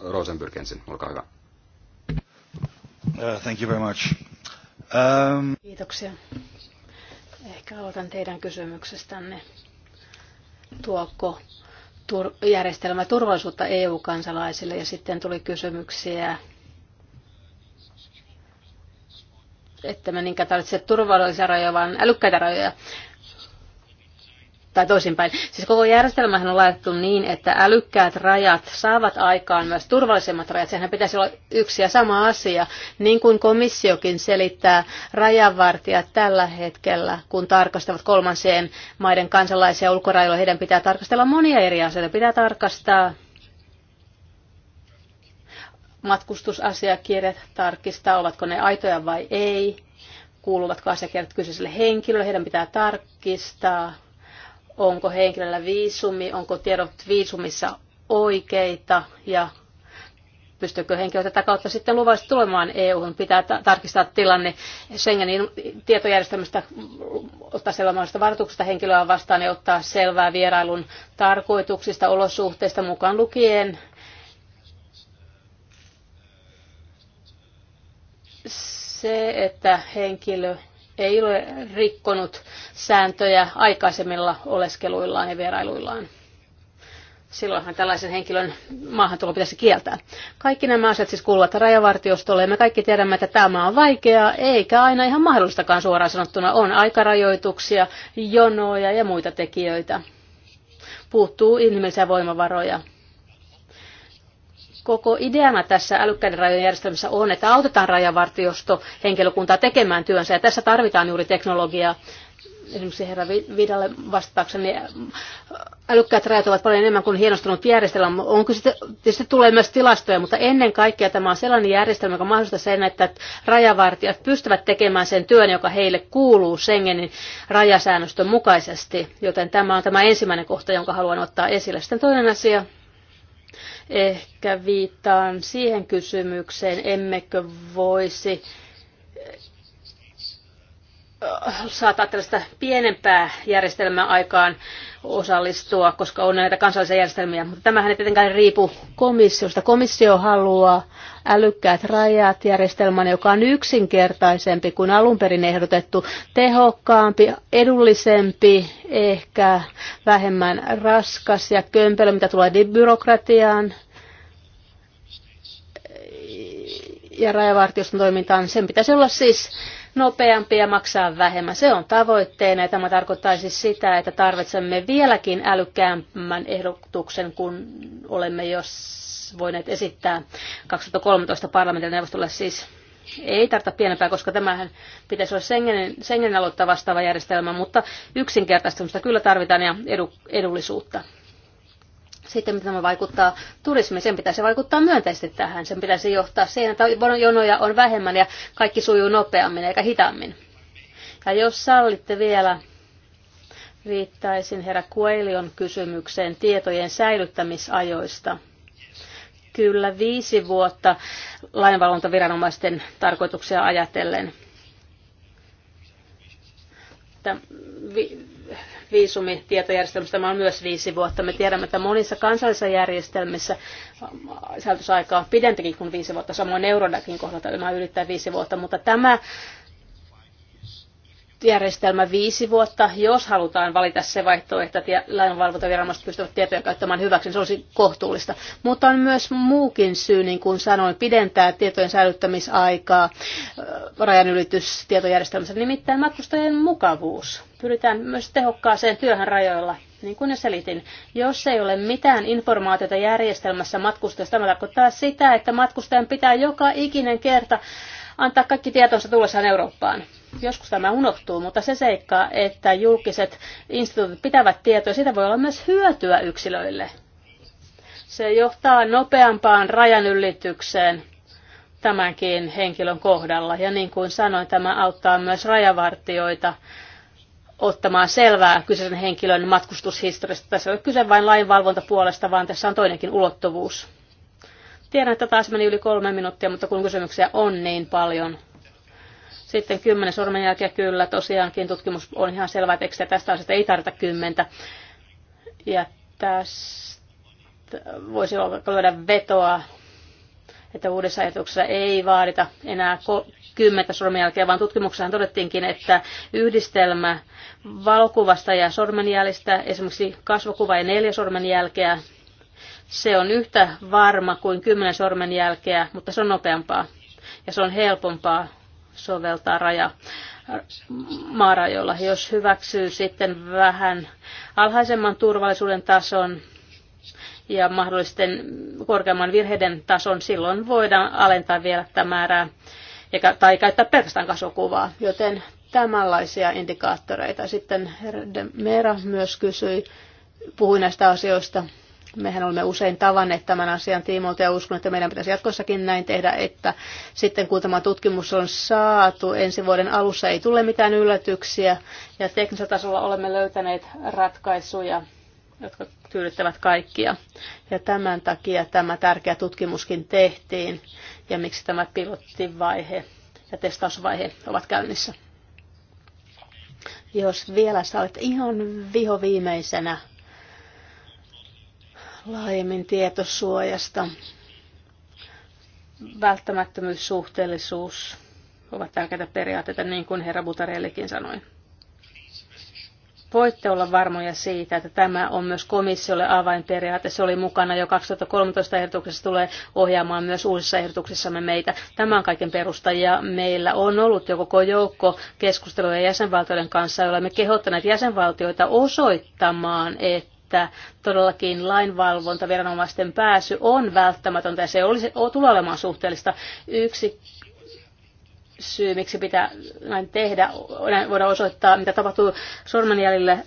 Rosenberg ensin, olkaa hyvä. Uh, thank you very much. Um... Kiitoksia. Ehkä aloitan teidän kysymyksestänne. Tuoko tur- järjestelmä turvallisuutta EU-kansalaisille ja sitten tuli kysymyksiä että me niinkään tarvitse turvallisia rajoja, vaan älykkäitä rajoja tai toisinpäin. Siis koko järjestelmähän on laitettu niin, että älykkäät rajat saavat aikaan myös turvallisemmat rajat. Sehän pitäisi olla yksi ja sama asia, niin kuin komissiokin selittää rajavartijat tällä hetkellä, kun tarkastavat kolmansien maiden kansalaisia ulkorajoilla. Heidän pitää tarkastella monia eri asioita. Pitää tarkastaa matkustusasiakirjat, tarkistaa, ovatko ne aitoja vai ei, kuuluvatko asiakirjat kyseiselle henkilölle, heidän pitää tarkistaa, onko henkilöllä viisumi, onko tiedot viisumissa oikeita ja pystyykö henkilö tätä kautta sitten luvallisesti tulemaan EU-hun. Pitää tarkistaa tilanne Schengenin tietojärjestelmästä, ottaa selvää mahdollisesta varoituksesta henkilöä vastaan ja ottaa selvää vierailun tarkoituksista, olosuhteista mukaan lukien se, että henkilö ei ole rikkonut sääntöjä aikaisemmilla oleskeluillaan ja vierailuillaan. Silloinhan tällaisen henkilön maahantulo pitäisi kieltää. Kaikki nämä asiat siis kuuluvat rajavartiostolle ja me kaikki tiedämme, että tämä on vaikeaa, eikä aina ihan mahdollistakaan suoraan sanottuna. On aikarajoituksia, jonoja ja muita tekijöitä. Puuttuu inhimillisiä voimavaroja Koko ideana tässä älykkäiden rajojen järjestelmässä on, että autetaan rajavartiosto henkilökuntaa tekemään työnsä, ja tässä tarvitaan juuri teknologiaa. Esimerkiksi herra Vidalle vastaakseni, älykkäät rajat ovat paljon enemmän kuin hienostunut järjestelmä. On sitten, tietysti tulee myös tilastoja, mutta ennen kaikkea tämä on sellainen järjestelmä, joka mahdollistaa sen, että rajavartijat pystyvät tekemään sen työn, joka heille kuuluu Schengenin rajasäännöstön mukaisesti. Joten tämä on tämä ensimmäinen kohta, jonka haluan ottaa esille. Sitten toinen asia, Ehkä viittaan siihen kysymykseen, emmekö voisi saattaa tällaista pienempää järjestelmää aikaan osallistua, koska on näitä kansallisia järjestelmiä. Mutta tämähän ei tietenkään riipu komissiosta. Komissio haluaa älykkäät rajat järjestelmän, joka on yksinkertaisempi kuin alun perin ehdotettu, tehokkaampi, edullisempi, ehkä vähemmän raskas ja kömpelö, mitä tulee byrokratiaan ja rajavartioston toimintaan. Sen pitäisi olla siis nopeampi ja maksaa vähemmän. Se on tavoitteena ja tämä tarkoittaa siis sitä, että tarvitsemme vieläkin älykkäämmän ehdotuksen, kun olemme jos voineet esittää 2013 parlamentin neuvostolle siis ei tarvita pienempää, koska tämähän pitäisi olla Schengenin, Schengenin aloittaa vastaava järjestelmä, mutta yksinkertaistumista kyllä tarvitaan ja edu, edullisuutta. Sitten mitä tämä vaikuttaa turismiin, sen pitäisi vaikuttaa myönteisesti tähän. Sen pitäisi johtaa siihen, että jonoja on vähemmän ja kaikki sujuu nopeammin eikä hitaammin. Ja jos sallitte vielä, viittaisin herra Kuelion kysymykseen tietojen säilyttämisajoista. Kyllä viisi vuotta lainvalvontaviranomaisten tarkoituksia ajatellen. Tämä viisumitietojärjestelmästä. Tämä on myös viisi vuotta. Me tiedämme, että monissa kansallisissa järjestelmissä säilytysaikaa on pidempikin kuin viisi vuotta. Samoin Eurodakin kohdalta tämä ylittää viisi vuotta, mutta tämä järjestelmä viisi vuotta, jos halutaan valita se vaihtoehto, että lainvalvontaviranomaiset pystyvät tietoja käyttämään hyväksi, niin se olisi kohtuullista. Mutta on myös muukin syy, niin kuin sanoin, pidentää tietojen säilyttämisaikaa äh, rajanylitystietojärjestelmässä, nimittäin matkustajien mukavuus. Pyritään myös tehokkaaseen työhön rajoilla. Niin kuin jo selitin, jos ei ole mitään informaatiota järjestelmässä matkustajasta, tämä tarkoittaa sitä, että matkustajan pitää joka ikinen kerta antaa kaikki tietonsa tullessaan Eurooppaan Joskus tämä unohtuu, mutta se seikka, että julkiset instituutit pitävät tietoja, sitä voi olla myös hyötyä yksilöille. Se johtaa nopeampaan rajanylitykseen tämänkin henkilön kohdalla. Ja niin kuin sanoin, tämä auttaa myös rajavartioita ottamaan selvää kyseisen henkilön matkustushistoriasta. Tässä ei ole kyse vain lainvalvontapuolesta, vaan tässä on toinenkin ulottuvuus. Tiedän, että taas meni yli kolme minuuttia, mutta kun kysymyksiä on niin paljon, sitten kymmenen sormenjälkeä, kyllä, tosiaankin tutkimus on ihan selvä, että sitä tästä asiasta ei tarvita kymmentä. Ja tästä voisi löydä vetoa, että uudessa ajatuksessa ei vaadita enää kymmentä sormenjälkeä, vaan tutkimuksessa todettiinkin, että yhdistelmä valokuvasta ja sormenjäljestä, esimerkiksi kasvokuva ja neljä sormenjälkeä, se on yhtä varma kuin kymmenen sormenjälkeä, mutta se on nopeampaa ja se on helpompaa soveltaa raja maarajoilla. Jos hyväksyy sitten vähän alhaisemman turvallisuuden tason ja mahdollisten korkeamman virheiden tason, silloin voidaan alentaa vielä tätä määrää tai käyttää pelkästään kasvokuvaa. joten tämänlaisia indikaattoreita. Sitten Herde de Mera myös kysyi, puhui näistä asioista Mehän olemme usein tavanneet tämän asian tiimoilta ja uskon, että meidän pitäisi jatkossakin näin tehdä, että sitten kun tämä tutkimus on saatu, ensi vuoden alussa ei tule mitään yllätyksiä ja teknisellä tasolla olemme löytäneet ratkaisuja, jotka tyydyttävät kaikkia. Ja tämän takia tämä tärkeä tutkimuskin tehtiin ja miksi tämä pilottivaihe ja testausvaihe ovat käynnissä. Jos vielä sä olet ihan viho viimeisenä laajemmin tietosuojasta. Välttämättömyys, suhteellisuus ovat tärkeitä periaatteita, niin kuin herra Butarellikin sanoi. Voitte olla varmoja siitä, että tämä on myös komissiolle avainperiaate. Se oli mukana jo 2013 ehdotuksessa, tulee ohjaamaan myös uusissa ehdotuksissamme meitä. Tämä on kaiken perusta ja meillä on ollut jo koko joukko keskusteluja jäsenvaltioiden kanssa, joilla me kehottaneet jäsenvaltioita osoittamaan, että että todellakin lainvalvonta viranomaisten pääsy on välttämätöntä ja se olisi, tulee olemaan suhteellista. Yksi syy, miksi pitää näin tehdä, näin voidaan osoittaa, mitä tapahtuu sormenjäljille.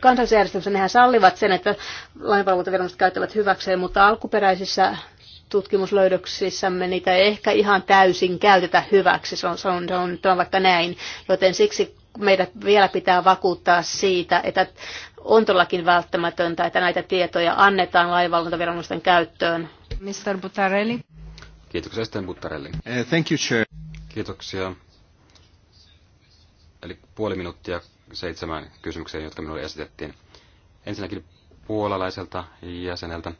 Kansallisjärjestelmässä nehän sallivat sen, että lainvalvontaviranomaiset käyttävät hyväkseen, mutta alkuperäisissä tutkimuslöydöksissämme niitä ei ehkä ihan täysin käytetä hyväksi. Se on, se on, se on, se on vaikka näin, joten siksi meidät vielä pitää vakuuttaa siitä, että on todellakin välttämätöntä, että näitä tietoja annetaan laivalvontaviranomaisten käyttöön. Mr. Buttarelli. Kiitoksia sitten Buttarelli. Uh, thank you, Chair. Kiitoksia. Eli puoli minuuttia seitsemän kysymykseen, jotka minulle esitettiin. Ensinnäkin puolalaiselta jäseneltä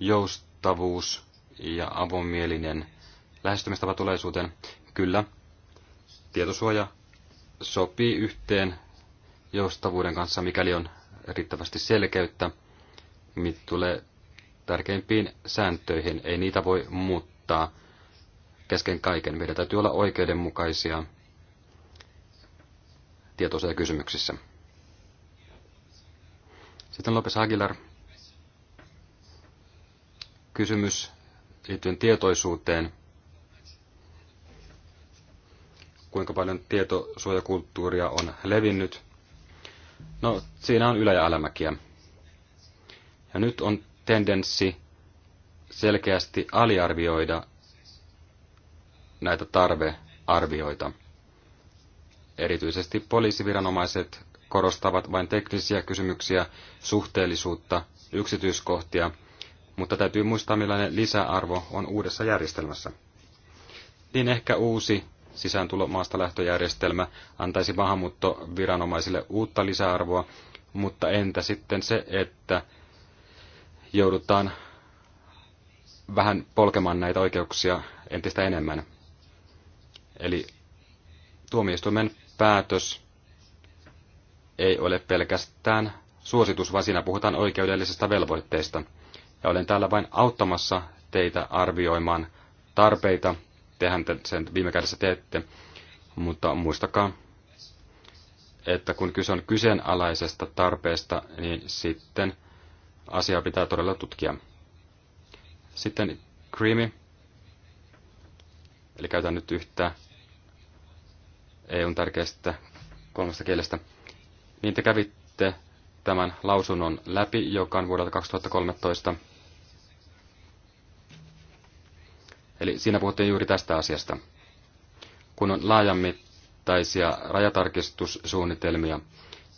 joustavuus ja avomielinen lähestymistapa tulevaisuuteen. Kyllä, tietosuoja sopii yhteen joustavuuden kanssa, mikäli on riittävästi selkeyttä, mitä tulee tärkeimpiin sääntöihin. Ei niitä voi muuttaa kesken kaiken. Meidän täytyy olla oikeudenmukaisia tietoisia kysymyksissä. Sitten Lopes Aguilar. Kysymys liittyen tietoisuuteen. Kuinka paljon tietosuojakulttuuria on levinnyt? No, siinä on ylä- ja alamäkiä. Ja nyt on tendenssi selkeästi aliarvioida näitä tarvearvioita. Erityisesti poliisiviranomaiset korostavat vain teknisiä kysymyksiä, suhteellisuutta, yksityiskohtia, mutta täytyy muistaa, millainen lisäarvo on uudessa järjestelmässä. Niin ehkä uusi sisääntulo maasta lähtöjärjestelmä antaisi maahanmuuttoviranomaisille uutta lisäarvoa, mutta entä sitten se, että joudutaan vähän polkemaan näitä oikeuksia entistä enemmän. Eli tuomioistuimen päätös ei ole pelkästään suositus, vaan siinä puhutaan oikeudellisesta velvoitteesta. Ja olen täällä vain auttamassa teitä arvioimaan tarpeita tehän sen viime kädessä teette, mutta muistakaa, että kun kyse on kyseenalaisesta tarpeesta, niin sitten asiaa pitää todella tutkia. Sitten creamy, eli käytän nyt yhtä EUn tärkeästä kolmesta kielestä, niin te kävitte tämän lausunnon läpi, joka on vuodelta 2013. Eli siinä puhuttiin juuri tästä asiasta. Kun on laajamittaisia rajatarkistussuunnitelmia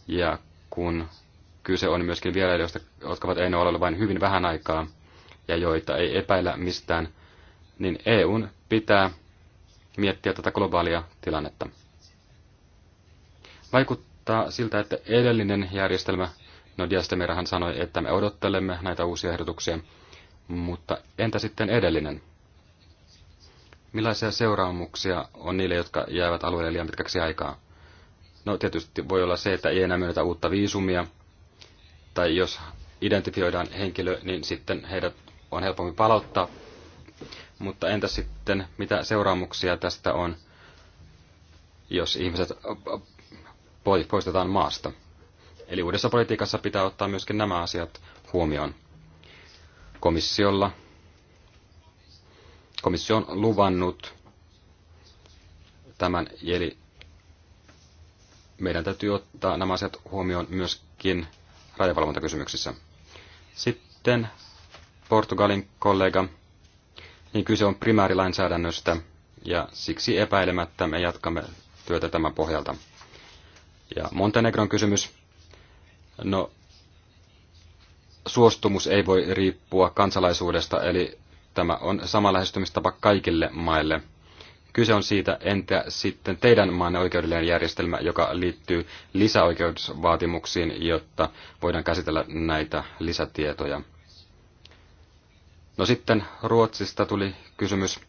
ja kun kyse on myöskin vierailijoista, jotka ovat ennen alueella vain hyvin vähän aikaa ja joita ei epäillä mistään, niin EUn pitää miettiä tätä globaalia tilannetta. Vaikuttaa siltä, että edellinen järjestelmä, no Diastemirahan sanoi, että me odottelemme näitä uusia ehdotuksia, mutta entä sitten edellinen? Millaisia seuraamuksia on niille, jotka jäävät alueelle liian pitkäksi aikaa? No tietysti voi olla se, että ei enää myönnetä uutta viisumia, tai jos identifioidaan henkilö, niin sitten heidät on helpompi palauttaa. Mutta entä sitten, mitä seuraamuksia tästä on, jos ihmiset poistetaan maasta? Eli uudessa politiikassa pitää ottaa myöskin nämä asiat huomioon. Komissiolla Komissio on luvannut tämän, eli meidän täytyy ottaa nämä asiat huomioon myöskin rajavalvontakysymyksissä. Sitten Portugalin kollega, niin kyse on primäärilainsäädännöstä, ja siksi epäilemättä me jatkamme työtä tämän pohjalta. Ja Montenegron kysymys. No, suostumus ei voi riippua kansalaisuudesta, eli Tämä on sama lähestymistapa kaikille maille. Kyse on siitä, entä sitten teidän maanne oikeudellinen järjestelmä, joka liittyy lisäoikeusvaatimuksiin, jotta voidaan käsitellä näitä lisätietoja. No sitten Ruotsista tuli kysymys.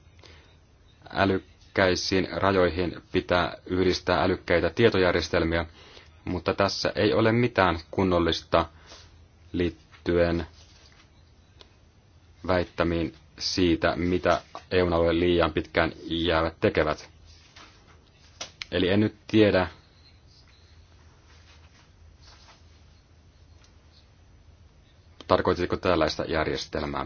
Älykkäisiin rajoihin pitää yhdistää älykkäitä tietojärjestelmiä, mutta tässä ei ole mitään kunnollista liittyen väittämiin siitä, mitä eu liian pitkään jäävät tekevät. Eli en nyt tiedä, tarkoititko tällaista järjestelmää.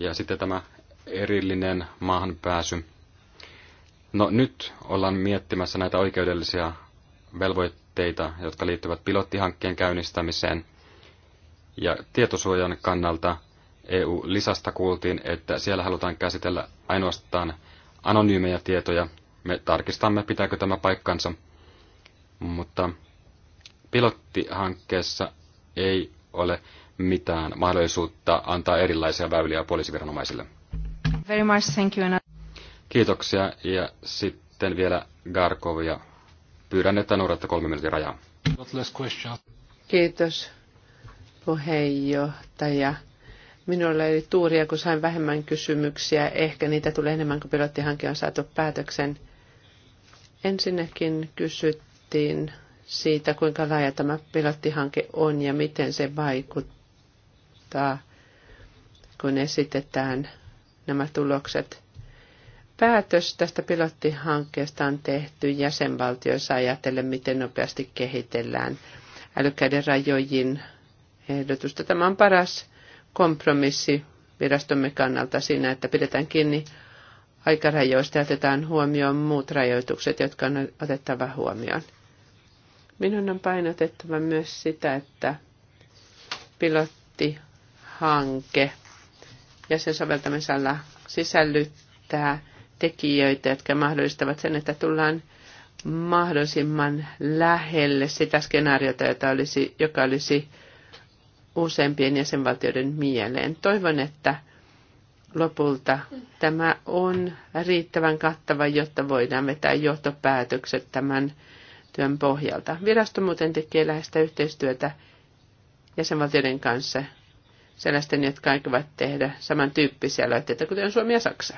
Ja sitten tämä erillinen maahanpääsy. No nyt ollaan miettimässä näitä oikeudellisia velvoitteita, jotka liittyvät pilottihankkeen käynnistämiseen. Ja tietosuojan kannalta EU-lisasta kuultiin, että siellä halutaan käsitellä ainoastaan anonyymejä tietoja. Me tarkistamme, pitääkö tämä paikkansa, mutta pilottihankkeessa ei ole mitään mahdollisuutta antaa erilaisia väyliä poliisiviranomaisille. Very much, thank you. Kiitoksia ja sitten vielä Garkov ja pyydän, että noudatte kolme minuutin rajaa. Kiitos puheenjohtaja Minulla oli tuuria, kun sain vähemmän kysymyksiä. Ehkä niitä tulee enemmän, kun pilottihanke on saatu päätöksen. Ensinnäkin kysyttiin siitä, kuinka laaja tämä pilottihanke on ja miten se vaikuttaa, kun esitetään nämä tulokset. Päätös tästä pilottihankkeesta on tehty jäsenvaltioissa ajatellen, miten nopeasti kehitellään älykkäiden rajojin ehdotusta. Tämä on paras kompromissi virastomme kannalta siinä, että pidetään kiinni aikarajoista ja otetaan huomioon muut rajoitukset, jotka on otettava huomioon. Minun on painotettava myös sitä, että pilottihanke ja sen soveltamisella sisällyttää tekijöitä, jotka mahdollistavat sen, että tullaan mahdollisimman lähelle sitä skenaariota, jota olisi, joka olisi useimpien jäsenvaltioiden mieleen. Toivon, että lopulta tämä on riittävän kattava, jotta voidaan vetää johtopäätökset tämän työn pohjalta. Virasto muuten tekee läheistä yhteistyötä jäsenvaltioiden kanssa sellaisten, jotka aikovat tehdä samantyyppisiä aloitteita, kuten Suomi ja Saksa.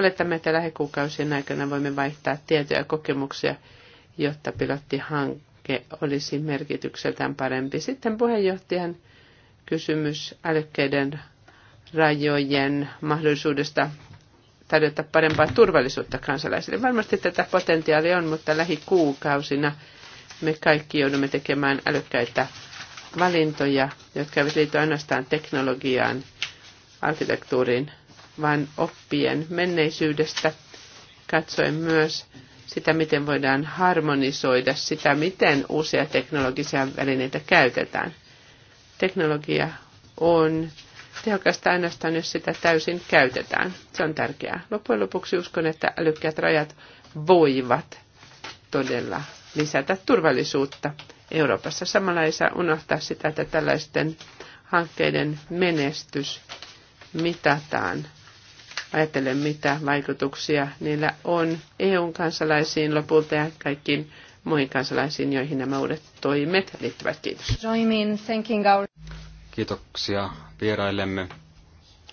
Oletamme, että lähikuukausien aikana voimme vaihtaa tietoja ja kokemuksia, jotta pilottihanke hanke olisi merkitykseltään parempi. Sitten puheenjohtajan kysymys älykkeiden rajojen mahdollisuudesta tarjota parempaa turvallisuutta kansalaisille. Varmasti tätä potentiaalia on, mutta lähikuukausina me kaikki joudumme tekemään älykkäitä valintoja, jotka eivät liity ainoastaan teknologiaan, arkkitehtuuriin, vaan oppien menneisyydestä. Katsoin myös sitä, miten voidaan harmonisoida sitä, miten uusia teknologisia välineitä käytetään. Teknologia on tehokasta ainoastaan, jos sitä täysin käytetään. Se on tärkeää. Loppujen lopuksi uskon, että älykkäät rajat voivat todella lisätä turvallisuutta Euroopassa. Samalla ei saa unohtaa sitä, että tällaisten hankkeiden menestys mitataan ajattele, mitä vaikutuksia niillä on EU-kansalaisiin lopulta ja kaikkiin muihin kansalaisiin, joihin nämä uudet toimet liittyvät. Kiitos. Kiitoksia vieraillemme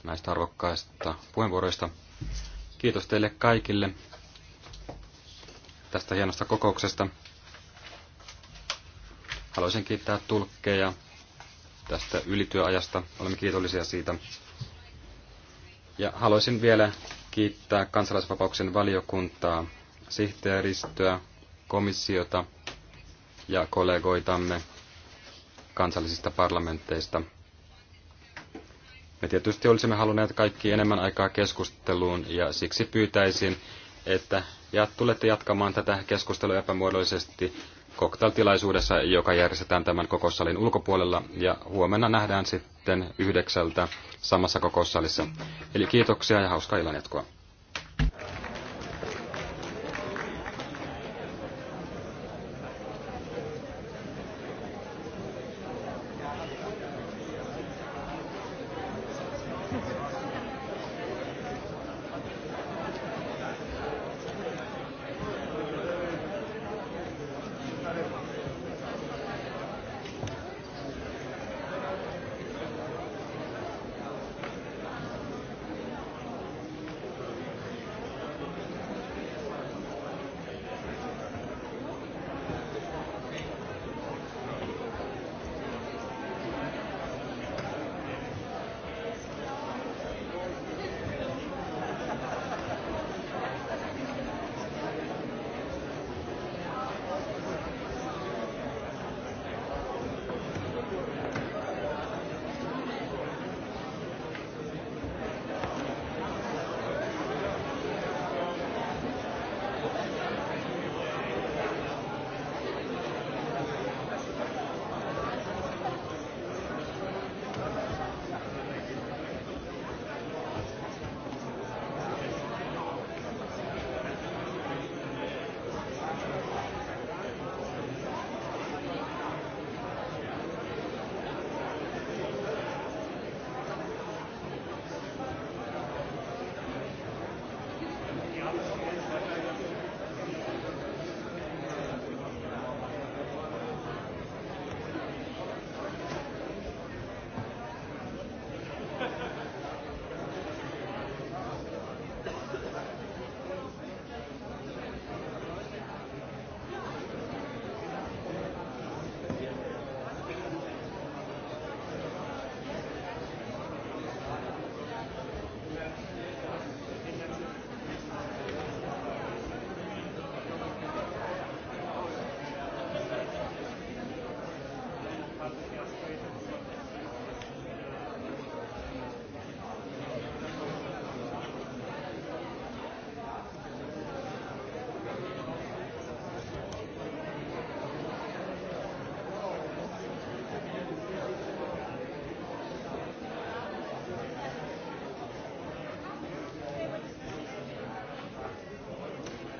näistä arvokkaista puheenvuoroista. Kiitos teille kaikille tästä hienosta kokouksesta. Haluaisin kiittää tulkkeja tästä ylityöajasta. Olemme kiitollisia siitä. Ja haluaisin vielä kiittää kansalaisvapauksen valiokuntaa, sihteeristöä, komissiota ja kollegoitamme kansallisista parlamenteista. Me tietysti olisimme halunneet kaikki enemmän aikaa keskusteluun ja siksi pyytäisin, että ja tulette jatkamaan tätä keskustelua epämuodollisesti koktailtilaisuudessa, joka järjestetään tämän kokossalin ulkopuolella ja huomenna nähdään sitten sitten yhdeksältä samassa kokoussalissa. Eli kiitoksia ja hauskaa illanjatkoa.